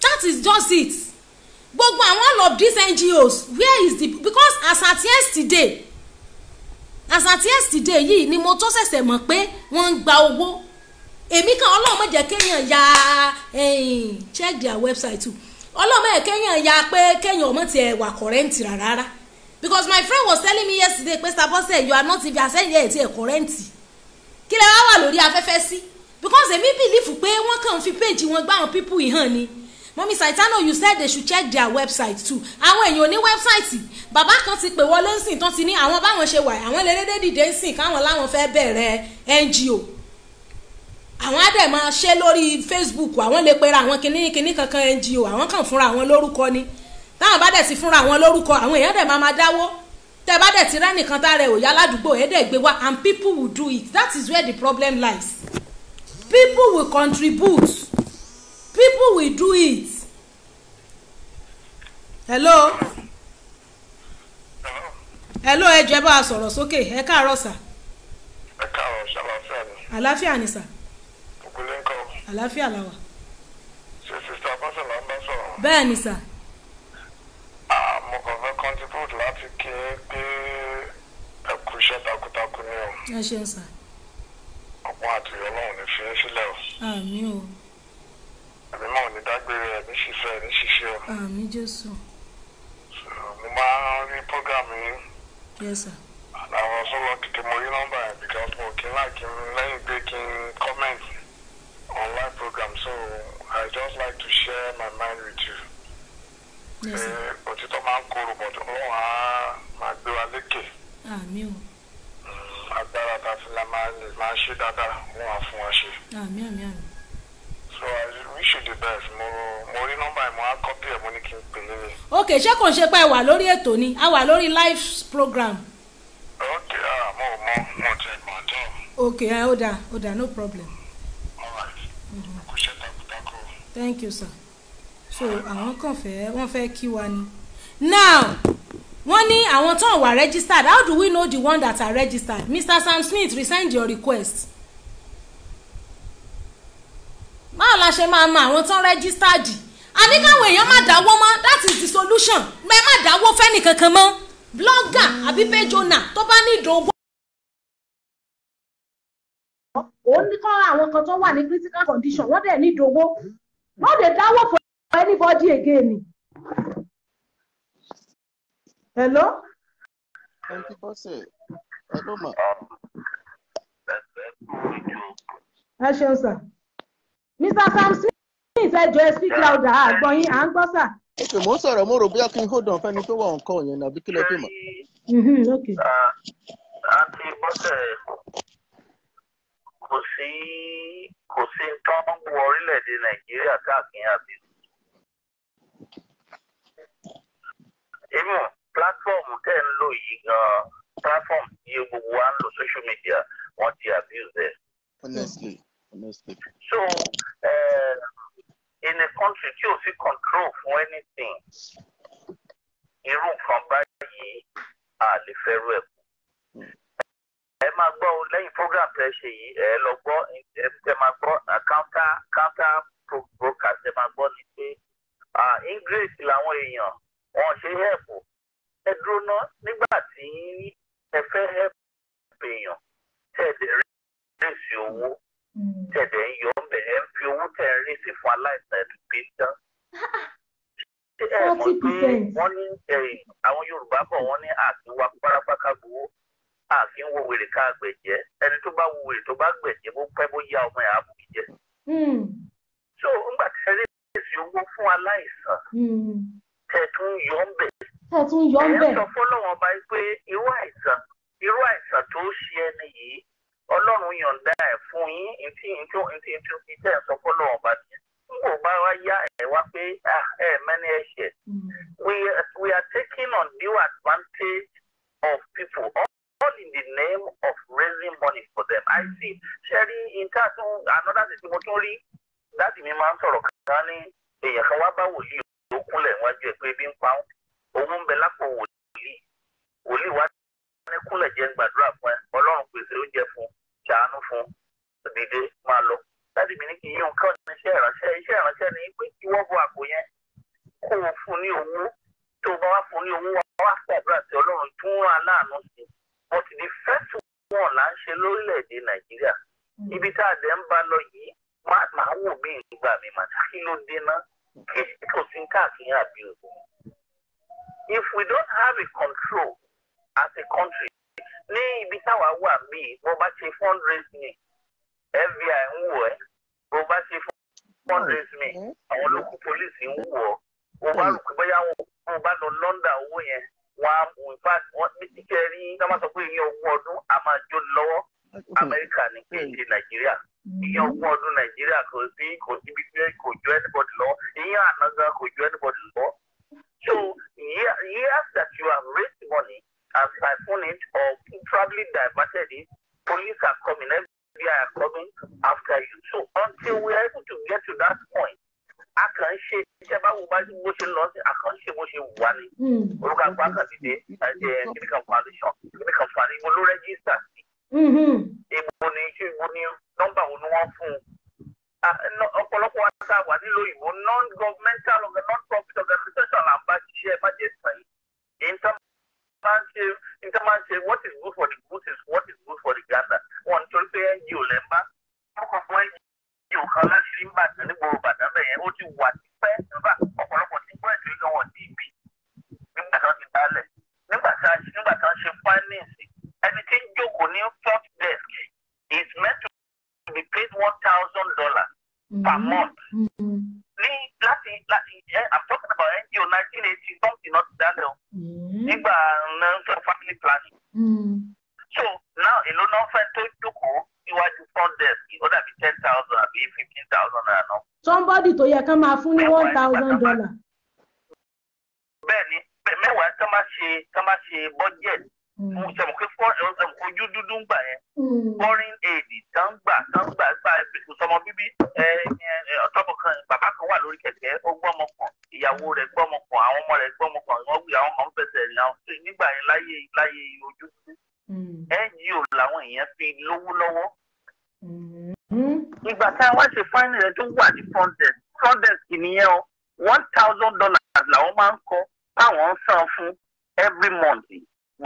that is just it gbogbo àwọn of these ngos where is the because as at yesterday as at yesterday yìí ni mo tó ṣẹ̀ṣẹ̀ mọ̀ pé wọ́n ń gba owó èmi kan ọlọ́run má jẹ́ kéèyàn ya check their website too ọlọ́run má jẹ́ kéèyàn ya pé kéèyàn ọmọ tiẹ̀ wà kọ̀rẹ́ǹtì rárá because my friend was telling me yesterday pé sabose you are not even asẹ́yìn ẹ̀ tiẹ̀ kọ̀rẹ́ǹtì kí lè wá wà lórí afẹ́fẹ́ sí because èmi bìlífù pé wọ́n kàn fi péjì wọn gbá àwọn pípù yìí ni mọ́mí saitano you said they should check their website too àwọn èèyàn ò ní wẹ́bsáìtì bàbá kan ti pè wọlé ń sìn tán ti ní àwọn báwọn ṣe wà àwọn lè dédé dìde ń sìn káwọn láwọn fẹ́ bẹ̀rẹ̀ ngo àwọn á dẹ̀ máa ṣe lórí facebook àwọn lè pera àwọn kinní kinní kankan ngo àwọn kan fúnra àwọn lórúkọ ni táwọn bá dẹ̀ ti fúnra àwọn lórúkọ àwọn èèyàn dẹ̀ máa máa dáwó tẹ bá dẹ̀ ti rẹ́nìkan tá rẹ̀ ò yá ládùúgbò ẹ̀ dẹ̀ gbé wá and people will do it that is where the problem lies people will contribute people will do it hello hello ẹ jẹ́ bá a sọ̀rọ̀ sókè ẹ káàárọ̀ sà. ẹ káàárọ̀ sà àlàáfíà ni. àlàáfíà ni sà. ògùnlé ń kọ́. àlàáfíà làwà. ṣé sista abọ́sọ̀lá ń bá sọ̀rọ̀. bẹ́ẹ̀ ni sà. mo kàn fẹ́ contribute láti kí pé ẹ kú iṣẹ́ takuntakun ni o. ẹ ṣeun sà. ọ̀pọ̀ àti ọlọ́run ní fi é sílẹ̀ o. àmín o ẹ̀mí mọ̀ ní dágbére ẹ̀mí ṣiṣẹ́ ẹ̀mí ṣiṣẹ́ o. àmì jésù. mo máa ń rí program yìí. yes sir. àwọn sọlọ tètè mo rí nọ́mbà yẹn because mo kí n láìkí lẹ́yìn pé kí n comment on live program so i just like to share my mind with you. yes sir. Eh, òtítọ́ máa ń korò bọ̀dọ̀ ọlọ́run á máa gbé wa lékè. àmì o hmm, agbára tá a fi la máa ṣe dáadáa wọn á fún wa ṣe. àmì àmì àmì so I wish you the best mo mo rí nọ́mbà ok ṣé kò ń ṣe pé ẹ lórí ètò ni a wà lórí live program. ok ah mo mọ mo ti mọ jọ. ok ẹ ó dà ó dà no problem. Mhm. thank you sir so àwọn kàn fẹ́ wọ́n fẹ́ kí wa ni. now wọ́n ní àwọn tó ń wà registered how do we know the one that are registered Mr. Sam Smith resend your request. la ṣe máa mọ àwọn tán rẹ́gísítàdì àní káwọn èèyàn má dáwọ́ mọ́ that is the solution ẹ má dáwọ́ fẹ́ni kankan mọ́ blogger àbí pejona tó bá ní ìdòwò. òun ní kọ́ àwọn kan tó wà ní critical condition wọ́n dẹ̀ ní ìdòwò no dey dáwọ́ for anybody again. hello. thank you bọ́sẹ̀ ẹ ló mọ̀. ẹ ṣeun sir. Mr. Sam Smith ẹ jọ̀ọ́ ẹ speak louder àgbọ̀yìn à ń gbọ́ sà. Okay, mo ń sọ̀rọ̀ mo rò bóyá kí n hold on fẹ́ni tó wà nǹkan yẹn nàbí kí lẹ pè mọ́. Àti bọ́sẹ̀ kò sí kò sí tán bu orílẹ̀-èdè Nàìjíríà káàkiri àbí. Èmi platform tẹ́ ń lò yìí gan platform tí gbogbo wa ń lo social media wọ́n ti abuse ẹ̀. Honestly so uh, in a country you see control for anything irú nǹkan from a lè fẹ́rù ẹ̀ kú. Hmm. ẹ máa gbọ́ lẹ́yìn program tẹ ṣe yìí ẹ lọ gbọ́ ẹ máa gbọ́ eh, counter counter broadcast ẹ máa gbọ́ ni pé ingrate làwọn èèyàn wọn ṣe help ẹ dúró ná nígbà tí ẹ fẹ́ help èèyàn tẹ̀ lè rí èrèsì owó. Mm. tẹ̀dẹ̀ ń yọ ọ́nbẹ̀ ẹ̀ ń fi owó tẹ̀ ń rí sí fún aláìsàn ẹ̀dùn gbé tán. ẹ mọ̀ pé wọ́n ní àwọn Yorùbá bọ̀ wọ́n ní àti wa párápáká gbowó àfi ń wo wèrè ká gbẹ̀jẹ́ ẹni tó bá wo wèrè tó bá gbẹ̀jẹ́ bó pẹ́ bó yá ọmọ ẹ̀ á jẹ. Mm. so ńgbà tẹ́ ẹ owó fún aláìsàn mm. tẹ̀ tún yọ ọ́nbẹ̀. ẹ̀ ń sọ fọ́lọ́wọ́n báyìí pé irú àìsàn irú àìsàn tó ṣe ẹni yìí ọlọ́run yọ̀ǹda ẹ̀ fún yín ntí ntí ntí ntí iṣẹ́ ẹ̀ sọ́kọ́lọ́ ọba yẹn nígbà bá wá yá ẹ̀ wá pé ah, ẹ̀ mẹ́ni ẹ̀ ṣẹ̀ mm. we we are taking undue advantage of people all, all in the name of raising money for them i mm. see ṣẹ́rí nta tún another thing tí mo tún rí dáàdì mi máa ń sọ̀rọ̀ kankan ní èèyàn kan wá bá wòlíì ó kúnlẹ̀ wájú ẹ̀ pé ebi ń pa òun ń bẹ lápò wòlíì wòlíì wá ní kúnlẹ̀ jẹ́ ń gbàdúrà fún ẹ ọlọ́run pèsè oúnjẹ fún ṣàánú fún dìde máa lọ láti mi ní kí yíyan kọ́ ní iṣẹ́ ìránṣẹ́ iṣẹ́ ìránṣẹ́ ni pé ìwọ́ bọ àpò yẹn kó o fún ní owó tó o bá wá fún ní owó wá gbàdúrà sí ọlọ́run tún rán aláàánú sí but the first one là ń ṣe lórílẹ̀‐èdè nàìjíríà hmm. ibi tá a dẹ̀ ń bá lọ yìí máa wò mí ìgbà mi mà kí ló dé kí kò sí káàkiri àbí òkú if we don't have a control as a country ní ibi táwa wà bíi bó bá ṣe fundraising fbi ń ẹ́ bó bá ṣe fundraising àwọn lókù polisi ń wò ọ́ bó bá hmm. rò pé bóyá bó London owó yẹn wọn á mú in wọn ní rí ká má sọ pé ìyẹn ogún ọdún a máa jó ní kéde hmm. Nàìjíríà ìyẹn hmm. ogún ọdún Nàìjíríà kò sí kò pé kò anybody lọ ìyẹn kò anybody have siphoned it or probably diverted it. Police are coming, FBI are coming after you. So until we are able to get to that point, a kàn ń ṣe iṣẹ́ báwo bá bó ṣe lọ sí a kàn we ṣe bó ṣe wà ní. orúkọ àgbà kan dìde ẹ kíní kan foundation kíní kan fani ibo ló rẹ́gísítà sí. ibo ni iṣu ibo ni nọ́mbà wo ni wọ́n fún un. ọ̀pọ̀lọpọ̀ wa ta wà nílò ìbò non-governmental non-profit organization là ń bá ṣiṣẹ́ májèsàn yìí máa ń ṣe nǹkan máa ń ṣe what is good for the good is what is good for the gander wọn nítorí pé ngo lẹ́ ń bá wọn kàn fún ngo kan láti rí bàtà nígboro bàtà bẹ́ẹ̀ yẹn ó ti wà tipẹ́ nígbà ọ̀pọ̀lọpọ̀ ti gbọ́ ètò ìgbà wọn ti bì nígbà tí wọ́n ti dálẹ̀ nígbà tí wọ́n ṣe finance ẹni tí ń jókòó ní front desk is meant to be paid one thousand dollars per mm-hmm. month. Mm -hmm ní láti láti ẹ eh, i'm talking about ngo nineteen eighty something not that long nígbà náà sọ family planning. Mm. so now èló náà fẹ́ tó jókòó iwájú front desk ó dàbí ten thousand àbí fifteen thousand naira náà. somebody tó yẹ ká máa fún ní one thousand dollar. bẹ́ẹ̀ni mẹ́wàá kán bá ṣe kán bá ṣe budget Mm. sẹ̀mọ̀ pé ojú dúdú ń gbà yẹn mm. foreign aid tán gbà tán gbà gbà sọmọ bíbí ọtọ́mọ kan bàbá kan wà lórí kẹ̀kẹ́ ó gbọ́mọ kan ìyàwó rẹ̀ gbọ́mọ kan àwọn ọmọ rẹ̀ gbọ́mọ kan wọ́n wí àwọn kan fẹsẹ̀ rìn àwọn tó nígbà yẹn láyé láyé ojú dúdú mm. ngo làwọn èèyàn fi lówó lọ́wọ́. Mm-hmm. ìgbà tá wá ṣe fáìnì rẹ tó wà ní front desk front desk nìyẹn o one thousand dollars làwọn máa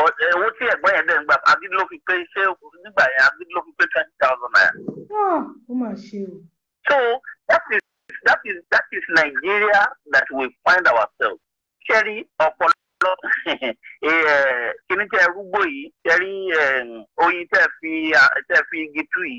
owó eh, tí ẹ̀gbọ́n yẹn dẹ̀ ń gbà agídí fi pé ṣé nígbà yẹn agídí fi pé twenty thousand naira. Ah, ó mà ṣe o. so that is that is that is Nigeria that we find ourselves. ṣẹ́rí ọ̀pọ̀lọpọ̀ eh, kíní tẹ́ rúgbó yìí ṣẹ́rí eh, oyin tẹ́ fi tẹ́ fi igi tú yìí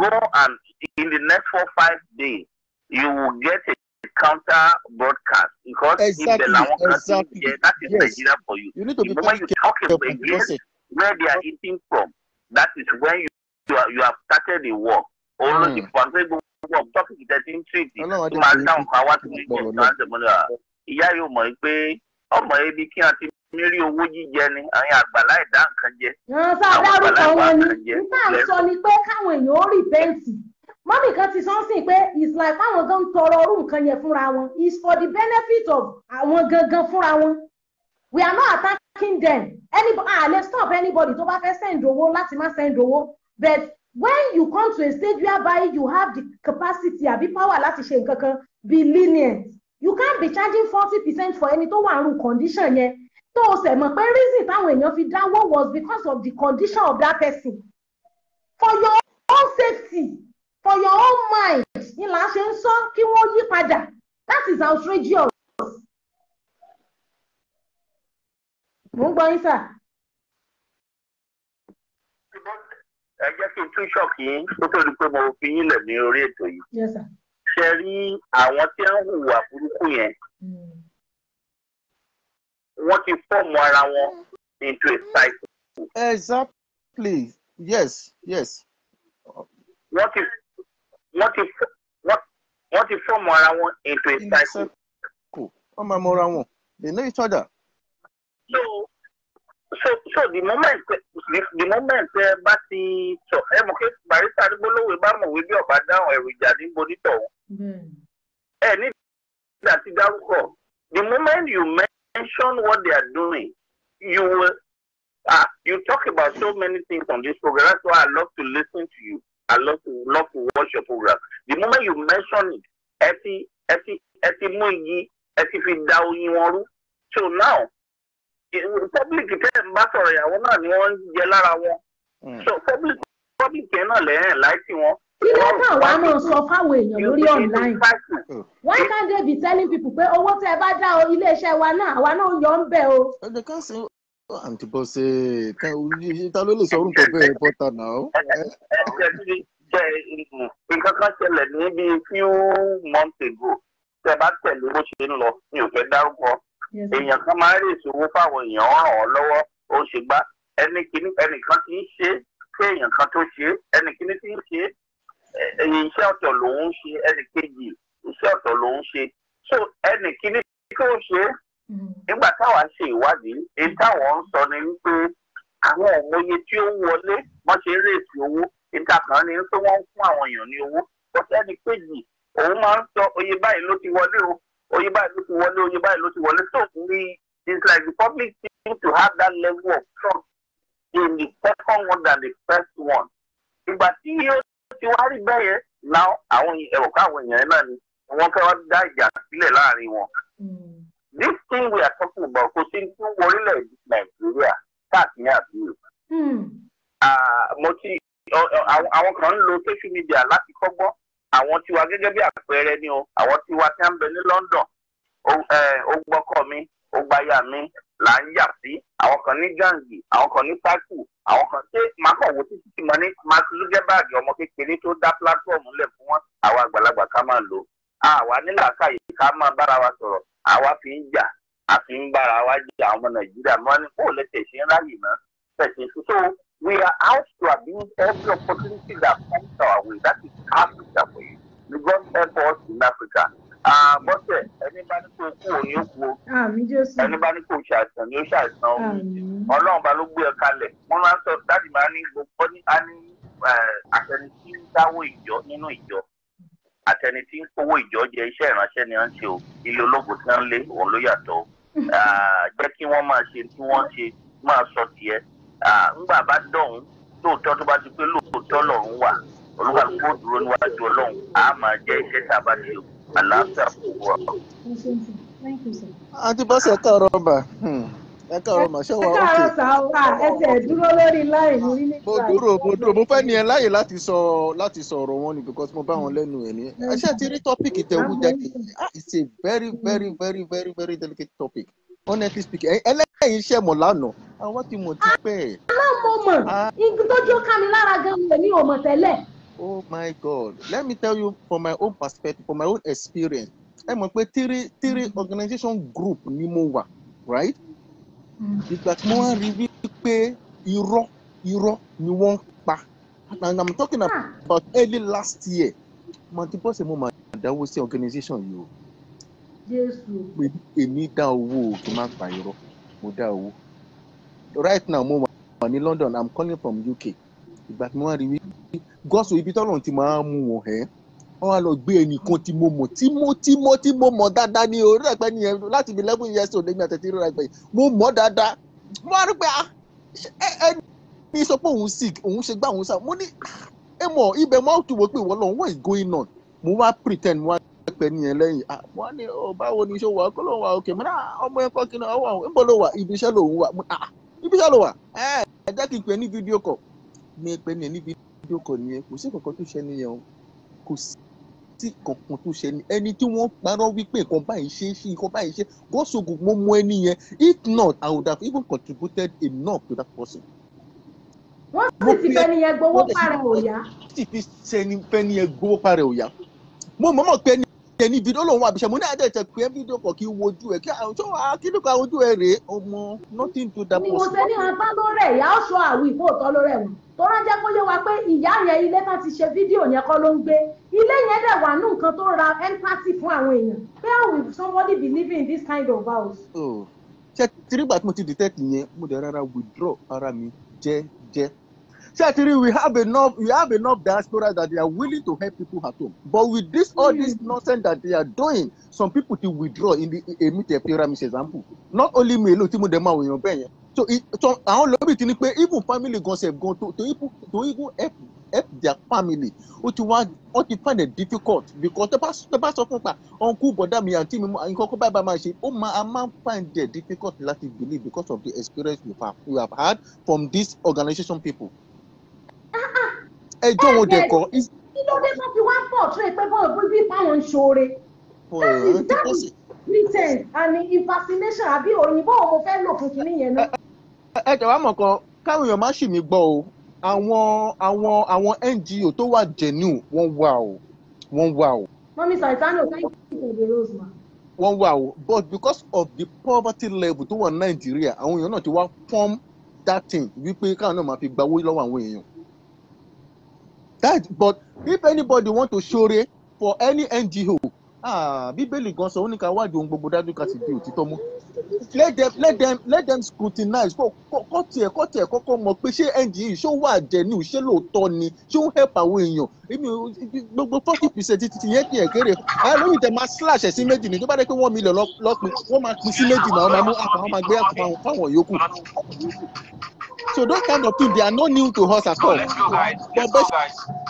go and in the next four five days you will get a counter broadcast because exactly, if the Lawan exactly. yeah, that is yes. Nigeria for you. you need to the be moment you talk about against where they are eating from, that is when you, you, are, you have started the war. All mm. the possible war topic thirteen treaty to máa dáhùn pa wá sí ìjọba náà ṣe mọ́lẹ̀ wa. Ìyá yóò mọ̀ pé ọmọ ebi kí wọ́n ti mi owó jíjẹ ni àwọn àgbàlá ìdá nǹkan jẹ. Àwọn àgbàlá ìdá nǹkan jẹ. Nǹkan sọ ni pé káwọn èèyàn ó rìpẹ́ǹtì mọ́mì kan ti sọ́nsìn pé it's like àwọn gan ń tọrọ ọrú nǹkan yẹn fúnra wọn it's for the benefit of àwọn gangan fúnra wọn we are not attacking them anybody ah let's stop anybody tó bá fẹ́ send owó láti má send owó but when you come to a stage whereby you have the capacity àbí power láti ṣe nǹkan kan be lenient you can't be charging forty percent for ẹni tó wà ń ru condition yẹn tó o sẹ̀ mọ̀ pé reason táwọn èèyàn fi dáwọ́ was because of the condition of that person for your own safety for your own mind ni là á ṣe ń sọ kí wọ́n yí padà that is outrageous. mo ń gbọ́ yín sà. ẹ jẹ́ kí n tún ṣọ́ọ̀kì yín kó tó di pé mo fi yín lẹ̀ ní orí ètò yìí. ṣe rí àwọn tí ń hùwà burúkú yẹn hmm. wọ́n ti fọ́ọ̀mù ara wọn into a cycle. exactly yes yes. wọ́n ti wọ́n ti wọ́n ti fọ́ọ̀mù ara wọn into a cycle. wọ́n máa mọra wọn they know each other. so so so the moment the, the moment ẹ eh, bá ti sọ ẹ mọ̀ pé barista arúgbólówó bá mọ̀ wí bí ọba dáhùn èròjà ní bonítọ̀ hmm. ẹ ní ìgbà tí dárúkọ the moment you mention what they are doing you will uh, you talk about so many things on this program that's why i love to lis ten to you. I love to love to watch your program. The moment you mention it, ẹ ti ẹ ti ẹ ti mú iyì ẹ fi da oyin wọn rú. So now, public tẹ́ ń bá sọ̀rọ̀ ìyàwó náà ni wọ́n ń jẹ lára wọn. Hmm. So public public yẹn náà lẹ́yìn láìsí wọn. Kí ló kàn wá mọ̀ sọ fáwọn èèyàn lórí online? Hmm. Why can't they be telling people pé owó tẹ́ ẹ bá dá o ilé iṣẹ́ wa náà àwa náà yọ ń bẹ̀ o? àǹtí bọ́sẹ̀ ta ló lè sọ orúkọ bẹ́ẹ̀ bọ́ta náà. nǹkan kan ṣẹlẹ̀ ní bíi few months ago tẹ bá tẹ̀lé bó ṣe ń lọ mi ò fẹ́ dárúkọ èèyàn kan máa ń rí ìṣòwò fáwọn èèyàn ó ràn ọ́ lọ́wọ́ ó ṣe gbá ẹni kìíní ẹnìkan tí ń ṣe pé èèyàn kan tó ṣe ẹnì kìíní tí ń ṣe iṣẹ́ ọ̀tọ̀ lòun ṣe ẹnì kejì iṣẹ́ ọ̀tọ̀ lòun ṣe so ẹnì kìíní tó ṣe Mm-hmm. nígbà táwa ṣe ìwádìí èyí táwọn ń sọ ni wípé àwọn òmòye tí ó wọlé wọn ṣe ń rèétí owó ìta kan ni pé wọn ń fún àwọn èèyàn ní owó bọ́sẹ̀ ẹni péjì òun máa ń sọ oye báyìí ló ti wọlé o oye báyìí ló ti wọlé oye báyìí ló ti wọlé tó ní it's like the public seem to have that level of trust in the second one than the first one ìgbà tí yóò ti wá rí bẹ́ẹ̀ yẹn náà àwọn ẹ̀rọ káwọn èèyàn náà ni wọ́n fẹ́ wá dá ìjà sílẹ̀ láàrin wọn. Mm this thing we are talking about kò sí ní wọlé nàìjíríà káàkiri àbúrò. mo ti àwọn kan ń lo social media láti kọ́gbọ́n àwọn tiwa gẹ́gẹ́ bí àpẹẹrẹ ni o àwọn tiwa tí a ń bẹ ní London ó gbọ́kọ mi ó gbáyà mi là ń yà sí àwọn kan ní gangi àwọn kan ní pákó àwọn kan ṣé màá kàn wò títí tí mo ní Mark Zuckerberg ọmọ kékeré tó dá platform lẹ̀ fún wọn àwọn àgbàlagbà ká máa lò àwa nílà káyè ká máa bára wa sọ̀rọ̀ àwa fi ń jà a fi ń bára wa jà àwọn ọmọ nàìjíríà mọ́ ní kó lè tẹ̀sí ráàyè mọ́ tẹ̀sí so we are out to abuse every opportunity that comes our way that is Africa for you the God help us in Africa. bọ́sẹ̀ ẹni bá ní kó kú òní ó kú o ẹni bá ní kó ṣàìsàn ni ó ṣàìsàn o ọlọ́run bá ló gbé ẹ kalẹ̀ wọ́n máa ń sọ dáàdì máa ń ní gbogbo ní àtẹnusí dáwọ́ ìjọ nínú ìjọ àtẹni tí ń kówó ìjọ jẹ iṣẹ́ ìránṣẹ́ ni wọ́n ń ṣe o iye ológun tí wọ́n lé òun ló yàtọ̀ o hmm. jẹ́ kí wọ́n máa ṣe tí wọ́n ṣe máa sọ tiẹ̀ ńgbà bá dọ̀hún lóòótọ́ tó bá ti pé lóòótọ́ lọ́run wà olúkàlùkù ó dúró níwájú ọlọ́run á máa jẹ́ iṣẹ́ tá a bá ṣe o àlàáfíà kò wọ̀. àti bọ́sẹ̀ káàárọ̀ bà. Hmm ẹ káàárọ̀ mà ṣé wàá ok. ẹ káàárọ̀ sàwà ẹsẹ̀ dúró lórí láì mú ní nípa. mo dúró mo dúró mo fẹ́ ní ẹ láàyè láti sọ láti sọ ọ̀rọ̀ wọn ni because mo bá wọn lẹ́nu ẹ̀ ní. ẹ ṣe ti rí topic ìtẹ̀wú jáde ah, it's a very very very very very delicate topic honestly speaking ẹlẹ́yìn iṣẹ́ mọ̀ lánàá àwọn ah, ti mọ̀ ti pẹ́. aláàmọ̀mọ̀ ah. igi tó ká mi lára gan-an ni ò mọ̀ tẹ́lẹ̀. oh my god let me tell you from my own perspective from my own experience ẹ mọ̀ pé three three organization group ni mo wà right ìgbà tí wọ́n rí wípé irọ́ irọ́ ni wọ́n pa and i'm talking ah. about early last year Monty Bose mo máa dáwọ́ sí organisation yìí o èmi dá owó o kí n má pa irọ́ mo dá owó right now mo wà ní London i'm calling from UK ìgbà tí wọ́n rí wípé gọ́sù ibi tọ́lọ̀ ti máa ń mú wọn hẹ́ẹ́ wọn á lọ gbé ẹnìkan tí mo mọ̀ tí mo tí mo tí mo mọ̀ dáadáa ní orí ẹ̀pẹ́ nìyẹn láti bí eleven years old èmi àtẹ̀tẹ̀ ìrora ẹ̀pẹ́ mo mọ̀ dáadáa mo á rí pé ah, ẹni sọ pé òun sick òun ṣe gbá òun sá mo ní ah, ẹ mọ̀ ibẹ̀ mo á tún pé ìwọ lọ́wọ́ what is going on mo wá pretend ah, mo wá pẹ́ nìyẹn lẹ́yìn mo ní ọ báwo ni iṣẹ́ wà kó ló wà òkè mo náà ọmọ ẹ̀kọ́ kí ni ọwọ́ àwọn ń bọ̀ ló wà ibi iṣẹ́ lòun wà ibi iṣẹ́ ló wà ẹ jẹ́ kí n pè ní fídíò kọ̀ mi pè ní fídíò kọ̀ nìyẹn kò sí kankan tó ṣe nìyẹn kò sí tí kankan tó ṣe ni ẹni tí wọ́n parọ́ wípé nǹkan báyìí ṣe é ṣe nǹkan báyìí ṣe gọ́sọ̀gùn mo mọ ẹni yẹn if not I would have even contributed enough to that person. wọ́n sì ti fẹ́ni yẹn gbowó parẹ́ òyà. wọ́n sì ti fẹ́ni yẹn gbowó parẹ́ òyà. mo mọ̀mọ́ pé ẹni tẹ ní fídíò lòun àbíṣe mo ní àdé tẹ pé fídíò kan kí wojú ẹ kí àwọn tó wà kí ló ka ojú ẹ rèé ọmọ nothing to that person. ni mo ṣe ní apá lórẹ ìyá ọṣọ àwìn ìfowópamọ́ lórẹ wọn tó rán kó yé wa pé ìyá yẹn ilé náà ti ṣe fídíò yẹn kọ́ ló ń gbé ilé yẹn dẹ̀ wà ní nǹkan tó ra empathy fún àwọn èèyàn pé how will somebody be living in this kind of house. Oh. ṣé tirígbà tí mo ti detect yẹn mo dẹ̀ rárá withdraw ara mi jẹ́jẹ́ Chetiri, we have enough we have enough diaspora that they are willing to help people at home. But with this all this hmm. nonsense that they are doing, some people to withdraw in the Emite Pyramis example. Not only me, lo Timu Dema we obey. So it so àwọn lóbi ti ni even family gan sef gan to to even to even help help their family What you wá ó ti find it difficult because the past tó bá sọ fún pa uncle bọ̀dá mi àǹtí mi nǹkan kó báyìí bá máa ṣe ó máa a máa find it difficult láti believe because of the experience you have you have had from this organization people ẹjọ́ wọn dẹ̀ kọ́. kí ló dé tó fi wá pọ̀ tó ẹ pé bọ́ọ̀ bí bí fáwọn ń ṣoore. that is that is pretend and impersonation àbí òyìnbó òun mo fẹ́ lò fún kinní yẹn náà. ẹ tẹ̀wá mọ̀ kan káwọn èèyàn má ṣì mí gbọ́ o àwọn àwọn àwọn NGO tó wà jẹ̀nù wọ́n wà o wọ́n wà o. mọ́mí Sàìtánù thank you for the rose wọ́n wà o but because of the poverty level tó wà ní Nàìjíríà àwọn èèyàn náà ti wá form that thing wípé káwọn náà máa fi gbawó lọ́wọ́ àwọn èèyàn that but if anybody want to ṣoore for any NGO ah bíbélì gan sọ ó ní ká wádìí ohun gbogbo dájú ká sì di òtítọ́ mú let them let them let them scrutinize kó kó tiẹ̀ kó tiẹ̀ kọ́kọ́ mọ̀ pé ṣé NGO ṣó wà jẹ̀ni ṣé lóòótọ́ ni ṣé ó ń help àwọn èèyàn èmi gbogbo forty percent ti yẹn kí ẹ̀ kéré tẹ máa slash ẹ̀ sí méjì ni tó bá dé pé wọ́n mílíọ̀n lọ́pin wọ́n máa pín sí méjì náà wọ́n máa mú àpò wọn máa gbé àpò fáwọn yòókù so those kind of things they are no new to us at all but bẹ́ẹ̀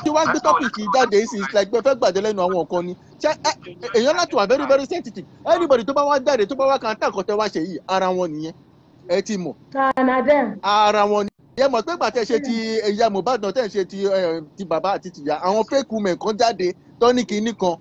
ṣe wá gbé tọ́pìkì jáde sí i like bẹ́ẹ̀ fẹ́ gbàdé lẹ́nu àwọn nǹkan ni eh, eh, èèyàn láti wà very very sensitive anybody tó bá wá jáde tó bá wá kàn tán àkọ́tẹ́ wá ṣe yìí ara wọn nìyẹn ẹ ti mọ̀ ara wọn ni ẹ mọ̀ pé gbàtẹ́ ṣe ti ẹ̀yà hmm. eh, Mohbad náà tẹ̀ ṣe ti ti bàbá àti tìyá àwọn fake women kan jáde tọ́ní kìíní kan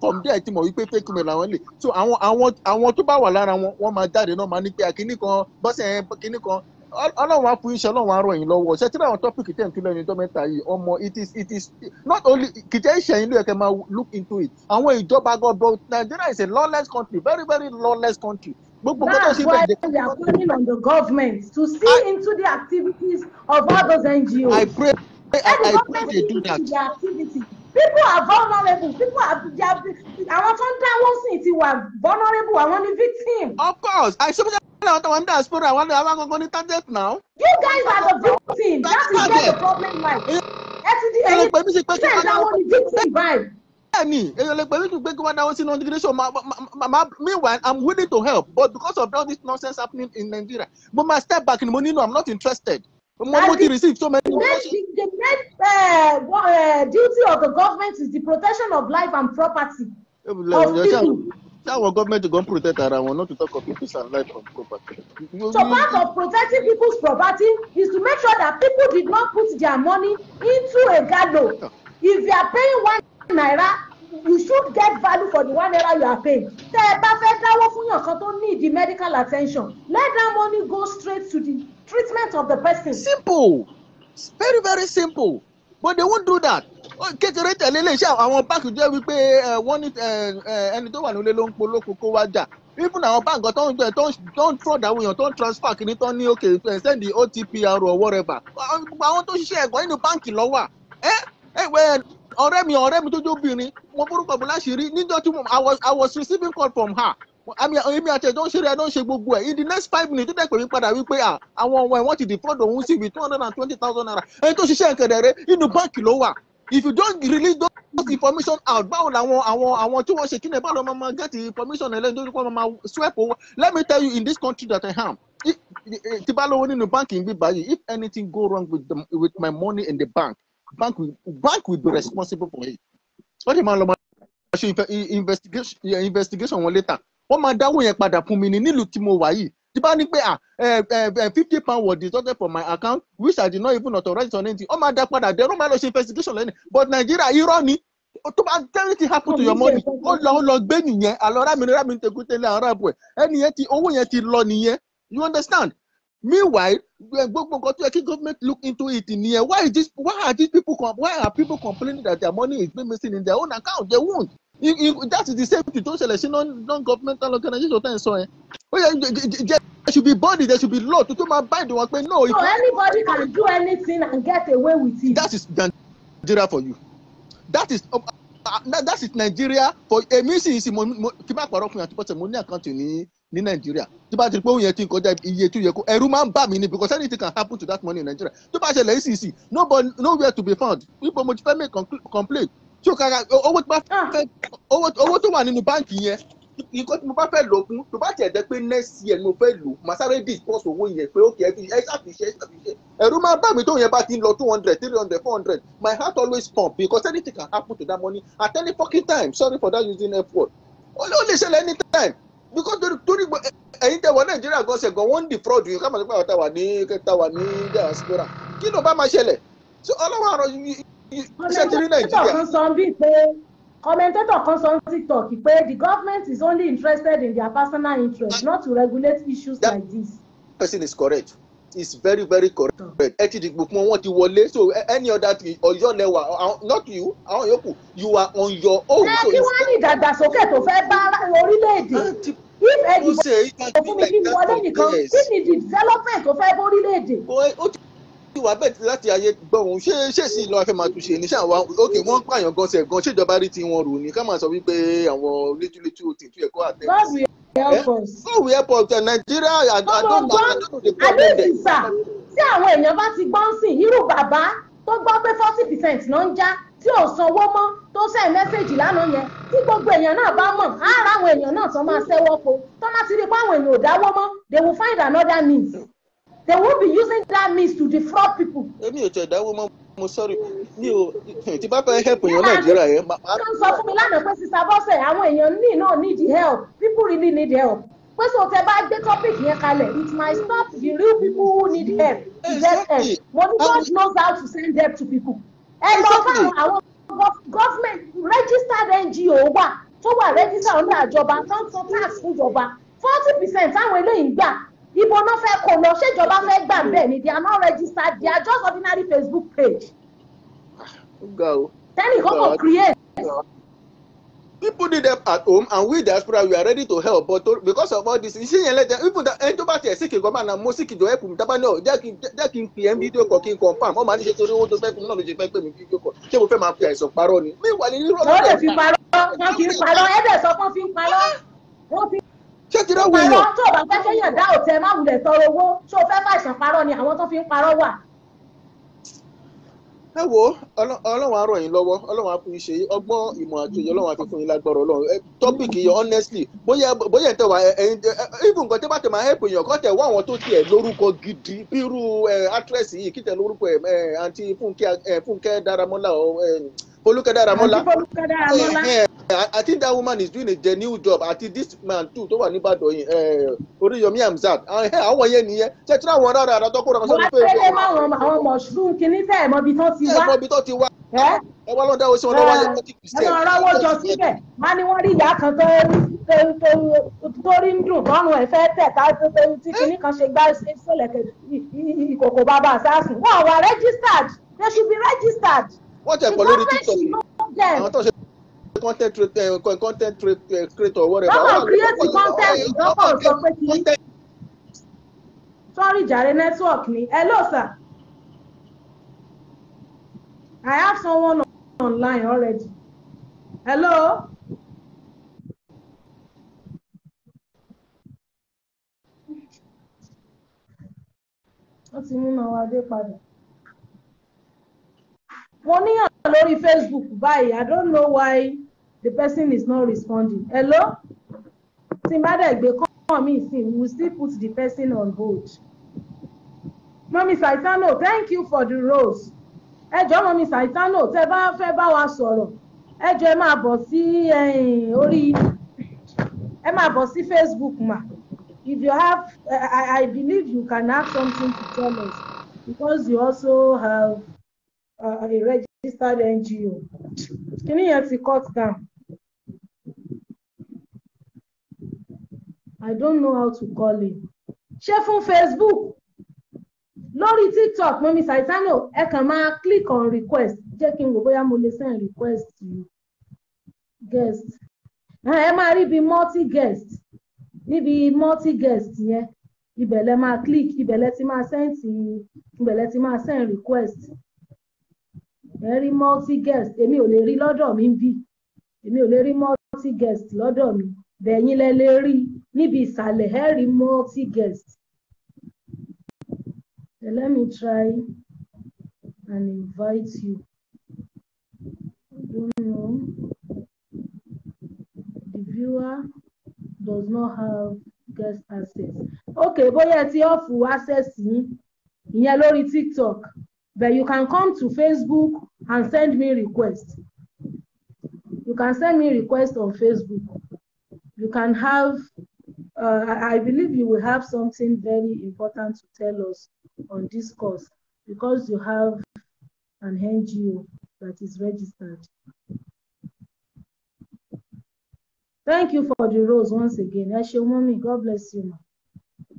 from there ti mọ̀ wípé fake women làwọn lè so àwọn àwọn àwọn tó bá wà lára wọn wọ́n máa jáde náà máa ní pé àkíní kan bọ́sẹ̀ kìíní kan ọlọ́run á fún iṣẹ́ ọlọ́run á ràn yín lọ́wọ́ ṣe tí àwọn tọ́pìkì tẹ̀ ń tún lẹ́nu dọ́mẹ́ta yìí ọmọ it is it is not only kìtẹ́ ìṣẹ̀yìn ló yẹ kẹ́ máa look into it àwọn ìjọba gọbọ Nigeria is a lawless country very very lawless country gbogbo gbogbo sí bẹ́ẹ̀ de. that's why we are calling on the government to see I, into the activities of all those NGOs. I pray I, I, I pray they do that. People are vulnerable. People are they are àwọn tó see dáwọ́ sí ti wà vulnerable àwọn ni victim. Of course, I suppose. Hello, the one diaspora, one the one going to target now. You guys are the victim. That's that is where the problem lies. Ẹ ti di ẹyin tí ẹ̀ dáwọ́ ni victim vibe. Bẹ́ẹ̀ni, èèyàn lè pẹ̀lú pé kí wọ́n dáwọ́ sínú integration. Meanwhile, I'm willing to help, but because of all this nonsense happening in Nigeria, mo ma step back in money. no, I'm not interested. Mo mo ti so many. The the main uh, uh, duty of the government is the protection of life and property of people táwọn gọ́ọ̀mẹ̀ntì gan protect ara wọn not to talk of people's and life from property. so part of protecting people's property is to make sure that people did not put their money into a gado if you are paying one naira you should get value for the one naira you are paying. tẹ́ ẹ bá fẹ́ dáwọ́ fún yàn kan tó need the medical attention let that money go straight to the treatment of the person. simple very very simple but they won't do that kékeré tẹ̀lé lè ṣe àwọn báǹkì jẹ́ wípé wọ́n ní ẹni tó wà nílé ló ń polóko kó wá jà even àwọn báǹkì tó ń tó ń fraud àwọn èèyàn tó ń transfer kìíní tó ń ní òkè send otp or whatever àwọn tó ṣiṣẹ́ ẹ̀kọ́ nínú báǹkì lọ́wọ́ ẹ ẹ ọ̀rẹ́ mi ọ̀rẹ́ mi tó jó obìnrin mo forúkọ bó láṣìírí níjọ́ tí I was receiving call from her àmì èmi àti ẹ̀jọ́ ń ṣeré ẹ̀ ló ń ṣe gbogbo ẹ̀ in the next five minutes tó dẹ́pẹ̀ mi padà wípé àwọn ọmọ ẹ̀ wọ́n ti defraud òun sí with two hundred and twenty thousand naira ẹni tó ṣiṣẹ́ ìkẹ̀dẹ̀ rẹ inú báǹkì ló wà if you don't release those information out báwo làwọn àwọn àwọn tí wọ́n ṣe kí ni báwo làwọn máa get information ẹlẹ́yìn tó kọ́ máa sweep over let me tell you in this country that I am tí bá lówó nínú báńkì ń bí báyìí if anything go wrong with, the, with my money in the bank bank will, bank will be responsible for it wọ́n ti máa lọ máa ṣe investigation investigation wọn later wọ́n máa dáwó yẹn padà fún mi ní nílùú tí mo wà yìí tí bá ní pé ah, fifty pound was deducted from my account which I did not even authorize on anything ó máa dá padà dé ó máa lọ ṣe investigation lẹ́nu but Nigeria irọ́ ni tó bá tẹ́lẹ̀ ti happen to your money ó lọ ó lọ gbé nìyẹn àlọ́ rámìnrin rámìnrin tẹ̀kú tẹ́lẹ̀ àwọn aráàbò ẹ̀ ẹnìyẹn ti owó yẹn ti lọ nìyẹn you understand meanwhile gbogbo nǹkan tó yẹ kí government look into it nìyẹn why is this why are these people why are people complaining that their money is being missing in their own account they won't that is the same thing tó ṣẹlẹ̀ sí non-governmental organization tẹ́ ń sọ yẹn ó yẹ jẹ́ there should be body there should be law tó tó máa bind wọn pé no. so anybody can do anything and get away with it. that is Nigeria for you that is um, uh, that is Nigeria for èmi sì sì mo mo kí n bá pàrọ̀ fún yàtọ̀ bọ́sẹ̀ mo ní àkáǹtì ní ní nàìjíríà tó bá ti pé òun yẹn ti kọjá iye tó yẹ kó ẹrú máa ń bà mí ni because anything can happen to that money in Nigeria tó bá ṣẹlẹ̀ ìsìsì nobody nowhere to be found wípé mo ti fẹ́ make complaint ṣókara owó tó bá fẹ́ ah. owó tó wà nínú báǹkì yẹn nǹkan tí mo bá fẹ́ lò fún tó bá tiẹ̀ jẹ́ pé next year ni mo fẹ́ lò màá sáré discuss owó yẹn pé ok ẹbí ẹ ṣàfiṣe ẹ ẹ̀rú máa bá mi tó yẹn bá ti lọ two hundred three hundred four hundred my heart always pump because anything can happen to that money at any fucking time sorry for that using f word ó lè ṣẹlẹ̀ anytime because torí torí ẹ̀yin tẹ́ wọ nàìjíríà gan ṣe gan wọ́n defraud yìí ká máa ní pé àwọn táwa ní kẹta wà ní diaspora kí ló bá máa ṣẹlẹ̀ so ọlọ́wọ́ àrọ̀ iṣẹ́ ti rí nàìjíríà. kọ́mẹ́ntẹ́tọ̀ kan sọ bíi pé kọ́mẹ́ntẹ́tọ̀ kan sọ ní tiktok pé the government is only interested in their personal interest not to regulate issues that like this. that person is correct is very very correct ẹ ti dìgbò pọn wọn ti wọlé so any other thing ọyọ lẹwà not you àwọn yòókù you are on your own. ẹ kí wọ́n ní ìdàgbàsókè tó fẹ́ bá orílẹ̀-èdè if ẹnìkan fún mi kí n wọlé nìkan kí ni the development tó fẹ́ bá orílẹ̀-èdè ti wà bẹ́ẹ̀ láti ayé gbọ̀hún ṣé ṣé sì lọ́wọ́ fẹ́ máa tún ṣe ní ṣé àwọn òkè wọ́n pààyàn gan ṣe gan ṣèjọba rí tiwọn rò ní ká máa sọ wípé àwọn létúlétú ò tètú ẹ̀kọ́ àtẹ. Eh? God will help us Nigeria àdóńgbà àdóńgbà àdóńgbà tí àwọn èèyàn bá ti gbọ́n sìn irú bàbá tó gbọ́ pé forty percent náà ń já tí ò sanwó mọ́ tó sẹ́ mẹ́sẹ̀jì lánàá yẹn tí gbogbo èèyàn náà bá mọ̀ á ra àwọn èèyàn náà tó máa ṣẹ́wọ́ po tó má ti rí pé àwọn èèyàn ò dáwọ́ mọ́ they will find another means they will be using that means to defraud people. èmi ò tẹ̀ dáwọ́ mọ́ mo sọ́rí mi ò tí bá fẹ́ help èèyàn nàìjíríà yẹn. ṣé n sọ fún mi lánàá pé sísá bọ́sẹ̀ àwọn èèyàn ní náà need help people really need help pé sọ tẹ bá gbé topic yẹn kalẹ̀ it might stop the real people who need help to get help but God knows how to send help to people. ẹ lọ bá àwọn government registered NGO wà tó wà registered under àjọba tó ń sọ tax fún ìjọba forty percent táwọn eléyìí gbà ibo náà fẹ́ kó lọ ṣèjọba fẹ́ gbà bẹ́ẹ̀ ni they are not registered they are just ordinary Facebook page tẹ́nì kọ́kọ́ create. People need them at home and we diaspora we are ready to help but to, because of all this iṣẹ́ yẹn lẹ́jẹ̀ even that ẹni tó bá tiẹ̀ síkì gọ́mà náà mo síkì jọ ẹ̀kú mi tábà náà jẹ́ kí oh, jẹ́ kí n pè ẹ́ fídíò kọ̀ kí n confam ọmọ àníṣe torí owó tó fẹ́ fún mi náà ló ṣe fẹ́ pè mí fídíò kọ̀ ṣé mo fẹ́ máa fi àìsàn parọ́ ni. mi wà ní rọ́ọ̀dù. wọ́n lè fi parọ́ wọ́n fi parọ́ ẹ̀ẹ́dẹ̀ sọ fún fi parọ́ wọ́n fi ṣé ti rẹ́ wọ̀nyàn. ọ̀rọ̀ tó o bá fẹ́ kéèyàn tọrọ owó o fẹ́ parọ́ ni àwọn tó fi ń wà. ẹ wo á yín lọ́wọ́ á yín ṣe ọgbọ́n ìmọ̀ á fi fún honestly bóyá wá even nǹkan bá máa help kọ́ gidi bírú actress yìí kí lórúkọ fúnkẹ́ Olúkẹ́dáràmọ́lá. Olúkẹ́dáràmọ́lá. Eh, eh, I think that woman is doing a genuine job àti this man too tó wà nìbàdàn yìí eh, Oríyọmí Hamzat àwọn yẹn nìyẹn ṣe tí àwọn rárá àrà tọkọ rẹ sọdún pé. wọ́n á tẹ́lẹ̀ máa wọ̀n àwọn mushroom kìíní tẹ́ ẹ̀ mọ̀bi tó ti wá. ẹ̀ mọ̀bi tó ti wá. ẹ wá lọ́dọ̀ owó sí wọn lọ́wọ́ yẹn kọ́tí kìí sẹ́ẹ̀. ẹ máa rọ́wọ́ jọ síbẹ̀ má ni wọ́n rí ìyá kan tó torí ń dùn lọ́rùn ẹ̀ tẹ̀ tá tí kìíní kan ṣe gbá ìkòkò bàbá àṣàṣùn wọn wà registered wọ́n tẹ̀ pọ̀ lórí TikTok àwọn tó ṣe content eh, content eh, creator whatever. lọ́kàn create content lọ́kàn sọ pé kí sorry Jare network ni hello sir I have someone online already hello. ó ti mú náà wá dé padà mo níyàn lórí Facebook báyìí I don't know why the person is not responding hello tí n bá dẹ̀ gbé kọ́ we still put the person on hold mọ́mí Saitano thank you for the rose ẹ jọ̀ọ́ mọ́mí Saitano tẹ́ bá fẹ́ bá wa sọ̀rọ̀ ẹ jọ̀ọ́ ẹ máa bọ̀ sí eh, orí ẹ máa bọ̀ sí Facebook ma. if you have I, I believe you can have something to tell us because you also have uh, a registered NGO kíní yẹn ti cut down I don't know how to call him. ṣé fún Facebook lórí TikTok mọ́mí Saitano ẹ kàn máa click on request jẹ́ kí n wò bóyá mo lè send request to you guest ẹ máa rí ibi multi guest níbi multi guest yẹn ibẹ̀ lẹ máa click ibẹ̀ lẹ ti máa send ibẹ̀ lẹ ti máa send request fẹ́ rí multi guest èmi ò lè rí lọ́dọ̀ mi bí èmi ò lè rí multi guest lọ́dọ̀ mi bẹ̀yìn lẹ lè rí níbi ìsàlẹ̀ ẹ rí multi guest. Let me try and invite you. I don't know. The viewer does not have guest access. Okay, bóyá ẹ ti ọ̀fù access yín ìyẹn lórí TikTok. But you can come to Facebook and send me requests. You can send me requests on Facebook. You can have, uh, I believe you will have something very important to tell us on this course because you have an NGO that is registered. Thank you for the rose once again. Eshemomi, God bless you.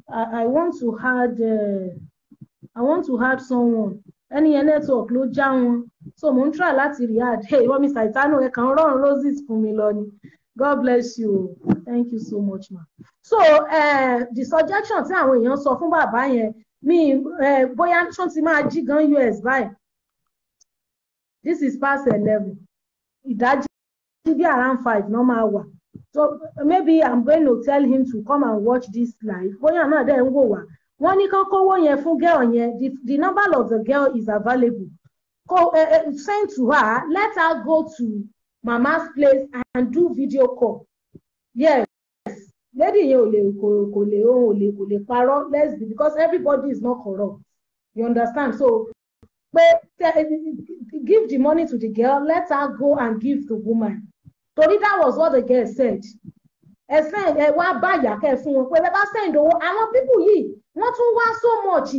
I, I want to add, uh, I want to add someone ẹni yẹn network ló já wọn so mò ń try láti rehad hey mọ́mí saitano ẹ̀ kàn rọrùn roses fún mi lọ ni god bless you thank you so much ma so uh, the suggestion tí àwọn èèyàn sọ fún bàbá yẹn mi uh, bóyá tún ti máa jí gan us báyìí this is past eleven ìdájí bí around five náà máa wà so maybe i'm going to tell him to come and watch this live bóyá náà dẹ̀ ń wò wá wọ́n ní kán kówó yẹn fún girl yẹn the, the number of the girl is available ko uh, uh, send to her let her go to mama's place and do video call yes lady yẹn ò lè kò kò lè òun ò lè kò lè parọ́ let's be because everybody is not corrupt you understand so pé give the money to the girl let her go and give the woman tori that was what the girl said ẹ sẹ́ǹ ẹ wá báyà kẹ́ fún wọn pé bẹ́ẹ̀ bá sẹ́ǹd owó àwọn pípù yìí wọ́n tún wá so much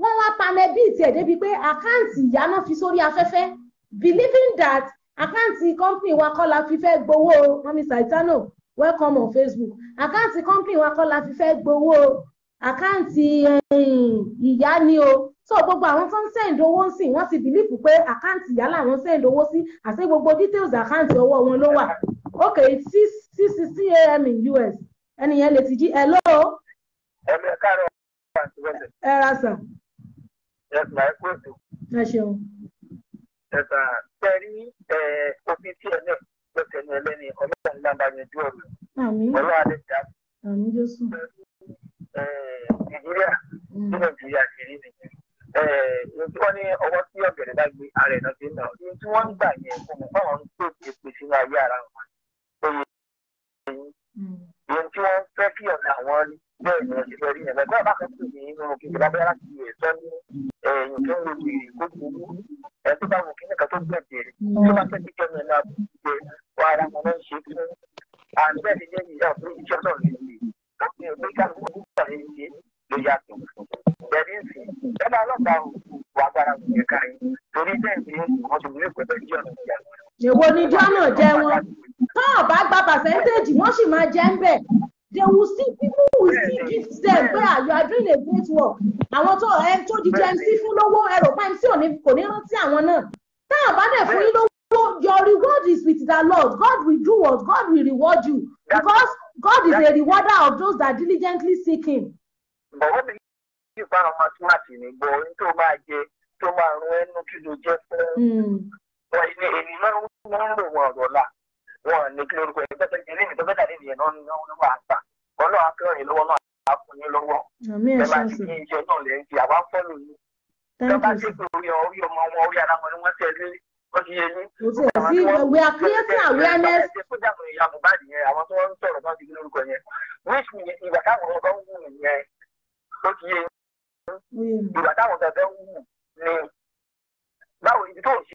wọ́n wá panẹ́ bíi tiẹ̀ débi pé àkáǹtì ìyá náà fi sórí afẹ́fẹ́ believing that àkáǹtì company wa kọ́ la fi fẹ́ gbowó mami saitano welcome on Facebook àkáǹtì company wa kọ́ la fi fẹ́ gbowó àkáǹtì eh, ìyá ni o so gbogbo àwọn tó ń send owó sí wọ́n ti bìlífù pé àkáǹtì ìyá làwọn send owó sí àti gbogbo details àkáǹtì ọwọ́ wọn ló wà okay six six six a.m. in us ẹnìyẹn lè ti jí hello. ẹ̀mí ẹ̀ka rẹ̀ wà ní ìwọ́sẹ̀. ẹ ra sàn. ẹ sàn ẹ kúrò sí. ẹ ṣeun. ẹ sàn pẹ̀lú òfin tí ẹ náà lọ́sẹ̀ ní ẹlẹ́ni ọlọ́run ńlá bá yanjú ọ̀rọ̀. ọlọ́run alẹ́ jà. àmì jésù. nàìjíríà mm. ní nàìjíríà ṣe rí nìyẹn ohun tí wọ́n ní ọwọ́ tí ọ̀gẹ̀dẹ̀ bá gbé ara náà ti ń nà ohun tí wọ́n ń gbà yẹn kò mọ̀ fáwọn ń pèsè pèsè ní ayé ara wọn ohun tí wọ́n fẹ́ kí ọ̀nà àwọn rí bẹ́ẹ̀ ni ọ̀sẹ̀ fẹ́ rí yẹn bẹ́ẹ̀ bá kẹ́kọ̀ọ́ ní inú kìkì lábẹ́ láti yẹ sọ ní ẹ̀yìn tó ń lo bèrè kó burú ẹ̀ tó bá wù kí nìkan tó gbẹ̀ bèrè tó bá fẹ́ kí jẹ́ mi náà bèrè wà ara wọn náà ṣe fún àǹbẹ̀ ní jẹ́ ìyá fún iṣẹ́ náà lè ṣe káfíń ògbé káfíń ògbé kàlẹ́ ṣe ló yàtọ̀ bẹ̀rẹ̀ ń sìn ẹ bá ọlọ́pàá wà gbára òkè káyìn torí bẹ́ẹ̀ ni wọ́n ti mú ìpẹ́tẹ́ sí ọ̀nà ìyàwó èwo ni jọ́nà jẹ́ wọn tó ò bá gba percentage wọ́n sì máa jẹ́ ń bẹ̀ they will see people will still give them pé you are doing a great work àwọn tó ẹ tó di jẹ́ mc fún lówó ẹrọ pa mc òní kò ní rántí àwọn náà tá à bá dẹ̀ fún yín lówó your reward is with the Lord God will do what God will reward you because God is a rewarder of those that diligently seek him. bọ̀wọ́ mi yìí bá ọmọ tí ní gbọ́ ohun tó máa jẹ tó máa rún ẹnu kí ló jẹ́ fún hmm wọ́n ní èmi máa ń wọ́n lò wọ́n ọ̀rọ̀ la wọ́n ní kí lórúkọ ẹgbẹ́ tó jẹ́ lẹ́yìn tó bẹ́ẹ̀ dàdé nìyẹn náà ní wọ́n àgbà ọlọ́run akẹ́rọ̀yìn lọ́wọ́ náà á fún yín lọ́wọ́ bẹ́ẹ̀ bá ti kí iṣẹ́ náà lẹ́yìn tí àwa fọ́lù yín tó bá ti pé orí orí ọmọ wọn orí ara ni wọ́n tẹ̀ lé wọ́n ti yé yín. we are creating awareness. ìgbà táwọn ọ̀gá ń wù yẹn báwo ibi tó ń ṣe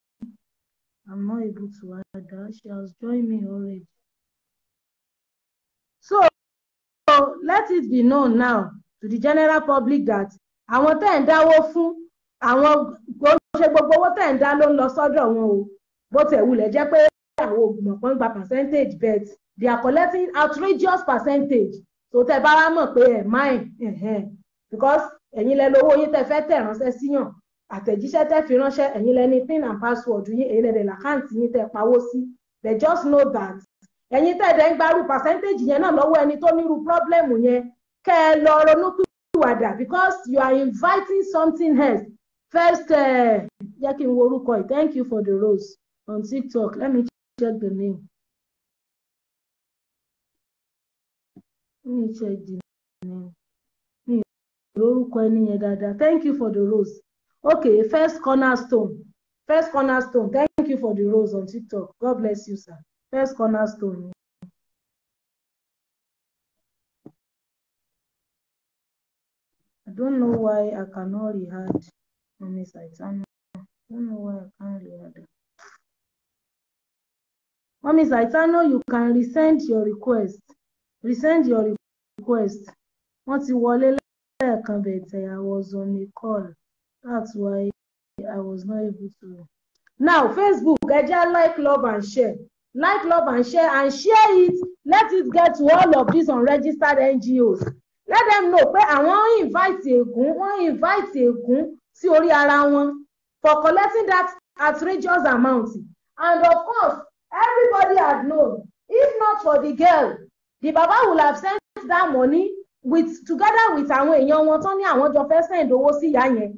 I'm not able to add her. She has joined me already. So, so let it be known now to the general public that àwọn tẹ́ ń dáwó fún àwọn ṣe gbogbo owó tẹ́ ń dá ló ń lọ sọ́dọ̀ wọn o bó tẹ̀ wulẹ̀ jẹ́ pé àwọn ògùnmọ̀ kan gba percentage bet they are collecting outrageous percentage tó tẹ́ bá wá mọ̀ pé ẹ̀ máa ẹ̀ because ẹ̀yin lẹ lówó yín tẹ́ fẹ́ tẹ̀ ránṣẹ́ síyàn àtẹ̀jíṣẹ́ tẹ́ fi ránṣẹ́ ẹ̀yin lẹni pin and password yín èyí lẹ́dẹ̀ làkáǹtì yín tẹ́ pawó sí they just know that ẹ̀yin tẹ́ dẹ̀ ń gbarú percentage yẹn náà lọ́wọ́ ẹni tó nírú problem yẹn kẹ́ ẹ lọ ronú pìwàdà because you are inviting something else first eh, jẹ́ kí n wo orúkọ yìí thank you for the rose on tiktok let me check the name. let me check the name. mi ò lórúkọ ẹni yẹn thank you for the rose. Okay, first cornerstone. First cornerstone. Thank you for the rose on TikTok. God bless you, sir. First cornerstone. I don't know why I cannot rehead on this item. I don't know why I can't rehead. Mommy Saitano, you can resend your request. Resend your request. Wọ́n ti wọlé lẹ́ẹ̀kan bẹ̀tẹ̀, I was on a call that's why i was not able to now facebook ẹ jẹ́ like love and share like love and share and share it let it get to all of these unregistered ngos let them know pé àwọn invite ègún wọ́n invite ègún sí orí ara wọn for collecting that outrageous amount and of course everybody had known if not for the girl the baba would have sent that money with together with àwọn èèyàn wọn tán ní àwọn jọ fẹ́ send owó sí ìyá yẹn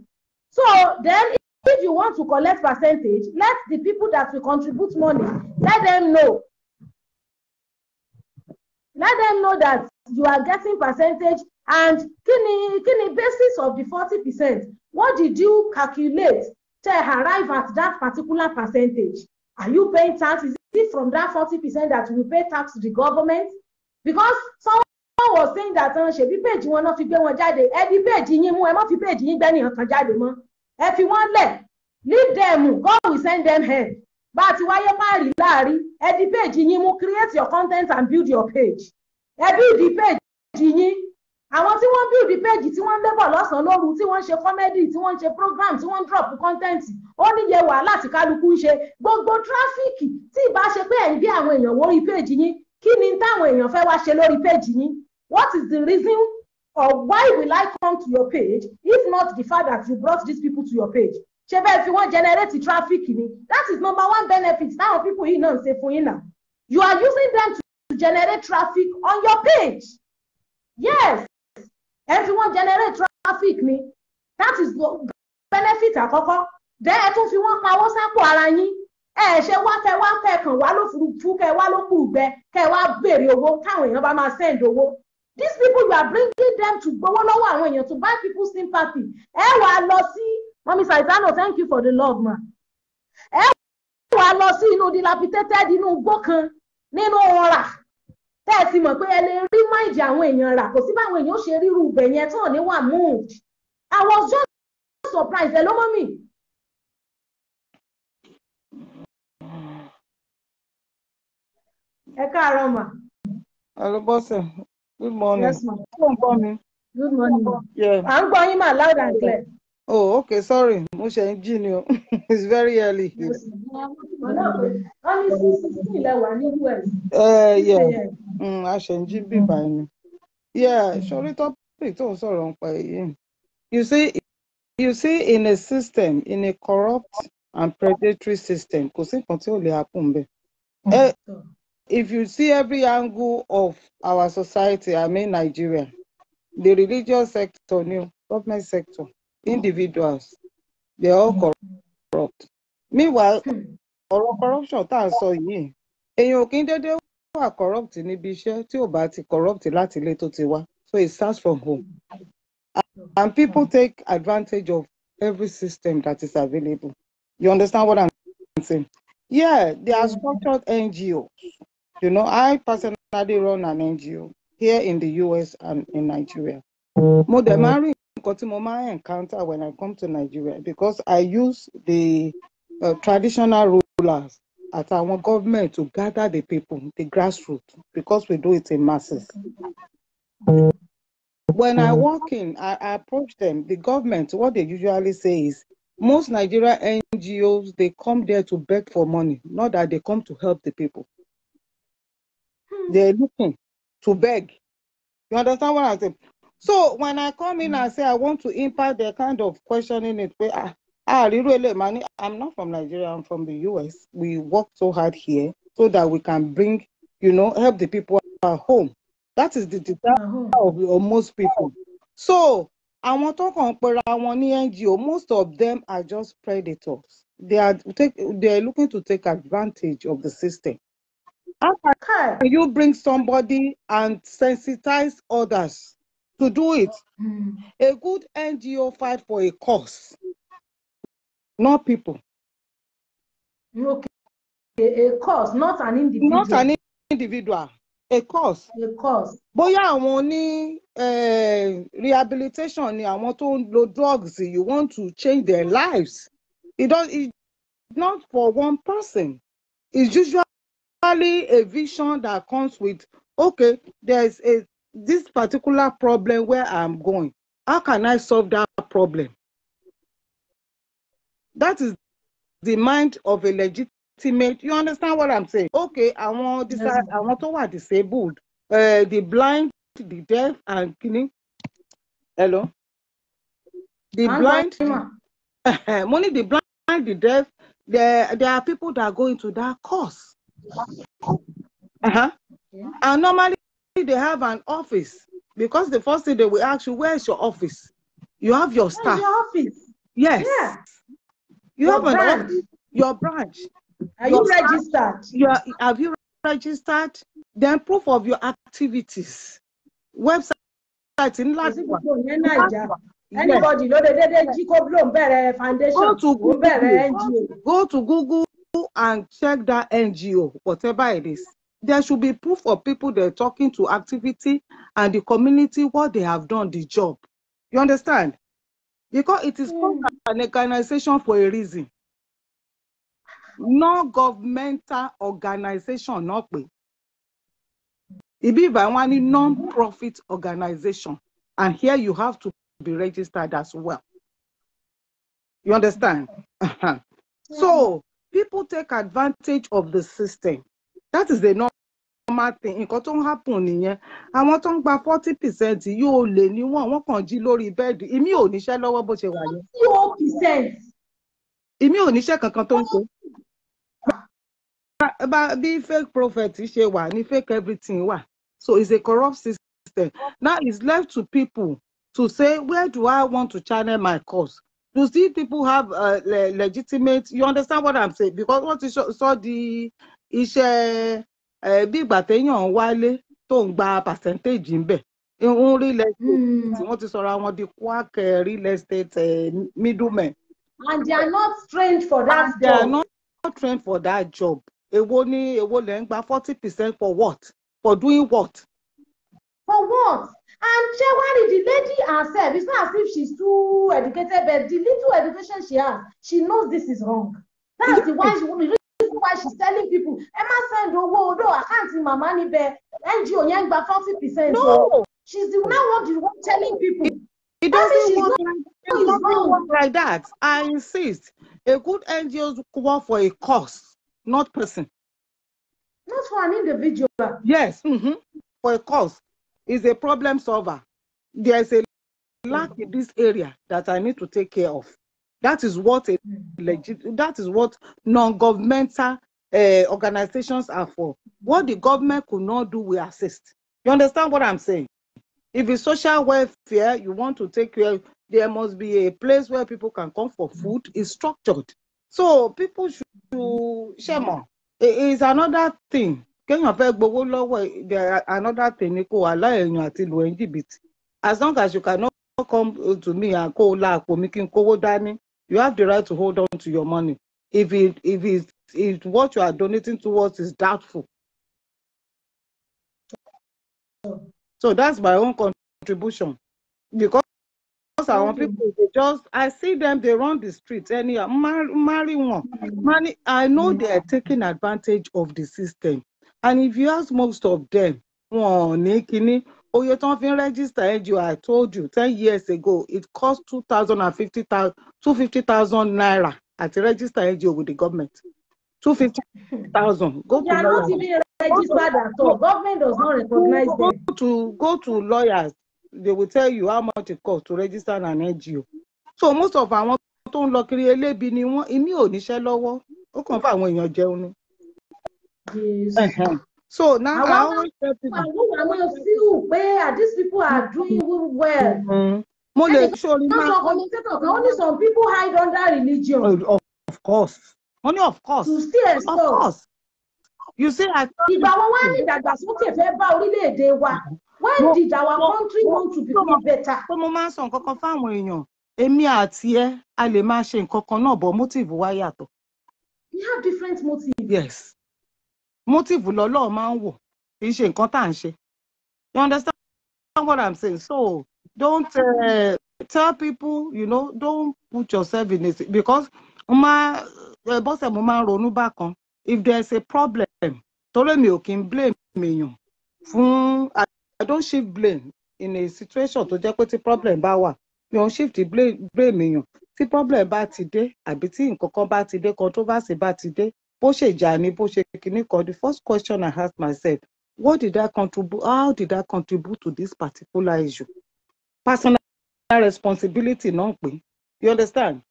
So then if you want to collect percentage, let the people that will contribute money, let them know. Let them know that you are getting percentage and can the basis of the 40%. What did you calculate to arrive at that particular percentage? Are you paying tax? Is it from that 40% that you pay tax to the government? Because someone Paul was saying that uh, ṣèbí péèjì wọn náà fi gbé wọn jáde ẹ fi péèjì yín mú ẹ má fi péèjì yín gbẹ́ni ọ̀kan jáde mọ́ ẹ fi wọ́n lẹ̀ leave them God will send them help bá a ti wáyé páàrí láàrí ẹ di péèjì yín mú create your content and build your page ẹ build péèjì yín àwọn tí wọ́n build péèjì tí wọ́n ń lébọ̀ lọ́sàn-án lóru tí wọ́n ń ṣe comedy tí wọ́n ń ṣe program tí wọ́n ń drop content ó níye wàhálà tí kálukú ń ṣe gbogbo traffic. tí ìbá ṣe pé ẹ̀ ń gbé àwọn èèyàn wọ́n rí yín kí ni táwọn èèyàn fẹ́ wá ṣe lórí péjì yín what is the reason or why will I come to your page if not the fact that you brought these people to your page ṣe bẹ́ẹ̀ fi wọ́n generate traffic ni that is number one benefit táwọn people yìí náà ń ṣe fún yín náà you are using them to generate traffic on your page yes everyone generate traffic ni that is the benefit àkọ́kọ́ then ẹ tún fi wọ́n pawó sápò ara yín ẹ ṣe wá tẹ wá tẹ kàn wá ló furuufu kẹ wá ló kù gbẹ kẹ wá béèrè owó káwọn èèyàn bá máa send owó these people you are bringing them to gbowó lọ́wọ́ àwọn èèyàn to buy people sympathy ẹ wà á lọ sí mami saitano thank you for the love ma ẹ wà á lọ sí inú dilapidated inú igbó kan nínú ọ̀rà tẹ́ ẹ ti mọ̀ pé ẹ lè rí máìjì àwọn èèyàn rà kò sí báwọn èèyàn ó ṣe ríru ibẹ̀ yẹn tán ní wà moved I was just surprised ẹ ló mọ́ mi ẹ káàárọ̀ mà. àlùbọ́sẹ̀ good morning. yes ma. ṣé o ń gbọ́ mi. good morning Yeah. à ń gbọ́ yín mà loud and clear. oh okay sorry mo ṣe ń jí ni o it's very early. wọ́n ní sí sísìn ilẹ̀ wà ní us. ẹ yẹ a ṣe ń jí bí báyìí ni. yeah sori topic tó ń sọ̀rọ̀ nípa èyí. you see you see in a system in a corrupt and predatory system kò sí nǹkan tí ò lè happen bẹ́ẹ̀. Mm. Eh, if you see every angle of our society, I mean Nigeria, the religious sector, new government sector, individuals, they're all hmm. corrupt. Meanwhile, all corruption starts à you. sọ yìí, èèyàn ò are corrupt in iṣẹ́ Too bad, bá corrupt láti ilé So it starts from home. And people take advantage of every system that is available. You understand what I'm saying? Yeah, they are hmm. structured NGOs. You know, I personally run an NGO here in the US and in Nigeria. Mo dẹ̀ my encounter when I come to Nigeria because I use the uh, traditional rulers at our government to gather the people, the grassroots, because we do it in masses. When I walk in, I, I approach them. The government, what they usually say is, most Nigeria NGOs, they come there to beg for money, not that they come to help the people. They're looking to beg. You understand what I'm saying? So when I come in and mm. say I want to impact the kind of questioning it, where I, I money. I'm not from Nigeria. I'm from the US. We work so hard here so that we can bring, you know, help the people at home. That is the desire of, most people. So I want tó compare ń pera wọn ngo most of them are just predators they are take they are looking to take advantage of the system how can you bring somebody and sensitize others to do it? Hmm. A good NGO fight for a cause, not people. Okay. A, a cause, not an individual. Not an individual. A cause. A cause. But yeah, ní eh, rehabilitation ni àwọn tó ń drugs you want to change their lives. It don't, it's not for one person. It's usually a vision that comes with okay there's a this particular problem where i'm going how can i solve that problem that is the mind of a legitimate you understand what i'm saying okay i want this yes. i want to what disabled uh, the blind the deaf and kidney hello the I'm blind money the blind the deaf there there are people that go into that course uh-huh. And normally they have an office because the first thing they will ask you, where is your office? You have your staff. Your office. Yes. Yeah. You your have branch. an office. Your branch. Are your you registered? Your, have you registered? Then proof of your activities. Website in Latin. anybody know dédé jí the blow foundation go to google go to google and check that NGO, whatever it is. There should be proof of people they're talking to activity and the community, what they have done, the job. You understand? Because it is mm. an organization for a reason. Non-governmental organization, not we. It be by one non-profit organization. And here you have to be registered as well. You understand? so hmm people take advantage of the system that is the normal thing nǹkan tó ń happen nìyẹn àwọn tó ń gba forty percent yóò lè níwọ̀n wọ́n kàn jí lórí bẹ́ẹ̀dì èmi ò níṣẹ́ lọ́wọ́ bó ṣe wà yẹn. two percent. èmi ò níṣẹ́ kankan tó ń ṣe. bí fake prophet ṣe wà ní fake everything wà so it's a corrupt system now it's left to people to say where do I want to channel my cause to see people have uh, le- legitimate you understand what i'm saying because wọ́n you saw the iṣẹ́ big ìgbà téèyàn ń wálé tó ń gba percentage ńbẹ̀ ń real estate hmm. tí wọ́n ti sọra wọn di quack real estate uh, middlemen. and they are not trained for that job. they are not, not trained for that job. A ni a lè ń forty percent for what for doing what. for what And shewari, the lady herself, it's not as if she's too educated, but the little education she has, she knows this is wrong. That's yes. the why she the reason why she's telling people, Emma má oh whoa no, I can't see my mama níbẹ̀, NGO yẹn gba 40%. No. She's the now what you want telling people. It, it doesn't work like, doesn't work like that. I insist. A good NGO work for a cause, not person. Not for an individual. Yes, mm-hmm. for a cause. is a problem solver. There is a mm-hmm. lack in this area that I need to take care of. That is what a mm-hmm. legit, that is what non-governmental uh, organizations are for. What the government could not do, we assist. You understand what I'm saying? If it's social welfare, you want to take care, there must be a place where people can come for mm-hmm. food. It's structured. So people should share more. It's another thing kéèyàn fẹ́ gbowó lọ́wọ́ another thing ni kó wà láèèyàn àti lu ẹ̀yìn jìbìtì as long as you cannot come to me and kó o la àpò mi kí n kówó dání you have the right to hold on to your money if it if it if what you are donating towards is doubtful. So that's my own contribution because àwọn people dey just I see them dey run the street anyhow marry mm. marry one money. I know mm. they are taking advantage of the system and if you ask most of them wọn ò ní kinní oye tán fi ń register ngo i told you ten years ago it cost two thousand and fifty thousand two fifty thousand naira àti register ngo with the government two fifty thousand go to government does not recognize go, them. go to go to lawyers they will tell you how much it cost to register an ngo so most of àwọn tó ń lọ kiri elébi ni wọn èmi ò níṣẹ́ lọ́wọ́ ó kàn fún àwọn èèyàn jẹun ni. Yes. So now I, I always tell people. want to feel where ah, these people are doing well. Mo lè sori máa. Some only some people hide under religion. Of, oh, of course. Only of course. To stay and Of course. You say I. Ìgbà wo wá ní mm-hmm. ìdàgbàsókè fẹ́ bá orílẹ̀-èdè wa? When did our country want to become better? Pé mo máa ń sọ nǹkan kan fáwọn èèyàn, èmi àti ẹ, a lè máa ṣe nǹkan kan náà, but motive wa yàtọ̀. We have different motives. Yes motive lọ́lọ́ọ̀ máa ń wò kì í ṣe nǹkan tá à ń ṣe you understand what i'm saying so don't uh, tell people you know don't put yourself in this because mo máa uh, bọ́sẹ̀ mo máa ń ronú bákan if there's a problem torí mi ò kí n blame èèyàn fún i don't shift blame in a situation tó jẹ́ pé tí problem bá wà mi ò shift blame èèyàn tí problem bá ti dé àbí tí nǹkan kan bá ti dé controversy bá ti dé bó ṣe jà ní bó ṣe kíní kan the first question i ask myself what did i contribute how did i contribute to this particular issue personal responsibility náà pé you understand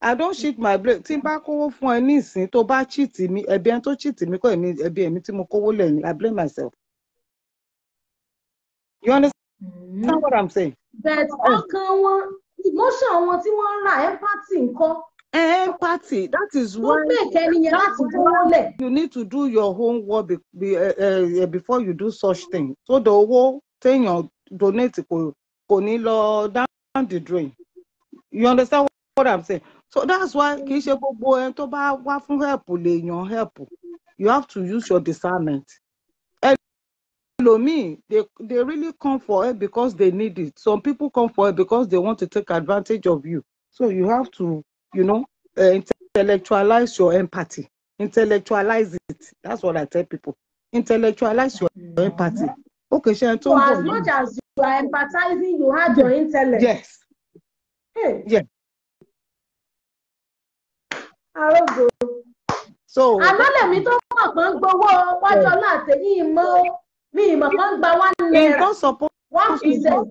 i don shift my blame tí n bá kówó fún ẹ ní ìsín tó bá cheat mi ẹbí ẹni tó cheat mi kọ́ èmi ẹbí ẹ̀mí tí mo kówó lẹ̀ ni i blame myself you understand mm. what i'm saying. bẹ̀ẹ̀ oh. ọkàn wọn emotion wọn tí wọ́n ń ra empathy nǹkan empathy that is why you need to do your homework be, be, uh, uh, before you do such thing so the owó téèyàn donate kò kò ní down the drain you understand what i'm saying so that's why kì í ṣe gbogbo wá fún help your help you have to use your discernment me, they they really come for it because they need it some people come for it because they want to take advantage of you so you have to you know, uh, intellectualize your empathy. Intellectualize it. That's what I tell people. Intellectualize your mm-hmm. empathy. Okay, So as much as you are empathizing, you have your intellect. Yes. Hey. Yeah. Arogo. So. Àná lèmi tó mọ̀ pé ń gbowó wájú ọlá àtẹ̀yìn mọ́ mi ìmọ̀ kan gba one naira. Nǹkan support. One percent.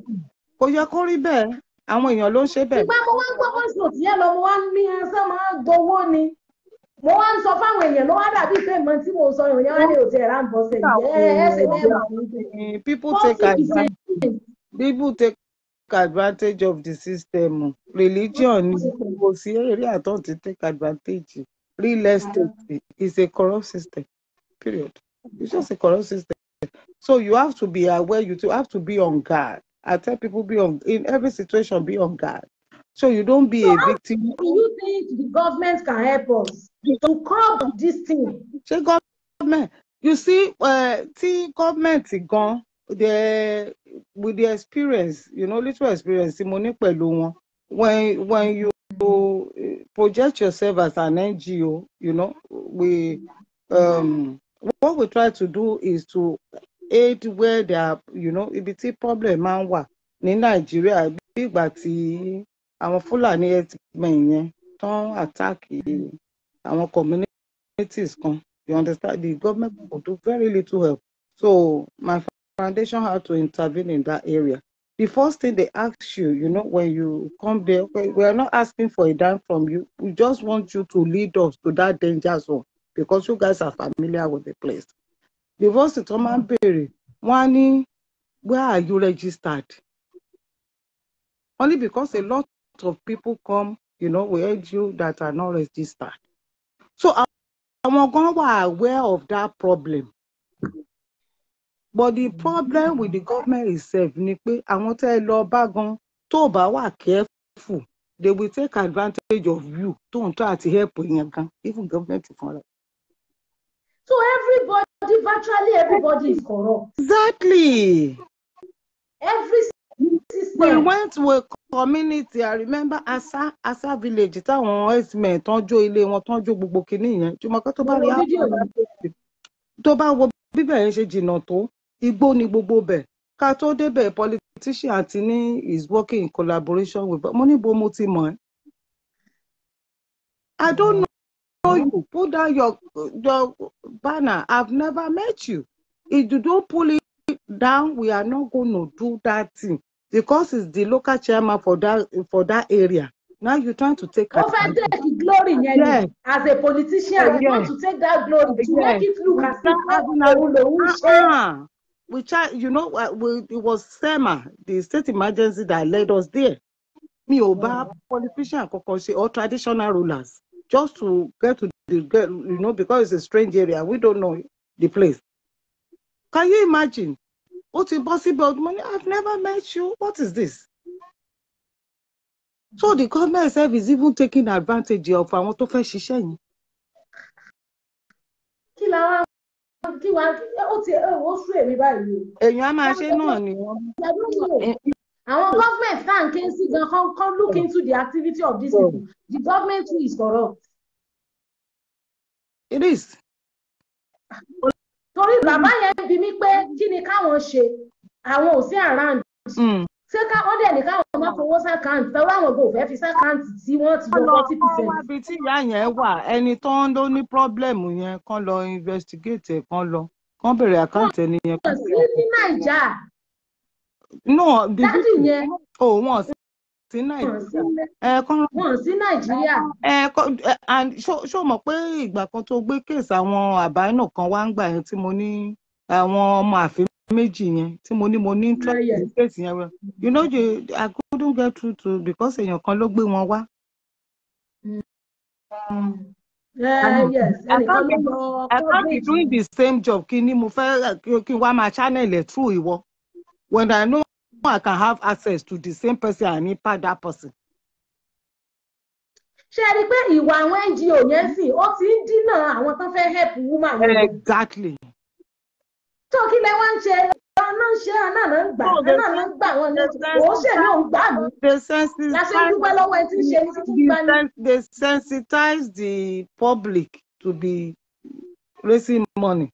Kò yẹ kó rí bẹ́ẹ̀. àwọn èèyàn ló ń ṣe bẹ́ẹ̀. ìgbà mo wá ń gbọ́ yẹn lọ mo wá ń mí ẹsẹ̀ máa ń gbowó ni mo wá ń sọ fáwọn èèyàn ló wá dàbí tí mo sọ ìròyìn wá ẹ̀rá ń bọ̀ people take advantage of the system religion ni kò sí eré take advantage real estate is a corrupt system period it's just a corrupt system so you have to be aware you have to be on guard. I tell people be on in every situation be on guard. So you don't be so a victim. Do you think the government can help us to curb this thing? government you see uh, tí government gone. the with the experience you know little experience tí mo ní when when you project yourself as an NGO you know we um, what we try to do is to aid where they are you know ibi tí problem máa ń wà ní nàìjíríà bí ìgbà tí àwọn fúlàní herdsmen yẹn tán attack àwọn communities kan you understand the government people do very little help so my foundation had to intervene in that area the first thing they ask you, you know, when you come there, we are not asking for a dime from you. We just want you to lead us to that danger zone because you guys are familiar with the place divorce tó máa ń béèrè wọ́n á ní where are you registered only because a lot of people come you know we help you that are not registered so àwọn gan wà aware of that problem but the problem with the government itself ni pé àwọn tẹ́ ẹ lọ bá gan tó bá wà careful they will take advantage of you tó ń tọ́ àti help yẹn gan even government fúnra So everybody, virtually everybody is corrupt. Exactly. Every system. We went to a community, I remember Asa, Asa village, táwọn herdsmen tán jó ilé wọn, tán jó gbogbo kinní yẹn. Jùmọ̀kẹ́ tó bá rí àwọn tó bá wo bíbẹ̀ yẹn ṣe jìnnà ni gbogbo bẹ̀. Ká tó débẹ̀, politician àti is working in collaboration with, Money níbo mo ti I don't know. know you. Put down your, your banner. I've never met you. If you don't pull it down, we are not going to do that thing because it's the local chairman for that for that area. Now you're trying to take over the glory yeah. as a politician. You want to take that glory to make it look as if uh-uh. we try, you know, uh, we, it was SEMA, the state emergency that led us there. Me, ò bá mm. politician or traditional rulers. just to get to the girl, you know, because it's a strange area. We don't know the place. Can you imagine? What's impossible? Money, I've never met you. What is this? So the government itself is even taking advantage of àwọn tó fẹ́ ṣiṣẹ́ yìí. Kí la wá kí wá ó ti ó sún èmi báyìí. Èèyàn á máa ṣe náà ni Our government tá à ń ké sí gan look into the activity of these people the government is corrupt. it is. torí bàbá yẹn bi mí pé kí ni káwọn ṣe àwọn ò sí around. Hmm. ṣé ká wọ́n dẹ̀ ní káwọn máa fowó sàkáǹtì tẹ́wọ́ àwọn ògbó fẹ́ fi sàkáǹtì tí wọ́n ti yọ forty percent. wọ́n wá ibi tí ìyá yẹn wà ẹni tó ń lọ ní problem yẹn kán lọ investigate ẹ̀ kán lọ kán bẹ̀rẹ̀ àkáǹtì ẹni yẹn. kò ní nàìjà no the people oh wọn sí nàìjíríà ẹ kọ́ wọn sí nàìjíríà and ṣó mọ̀ pé ìgbà kan tó gbé kéèsì àwọn àbá náà kan wá ń gbà yẹn tí mo ní àwọn ọmọ àfin méjì yẹn tí mo ní mo ní interest in kéèsì yẹn wẹ you know you i couldn't get through to because èèyàn kan ló gbé wọn wá. Mm. Eh, I can't be doing the same job kí ni mo fẹ́ kí n wá máa channel ẹ̀ through ìwọ when I know I can have access to the same person I need impact that person. Ṣé ẹ rí pé ìwà àwọn NGO yẹn sì ó ti ń dínà àwọn tó fẹ́ help woman. Exactly. Tó kí lẹ wá ń ṣe ọ̀nà ṣe ọ̀nà náà ń gbà ọ̀nà náà ń gbà oh, wọn ní ṣe náà ń gbà mí. Láṣẹ dúpẹ́ lọ́wọ́ ẹ They sensitize the public to be raising money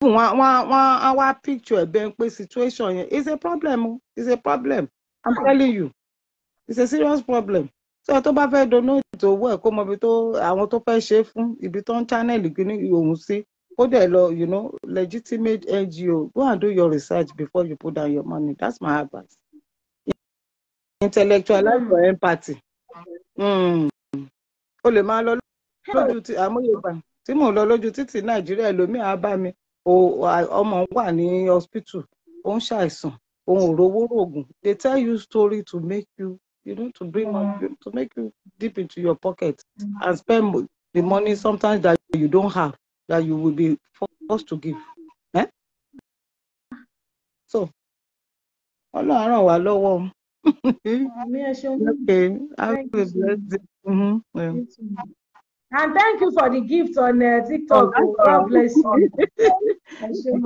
even wọn wọn wọn picture ẹ bẹ́ẹ̀ situation yẹn is a problem It's a problem i'm hmm. telling you it's a serious problem so tó bá fẹ́ donate owó ẹ̀ kó mọ ibi tó àwọn tó fẹ́ ṣe fún ibi tó ń channel gbin òun sí ó dẹ̀ lọ you know legitimate ngo go and do your research before you put down your money that's my advice intellectualize hmm. your empathy hmm. o lè máa lọ lójú tí àmúyẹ gbà tí mò ń lọ lójú títì nàìjíríà lómi àá ọmọ wà ní hospital ó ń ṣàìsàn òun ò rówó rògùn they tell you story to make you you know to bring money to make you deep into your pocket and spend the money sometimes that you don't have that you will be forced to give. Eh? So, Ọlọ́run ràn wá lọ́wọ́. Okay, I will bless you. Mm-hmm. Yeah. And thank you for the gift on uh, TikTok. Oh, oh God bless you. so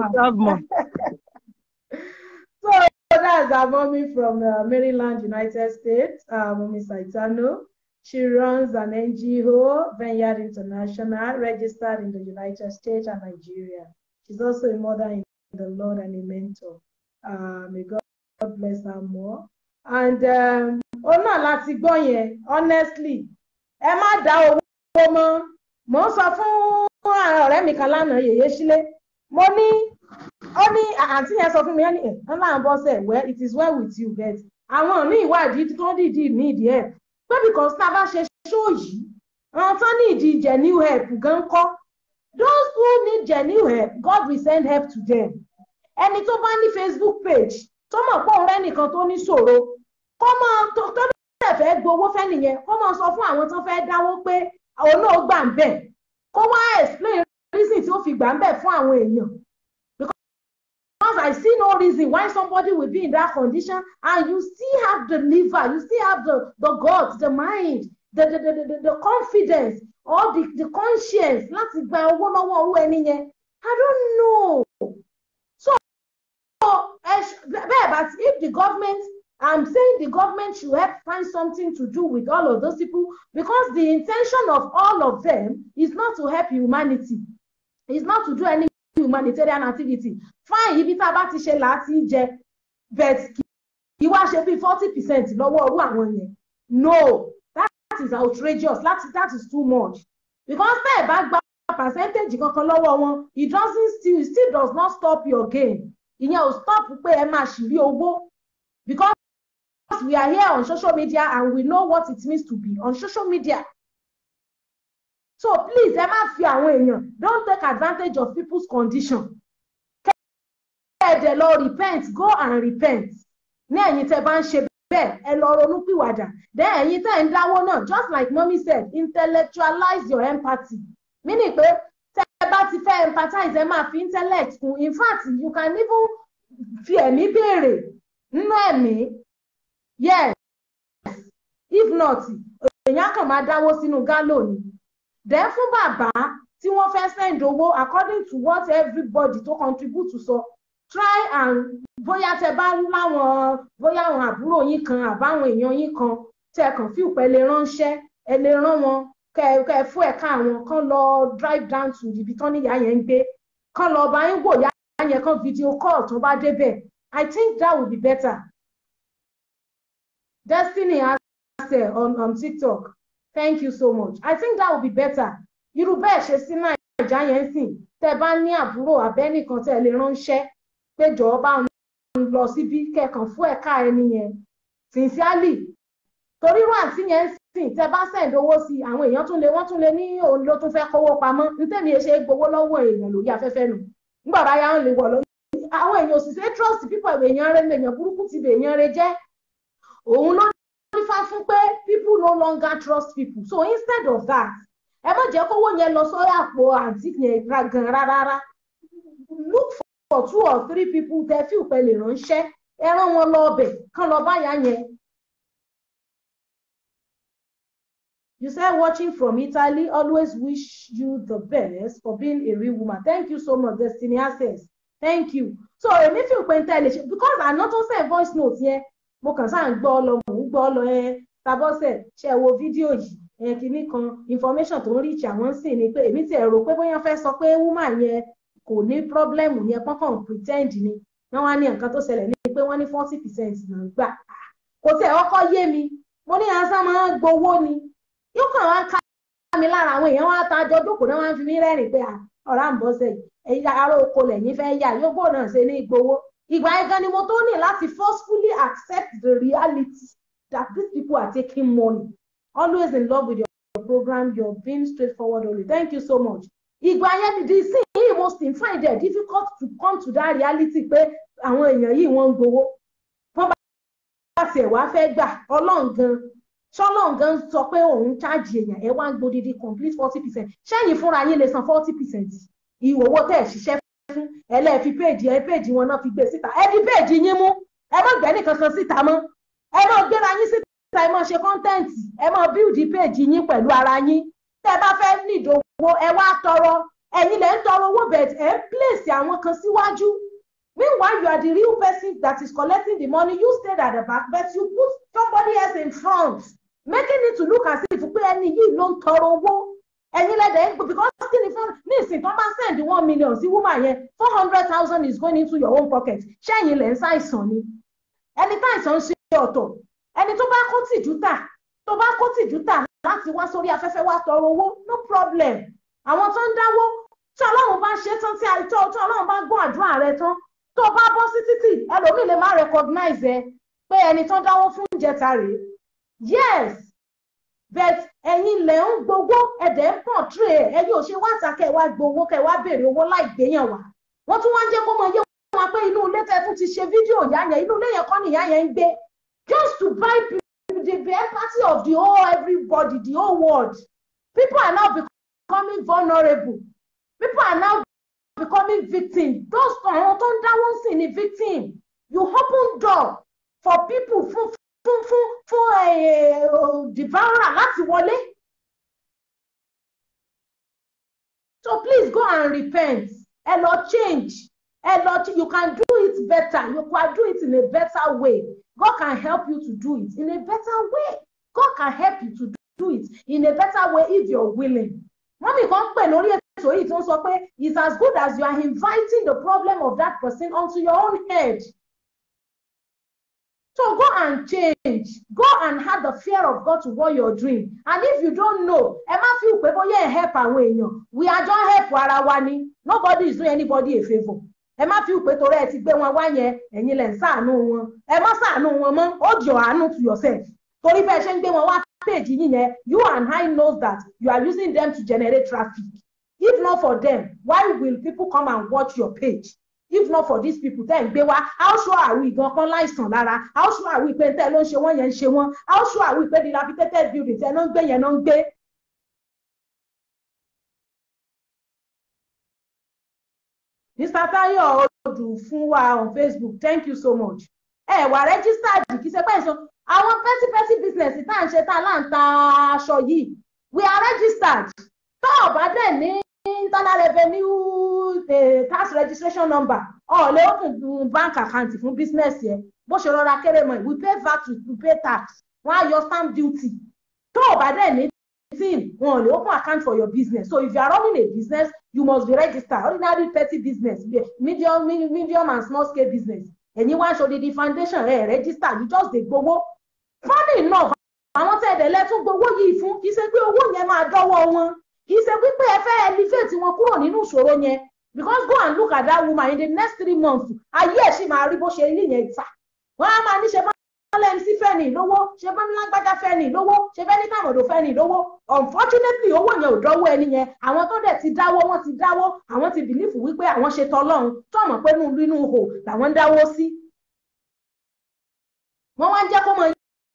that's our mommy from uh, Maryland, United States, uh, Mommy Saitano. She runs an NGO, Vineyard International, registered in the United States and Nigeria. She's also a mother in the Lord and a mentor. Uh, may God bless her more. And um, oh no, láti gbọ́ honestly, Emma má wo mọ mò sọ fún ọ̀rẹ́ mi kan lánàá yèyé sílé mo ní ó ní àǹtí yẹn sọ fún mi ẹni ẹ ńlá ń bọ́ sẹ̀ well it is well with you bet àwọn míì wà ìdí tó dìdí ní ìdí ẹ̀ pé because tá a bá ṣe ṣó yìí àwọn tó ní ìdí genuine help gan kọ́ those who need genuine help God will send help to them ẹni tó bá ní Facebook page tó mọ̀ pé òun rẹ́nìkan tó ní ṣòro kó mọ tó tó dẹ̀ fẹ́ gbowó fẹ́ nìyẹn kó mọ sọ fún àwọn tó fẹ́ dáwó pé àwọn náà gbà ń bẹ̀ kó wá explain reason tí ó fi gbà ń bẹ̀ fún àwọn èèyàn because I see no reason why somebody will be in that condition and you still have the liver you still have the the guts the mind the the the the, the confidence or the the conscience láti gba owó lọ́wọ́ owó ẹni yẹn I don't know so bẹ́ẹ̀ bá if the government I'm saying the government should help find something to do with all of those people because the intention of all of them is not to help humanity. It's not to do any humanitarian activity. Fine, ibi tá about bá ti ṣe láti jẹ, but kì í wá ṣe bí forty percent lọ́wọ́ irú àwọn yẹn. No, that is outrageous. That, that is too much. Because tẹ́ ẹ̀ bá gba percentage kankan one, it doesn't still, it still does not stop your gain. Ìyẹn ò stop pé ẹ máa because Because we are here on social media and we know what it means to be on social media. So please, ẹ fi àwọn èèyàn, don't take advantage of people's condition. Kẹ́ẹ̀dẹ̀ lọ repent, go and repent. Ní ẹ̀yin tẹ́ bá ń ṣe bẹ́ẹ̀, ẹ lọ ronú pìwàdà. Then ẹ̀yin tẹ́ ń dáwó náà, just like mommy said, intellectualize your empathy. Meaning pé tẹ́ bá ti fẹ́ empathize, ẹ máa fi intellect kún. In fact, you can even fi ẹ̀mí béèrè nínú ẹ̀mí yes if not èèyàn kàn máa dáwó sínú gálò ni then fún bàbá tí wọ́n fẹ́ send owó according to what everybody to contribute to so. try and bóyá tẹ bá láwọn bóyá àwọn àbúrò yín kan àbáwọn èèyàn yín kan tẹ kàn fi ìpẹ́ lè ránṣẹ́ ẹ lè rán wọn kẹ fún ẹ̀ka àwọn kan lọ drive down to ibi tán níyà yẹn ń gbé kan lọ bá yín wò yá yẹn kan video call tó bá débẹ̀ I think that would be better Destiny has Asel on um, TikTok. Thank you so much. I think that would be better. Yorùbá ẹ̀ ṣe sí Nàìjíríà yẹn sìn tẹ́ bá ní àbúrò abẹ́nìkan tẹ́ lè ránṣẹ́ péjọ bá ń lọ síbí kẹkàn fún ẹ̀ka ẹni yẹn sincerely torí irú àǹtí yẹn sìn tẹ́ bá sẹ̀ǹd owó sí àwọn èèyàn tún lè wọ́n tún lè ní òun ló tún fẹ́ kówó pamọ́ ntẹ́mi ẹ ṣe gbowó lọ́wọ́ èèyàn lórí afẹ́fẹ́ nù nígbà báyà ń lè wọ̀ lórí àwọn èèyàn òṣìṣẹ́ trust people èèyàn rẹ èèyàn burúkú ti bèèyàn rẹ jẹ́ òun ló nífà fún pé people no longer trust people so instead of that ẹ má jẹ́ kówó yẹn lọ sọ́yà àpò àǹtí yẹn gan rárá look for two or three people tẹ fi ìpẹ́ lè ránṣẹ́ ẹ rán wọn lọ ọbẹ̀ kán lọ báyà yẹn. You said watching from Italy, always wish you the best for being a real woman. Thank you so much, Destiny Access. Thank you. So, èmi fi pé n tẹ́lẹ̀ ṣe because àná tó send voice note here mo kàn sáà ń gbọ́ lọ mò ń gbọ́ lọ ẹ tabọ́sẹ̀ ṣe wo fídíò yìí ẹ kìíní kan information tó ń reach àwọn ń sìn ni pé èmi ti ẹ̀rọ pé bóyá fẹ́ sọ pé wúmà yẹn kò ní problem yẹn pọ́nkàn pretend ni wọ́n wá ní nǹkan tó ṣẹlẹ̀ ní pé wọ́n ní forty percent là ń gbà kò tẹ̀ ọkọ yé mi mo ní ansa máa ń gbowó ni yóò kàn wá ń ká mi lára àwọn èèyàn wá ta jọ dúkùú náà wá ń fi mí rẹ́rìn pé ọ̀rá ń bọ́ sẹ́yìn ẹ̀yà ará oko lẹ́yìn fẹ́ yà yóò gbọ́ náà ṣe ní gbowó ìgbà yẹn ni mo tó ní láti forcefully accept the reality that these people are taking money always in love with your program you're being straightforward only thank you so much ìgbà yẹn di sin yìí mo still find it difficult to come to that reality pé àwọn èèyàn yìí wọ́n ń gbowó wọ́n bá tiẹ̀ wá fẹ́ gbà ọlọ́run gan ṣọlọ́run gan sọ pé òun ṣáàjì èèyàn ẹ̀ wá ń gbòdìdì complete forty percent ṣẹ́yìn fúnra yín lè san forty percent ìwòwò tẹ̀ ṣiṣẹ́ fún fi péèjì ẹ péèjì wọn náà fi gbé síta ẹ di péèjì yín mú ẹ má gbẹ́ nìkankan síta mọ́ ẹ má gbéra yín síta ẹ má ṣe kọ́ńtẹ́ǹtì ẹ má bíldì péèjì yín pẹ̀lú ara yín tẹ́ ẹ bá fẹ́ nídòwó ẹ wá tọrọ ẹ̀yin lẹ́ ń tọrọ owó bẹ̀ ẹ ń pèsè àwọn kan síwájú meanwhile you are the real person that is collecting the money you stayed at the back but you put somebody else in front making it to look as if pé ẹni yìí ló ń tọrọ owó ẹ̀yin lẹ́dẹ̀ ń because kí ni fún ní ìsìn tó bá send one million sí woman yẹn four hundred thousand is going into your own pocket ṣẹ́yìn lẹ́ ń ṣàìsàn ni ẹni táìsàn ń ṣe ọ̀tọ̀ ẹni tó bá kó tìjú tà tó bá kó tìjú tà láti wá sórí afẹ́fẹ́ wá tọrọ owó no problem àwọn tó ń dáwó tí ọlọ́run bá ṣe tán tí àìtọ́ tí ọlọ́run bá gbọ́ àdúrà rẹ tán tó bá bọ́ sí títì ẹlòmíì lè má recognize ẹ pé ẹni tó dáwó fún oúnjẹ ta rèé yes but ẹ̀yin lẹ̀ ń gbowó ẹ̀dẹ̀ ń pọ̀ tré ẹ̀ ẹ̀yin ò ṣe wá ta kẹ́ ẹ wá gbowó kẹ́ ẹ wá béèrè owó láì gbéyàn wá wọ́n tún wá ń jẹ́ kó mọ yé wọn pé inú ilé tẹ́ tún ti ṣe fídíò ìyá yẹn inú ilé yẹn kọ́ ni yẹn ń gbé just to buy the empathy of the whole everybody the whole world people are now becoming vulnerable people are now becoming victim those àwọn tó ń dáwọ́ sí ni victim you open door for people fún fún fún fún eh, oh, devourer láti wọlé. So please go and repent. Ẹ lọ change. Ẹ lọ you can do it better. You can do it in a better way. God can help you to do it in a better way. God can help you to do it in a better way if you're willing. Wọ́n mi kàn pè lórí ètò yìí tó ń sọ pé it's as good as you are inviting the problem of that person onto your own head. So go and change. Go and have the fear of God to what your dream. And if you don't know, ẹ má people pé help ẹ help know, We are just help ara wa Nobody is doing anybody a favor. Ẹ má people pé torí ẹ ti gbé wọn wá yẹn, ẹ̀yin lẹ̀ ń ṣàánú wọn. Ẹ má ṣàánú wọn mọ́. Hold your hand to yourself. So if ṣe ń them wọn page, péjì you and I knows that you are using them to generate traffic. If not for them, why will people come and watch your page? if not for these people tẹ́ ń gbé wá how sure are we gan kan láìsàn lára how sure are we pé tẹ́ ló ń ṣe wọ́n yẹn ń ṣe wọ́n how sure are we pé dilapidated building tẹ́ ló ń gbé yẹn ló ń gbé. Mr. Tayo Odu fún wa on Facebook thank you so much ẹ wà registered kì í ṣe pẹ́ ìsan àwọn pẹ́tipẹ́ti business tá à ń ṣe tá à ń ta aṣọ yìí we are registered tó o bá dẹ̀ ní internal revenue uh, tax registration number ọ̀ọ́ lè open bank account fún business yẹn bó ṣe rọra kéré mọ́ we pay VAT we pay tax wọ́n á yọ stamp duty tó o bá dẹ̀ ní team wọn ò open account for your business so if you are running a business you must be registered ordinary petty business medium medium and small scale business ẹ̀yin wá aṣọ odidi foundation ẹ̀ register you just dey gbowó funding náà àwọn tẹ́ ẹ̀dẹ̀ lẹ́tún gbowó yìí fún kì í ṣe pé owó yẹn máa dọ́wọ́ wọn kì í ṣe wípé ẹ fẹ́ elevate wọn kúrò nínú ìṣòro yẹn because go and look at that woman in the next three months ayé ẹ̀ sì máa rí bó ṣe rí yẹn ta wọ́n á máa ní ṣe bá lẹ́mísí fẹ́ ní lówó ṣe bá ní lágbájá fẹ́ ní lówó ṣe bẹ́ẹ̀ ní tàmọ̀dò fẹ́ ní lówó unfortunately owó yẹn ò dọ́wọ́ ẹni yẹn àwọn tó dẹ̀ ti dáwọ́ wọ́n ti dáwọ́ àwọn ti bìlífù wípé àwọn ṣe tọlọ́run tọ̀mọ̀ pé nínú ihò làwọn ń dáwọ́ sí. wọ́n wá ń jẹ́ kó mọ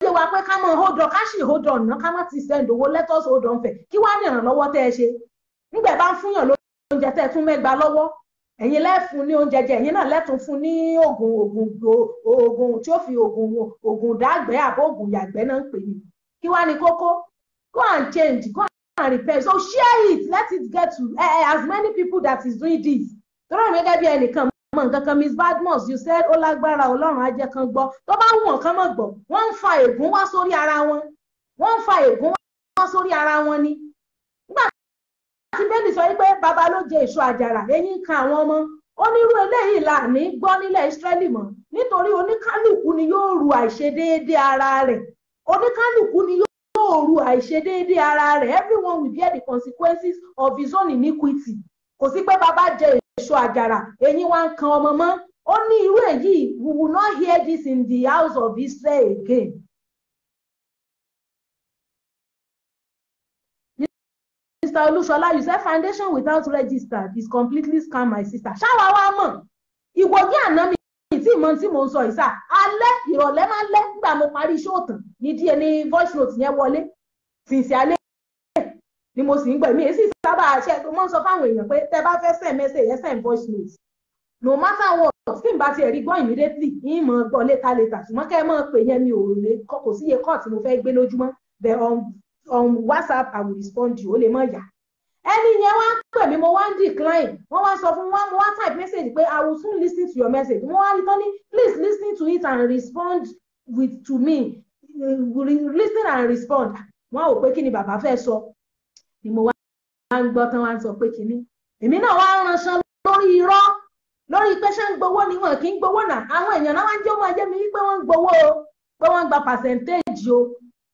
yé wa pé ká mọ hold on ká sì hold on ná ká má ti send owó let us hold on fẹ̀ kí wá ní ìrànlọ́wọ́ tẹ́ ẹ ṣe nígbà bá ń fúnyàn oúnjẹ tẹ́ ẹ tún mẹ́gbàá lọ́wọ́ ẹ̀yin lẹ́fun ní oúnjẹ jẹ ẹ̀yin náà lẹ́tún fún ní oògùn oògùn oògùn tí ó fi oògùn oògùn dàgbẹ́ àbọ̀ oògùn yàgbẹ́ náà ń pè ní kí wá ní kókó go and change go and repair so share it let it get to uh, as many people that is doing this tọ́lá mi gẹ́gẹ́ bí ẹnìkan mọ̀ nǹkan miss badmus you said ó lágbára ọlọ́run á jẹ́ kan gbọ́ tó bá wù wọ́n kán mọ̀ gbọ́ wọ́n ń fa ègún wá sórí ara wọn wọ́n ń fa ègún wá sórí ara wọn ni àti bẹ́ẹ̀ni sọ wípé baba ló jẹ èso àjàrà eyín kan àwọn ọmọ onírú eléyìí là ní gbọ́ nílẹ̀ Ísírẹ́lì mọ́ nítorí oníkálùkù ni yóò ru àìṣedéédé ara rẹ̀ oníkálùkù ni yóò ru àìṣedéédé ara rẹ̀ everyone will bear the consequences of his own iniquity kò sí pé baba jẹ èso àjàrà eyín wa ń kan ọmọ mọ́ ó ní irú èyí we will not hear this in the house of Israel again sister olúṣọlá you say foundation without register is completely scam my sister ṣáwa wa mọ̀ ìwọ́gí àná mi tí ìmọ̀ tí mò ń sọ ìsà alẹ́ ìrọ̀lẹ́ máa ń lẹ́ nígbà mo parí iṣẹ́ òtàn ní díẹ̀ ní voice note yẹn wọlé sìnsì alẹ́ ni mo sì ń gbẹ̀mí èsì sábà àṣẹ tó mọ́ ń sọ fáwọn èèyàn pé tẹ bá fẹ́ send message yẹn send voice note no matter what tí n bá tiẹ̀ rí gbọ́ immediately yín mọ̀ gbọ́ later later ṣùgbọ́n kẹ́ ẹ mọ̀ pé yẹn mi ò lè kò sí iye kọ́ọ̀tì mo fẹ́ gbé lójúmọ́ bẹ̀ on um, on whatsapp i will respond you ó lè mọ̀ yá ẹni yẹn wá pè mí mo wá ń decline wọ́n wá sọ fún wa mo wá type message pé i will soon listen to your message wọ́n wá rí tán ní please listen to it and respond with to me listen and respond wọ́n ò pé kí ni bàbá fẹ́ sọ ni mo wá ń gbọ́ tán wá ń sọ pé kí ni èmi náà wá ń ranṣan lórí irọ́ lórí pé ṣé ń gbowó ni wọn kì í gbowó náà àwọn èèyàn náà wá ń jẹ́ ọmọ ẹjẹ́ mi wípé wọ́n ń gbowó o pé wọ́n ń gba percentage o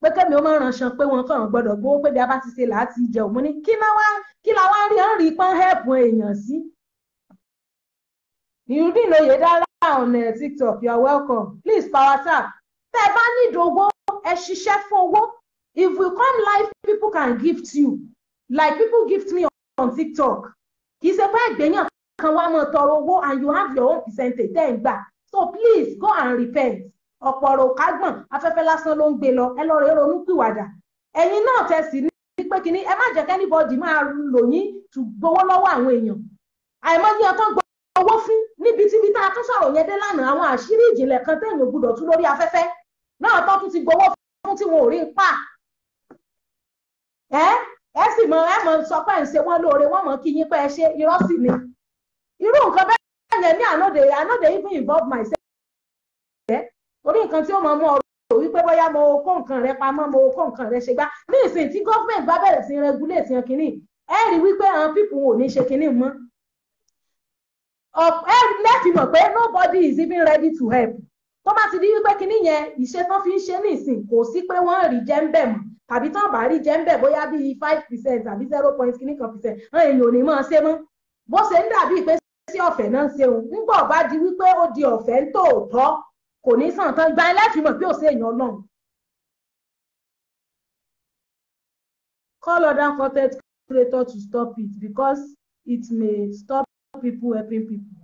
pé kẹ́mi ó máa ránṣan pé wọn kàn gbọ́dọ̀ gbowó pé bí a bá ti ṣe láti jẹun mo ní kí la wá kí la wá rí ọ̀rì pọ́n hẹ́ẹ̀pù èèyàn sí. ìrúdìn lóye dára on uh, tiktok you are welcome please power tap tẹ́ ẹ bá nídìí owó ẹ ṣiṣẹ́ fún owó if we come live people can gift you like people gift me on tiktok kì í ṣe pé ẹgbẹ̀yàn kan wá mọ̀ tọrọ owó and you have your own percentage tẹ́ ẹ so please go and repent ọ̀pọ̀ ọ̀rọ̀ kágbọ̀n afẹ́fẹ́ lásán ló ń gbé lọ ẹ lọ rèé ronú pìwàdà ẹ̀yin náà tẹ̀sí ní pé kínní ẹ má jẹ́ kẹ́nìbọ̀dì máa lò yín tù gbowó lọ́wọ́ àwọn èèyàn àìmọye ọ̀tán gbọ́ owó fún níbi tíbi tá a tún sọ̀rọ̀ yẹn dé lánàá àwọn àṣírí ìjìnlẹ̀ kan tẹ̀yìn ò gbúdọ̀ tú lórí afẹ́fẹ́ náà tó tún ti gbowó fún tí wọn ò rí pa ẹ ẹ sì mọ ẹ mọ sọ pé ń ṣe wọn lóore wọn mọ kí yín pé ẹ ṣe irọ́ sì ni irú nǹkan bẹ́ẹ̀ yẹn ní ànóde ànóde even involve myself nǹkan tí ó mọ mọ ọ̀rọ̀ wípé bóyá mo kó nǹkan rẹ pamọ́ mo kó nǹkan rẹ ṣe gbá ní ìsìn tí gọ́fìmẹ̀ntì bá bẹ̀rẹ̀ sí regulate yan kínní ẹ rí wípé àwọn pípù ò ní ṣe kínní mọ́ ẹ lẹ́ẹ̀fì mọ̀ pé nobody is even ready to help tó bá ti di wípé kínní yẹn ìṣe tán fi ń ṣe ní ìsìn kò sí pé wọ́n rí jẹ́ ń tàbí tán bá rí jẹ́ bóyá bíi five percent tàbí zero point kínní kan percent hàn èèyàn ò ní máa ṣe mọ́ bó ṣe ń dàbí pé ọ̀fẹ́ náà ṣeun nígbà bá di wípé ó di ọ̀fẹ́ ń tòótọ́ kò ní sàn tán gba ẹlẹ́fì mọ̀ bí ò sí èèyàn ọlọ́run. Call other content creator to stop it because it may stop people helping people.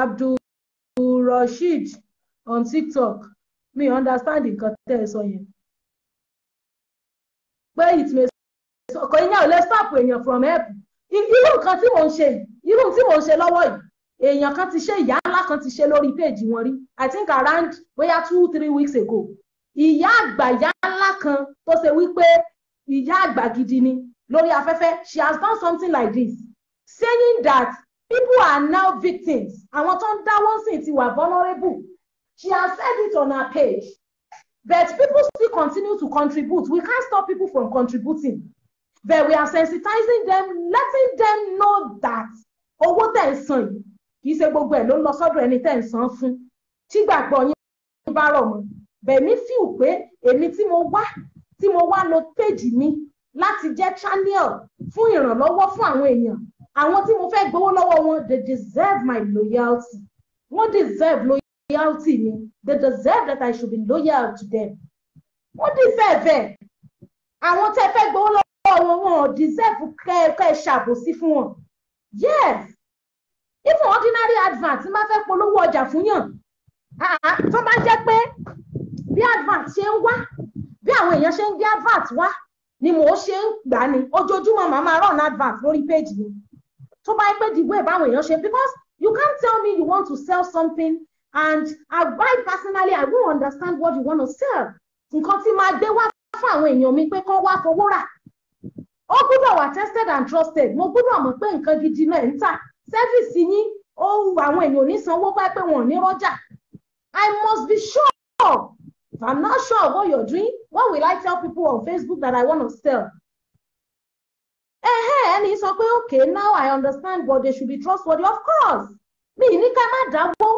Abdul Rasheed on TikTok me understand nǹkan tẹ́ ẹ sọ yẹn. Pé it may ọkọ̀ yín náà lè stop èèyàn from help. Irú nǹkan tí mò ń ṣe, irú tí mò ń ṣe lọ́wọ́ yìí èèyàn kan ti ṣe ìyá ńlá kan ti ṣe lórí péèjì wọn rí i think around bóyá two three weeks ago ìyá àgbà ìyá ńlá kan tó ṣe wípé ìyá àgbà gidi ni lórí afẹ́fẹ́ she has done something like this saying that people are now victims àwọn tó ń dáwọ́ sí ti wà vulnerable she has said it on her page but people still continue to contribute we can't stop people from contributing but we are sensitizing them letting them know that owó tẹ̀ ń san yìí kì í ṣe gbogbo ẹ̀ ló lọ sọ́dọ̀ ẹni tẹ́ ń san fún tígbàgbọ́ yín bá rọ̀ mọ́ bẹ̀mí fíù pé èmi tí mo wá tí mo wá lo péjì mi láti jẹ́ channel fún ìrànlọ́wọ́ fún àwọn èèyàn àwọn tí mo fẹ́ gbowó lọ́wọ́ wọn they deserve my loyalty wọ́n deserve loyalty mi they deserve that I should be loyal to them wọ́n deserve ẹ̀ àwọn tẹ́ fẹ́ gbowó lọ́wọ́ wọn wọn deserve kẹ́ ẹ ṣàbòsí fún wọn yes even ordinary advert tí n bá fẹ́ polówó ọjà fún yàn tó bá jẹ́ pé bí advert ṣe ń wá bí àwọn èèyàn ṣe ń gbé advert wá ni mò ń ṣe ń gbà ni ojoojúmọ́ màá máa run advert lórí page mi tó bá yẹ pé dìgbò ìbáwọn èèyàn ṣe because you can't tell me you want to sell something and I buy personally I won't understand what you want to sell nǹkan tí máa gbé wá fún àwọn èèyàn mi pé kán wá fowó rà ó gbúdọ̀ wà tested and trusted mo gbúdọ̀ mọ̀ pé nǹkan gidi náà ń tà sẹ́fíìsì yín ó wu àwọn èèyàn onísanwó bá pé wọn ò ní rọ́jà I must be sure if I'm not sure about your dream, what will I tell people on Facebook that I wanna sell ẹ̀hẹ́ ẹni sọ pé okay now I understand but they should be trustworthy of course mi ní ká má dáwó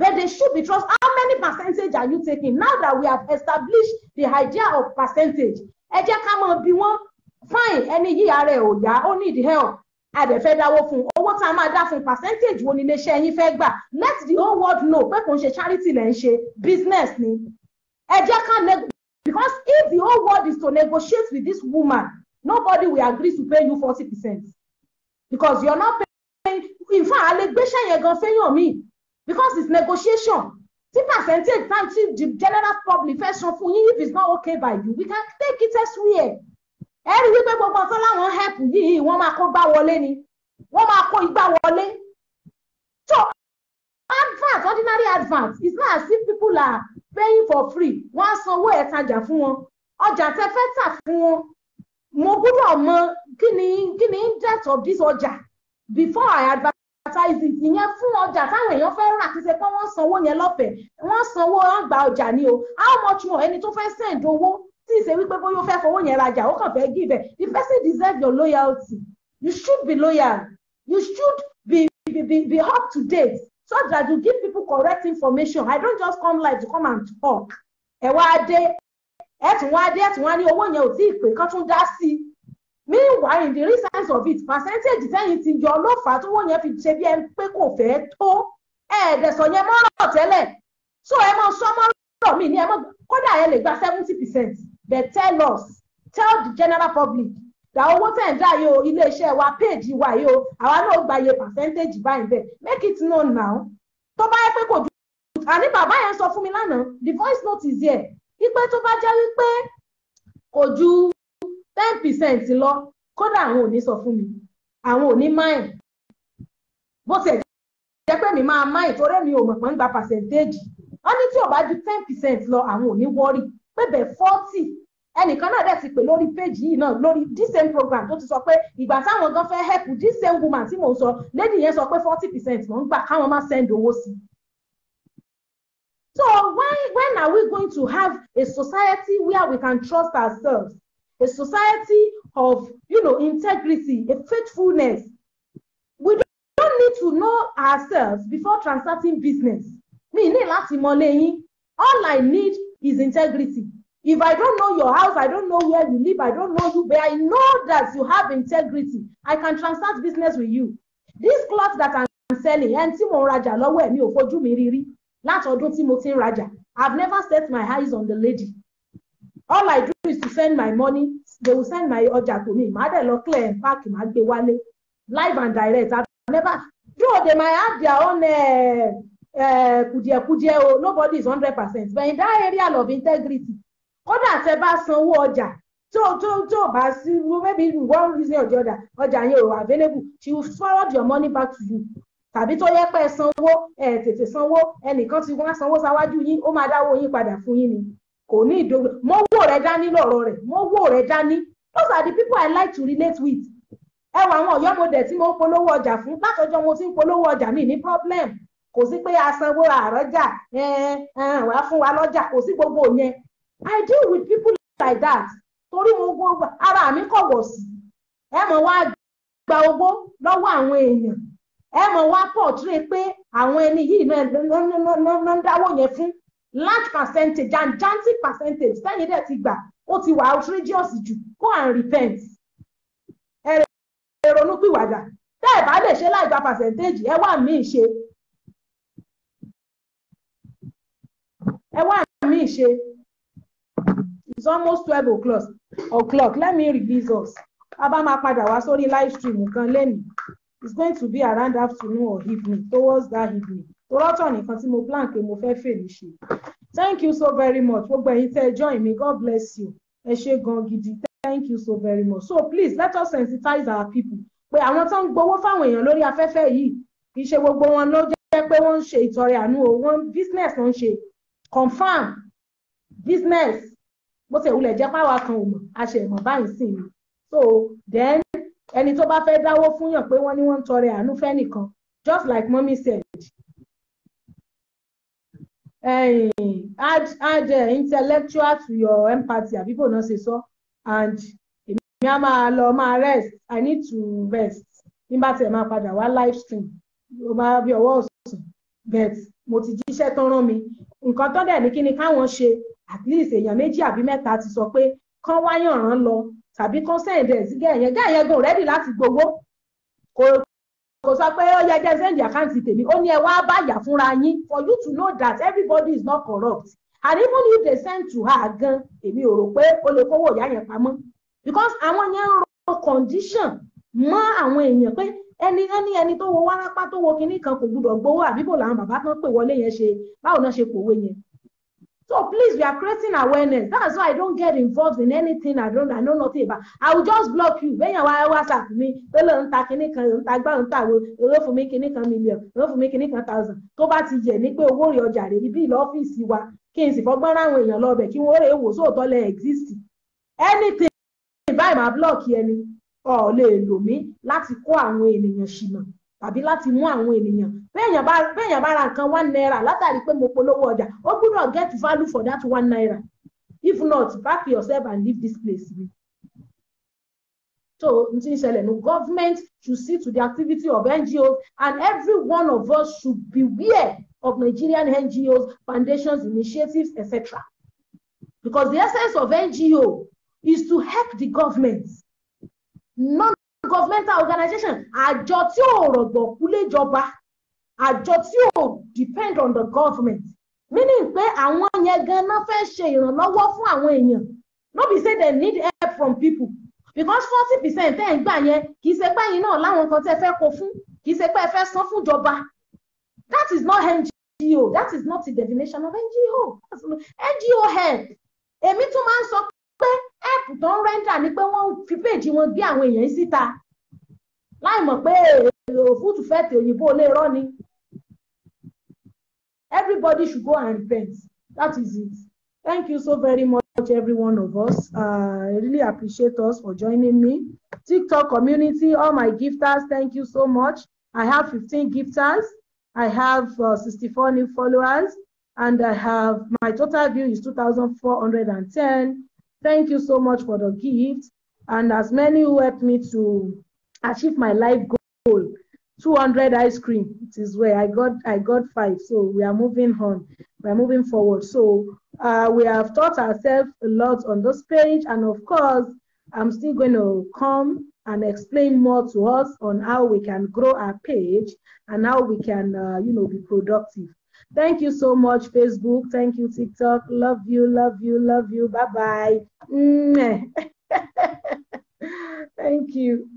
but they should be trust how many percentage are you taking now that we have established the idea of percentage ẹ jẹ́ ká mọ̀ bí wọ́n fine ẹni yí ara ẹ̀ ò yá ó need help a dẹ̀ fẹ́ dáwó fún un tá a máa dá fún percentage wo ni iléeṣẹ́ yín fẹ́ gbà let the whole world know pé kò ń ṣe charity lẹ́ ń ṣe business ni ẹ jẹ́ ká because if the whole world is to negotiate with this woman nobody will agree to pay you forty percent because you are not paying in fact a lè gbéṣẹ́ yẹn gan fẹ́yàn mi because it's negotiation tí percentage time tí the general public fẹ́ san fún yín if it's not okay by you we can take it elsewhere ẹ rí wípé gbogbo ọ̀sán láwọn help yìí wọ́n máa kó gbá wọlé ni wọ́n máa kó igbá wọlé. so advance ordinary advance is not as if people are paying for free wọ́n á sanwó ẹ̀tajà fún wọn ọjà tẹ fẹ́ tà fún wọn mo gbọ́dọ̀ mọ kí ni kí of this ọjà before I advertise it. ìyẹn fún ọjà táwọn èèyàn fẹ́ rà kí ṣe pé wọ́n sanwó yẹn lọ́fẹ̀ẹ́ wọ́n sanwó wọ́n gba ọjà ni o how much more ẹni tó fẹ́ send owó tí ì ṣe wípé bóyá ó fẹ́ fowó yẹn rajà ó kàn fẹ́ give ẹ̀ the person deserve your loyalty you should be loyal you should be, be, be, be up to date so that you give people correct information. I don't just come live to come and talk. Ẹ wá dé, ẹ tún wá dé, ẹ tún wá ní owó yẹn ò tí ì pé kán tún dá sí Meanwhile, in the recent of it, percentage tẹ́yìn ti yọ ló fà á tó wọ́n yẹn fi ṣe bí ẹ pé kò fẹ́ tó. Ẹ̀ẹ́dẹ̀sọ̀ yẹn mọ́rọ̀ tẹ́lẹ̀. So ẹ mọ sọ́mọ́rọ̀ mi ni ẹ mọ kódà ẹ lè gba seventy percent. But tell us, tell the general public dá owó tẹ̀ ń dá yìí o iléeṣẹ́ wa péèjì wa yìí o àwa náà gba iye percentage báyìí bẹ́ẹ̀ make it known now tó bá yẹ pé kò ju àní bàbá yẹn sọ fún mi lánàá the voice note is here wípé tó bá jẹ́ wípé kò ju ten percent lọ kódà àwọn ò ní sọ fún mi àwọn ò ní máìn bó ti ẹ̀ jẹ́ pé mi máa máìn torí mi ò mọ̀ pé gba percentage wọ́n ní tí ò bá ju ten percent lọ àwọn ò ní wọ́rì pé bẹ́ẹ̀ forty ẹnìkan náà dẹ̀ ti pè lórí péjì yìí náà lórí this same program tó ti sọ pé ìgbà táwọn gan fẹ́ help this same woman tí mò ń sọ lady yẹn sọ pé forty percent ló ń gbà káwọn má send owó sí. so when, when are we going to have a society where we can trust ourselves a society of you know, integrity a faithfulness we don't need to know ourselves before transacting business mi ní láti mọ lẹ́yìn all I need is integrity If I don't know your house, I don't know where you live, I don't know you, but I know that you have integrity. I can transact business with you. This cloth that I'm selling, ẹni tí mo ń rajà lọ́wọ́ ẹ̀ mi ò fojú mi rírí látọdún tí mo ti ń rajà. I've never set my eyes on the lady. All I do is to send my money. They will send my ọjà to me. Màá dẹ̀ lọ clear and pack, màá gbé wálé. Live and direct. I've never. Though they might have their own eh, eh, kùdìẹ̀kudìẹ̀ uh, o, nobody is hundred percent. But in that area of integrity, kódà tẹ bá sanwó ọjà tó tó tó bá sí maybe one reason or the other ọjà yẹn ò available she will forward your money back to you tàbí tó yẹ pé sanwó ẹ tètè sanwó ẹnìkan ti wá sanwó sáwájú yín ó máa dáwó yín padà fún yín ni kò ní ìdógún mọ́wó rẹ̀ dání lọ́rọ̀ rẹ̀ mọ́wó rẹ̀ dání those are the people I like to relate with ẹ wọ àwọn ọ̀yọ́ modẹ̀ tí mo ń polówó ọjà fún látọjọ́ mo ti ń polówó ọjà mi ní problem kò sí pé asanwó àrọ́jà wàá fún wa lọ́jà kò sí gbogbo yẹn I deal with people like that torí mo gbọ́ ara mi kọ̀wọ̀ sí ẹ mọ̀ wá gba owó lọ́wọ́ àwọn èèyàn ẹ mọ̀ wá portray pé àwọn ẹni yìí náà ló ń dáwọ́ yẹn fún large percentage gigantic percentage sẹ́yìn dẹ̀ ti gbà ó ti wà outrageous jù go and repent ẹ ronú pìwàdà tẹ́ ẹ̀ bá lè ṣe láì gba percentage ẹ wá míì ṣe ẹ wá míì ṣe it's almost twelve o'clock o'clock let me release us a bá máa padà wá sórí live stream kan lẹ́nu it's going to be around afternoon or evening towards that evening torọ́tọ̀ nìkan tí mo plan pé mo fẹ́ fèmí ṣe thank you so very much gbogbo ẹ̀yin tẹ́ ẹ join me god bless you ẹ ṣe gan gidi thank you so very much so please let us sensitize our people pé àwọn tó ń gbowó fáwọn èèyàn lórí afẹ́fẹ́ yìí kì í ṣe gbogbo wọn ló jẹ́ pé wọ́n ń ṣe ìtọrẹ àánú o wọ́n business ló ń ṣe confam business bó ṣe ìwúlẹ̀ jẹ́ páwa kan ò mọ̀ a ṣe ìmọ̀ báyìí sí ni so then ẹni tó bá fẹ́ dáwó fún yàn pé wọ́n ní wọ́n ń tọrẹ àánú fẹ́nìkan just like mommy said um, add add uh, intellectual to your empathy àbí bò náà ṣe sọ and èmi á máa lọ máa rest i need to rest nígbà tí ẹ máa padà wá live stream ó máa bí ọwọ́ ọ̀sán but mo ti jíṣẹ́ tó rán mi nǹkan tó dẹ̀ ní kí ni káwọn ṣe at least èèyàn méjì àbí mẹ́ta ti sọ pé kán wáyàn rán lọ tàbí kán sẹ́ǹdì ẹ̀ sí gẹ̀yẹn gẹ̀yẹn gan rẹ́dì láti gbowó kò kò sọ pé ó yẹ jẹ́ sẹ́ǹdì àkáǹtì tèmi ó ní ẹ wá báyà fúnra yín for you to know that everybody is not corrupt and even if they send to her gan èmi ò rò pé ó lè kówó ìyá yẹn pamọ́ because àwọn yẹn ń ro condition mọ́ àwọn èèyàn pé ẹni ẹni ẹni tó wo wárápá tó wo kinní kan kò gbúdọ̀ gbowó àbí bò làwọn bàbá kan pè wọlé yẹn ṣe báwo náà ṣe pòwe yẹn So please, we are creating awareness. That's why I don't get involved in anything I don't I know nothing about. I will just block you. When you are WhatsApp me, pé ló ń ta kinní kan, ń ta gbá, ń ta wo, owó fún mi million, owó fún mi kinní kan thousand. Tó bá ti yẹ̀ ní pé your rí ọjà rẹ̀ níbí lọ́fíìsì wa, kí n sì fọgbọ́n ráwọn èèyàn lọ bẹ̀ you wọ́n rè So sóòótọ́ lẹ exist. Anything I'm a block here, oh, ọ̀ lè lò mí láti kó in your ṣìnà tàbí láti mú àwọn ènìyàn béèyàn bá béèyàn bá ra nǹkan one naira látàrí pé mo polówó ọjà ó gbúdọ̀ get value for that one naira if not back yourself and leave this place So, n ti no government should see to the activity of NGOs and every one of us should beware of Nigerian NGOs, foundations, initiatives, etc. Because the essence of NGO is to help the government. None non-governmental organization àjọ tí ò rọ̀gbọ̀kú léjọba àjọ tí ò depend on the government meaning pé àwọn yẹn ganan fẹ́ ṣe ìrànlọ́wọ́ fún àwọn èèyàn no be say they need help from people because forty percent tẹ́ ń gbà yẹn kì í ṣe pé ẹ̀yin náà láwọn kan tẹ́ fẹ́ kó fún kì í ṣe pé ẹ fẹ́ san fún ìjọba that is not NGO that is not the definition of NGO NGO help èmi tún máa ń sọ pé ẹ̀pù tó ń rẹ́ńdà ni pé wọ́n fi péjì wọn gbé àwọn èèyàn síta láì mọ̀ pé èrò òfútù fẹ́ẹ̀tì òyìnbó lè rọ́ ni everybody should go and repent that is it thank you so very much every one of us uh, I really appreciate us for joining me TikTok community all my gifters thank you so much I have fifteen gifters I have uh, sixty-four new followers and I have my total view is two thousand four hundred and ten Thank you so much for the gift and as many who helped me to achieve my life goal. 200 ice cream. It is where I got I got five. So we are moving on. We are moving forward. So uh, we have taught ourselves a lot on this page, and of course, I'm still going to come and explain more to us on how we can grow our page and how we can uh, you know be productive. Thank you so much, Facebook. Thank you, TikTok. Love you, love you, love you. Bye bye. Thank you.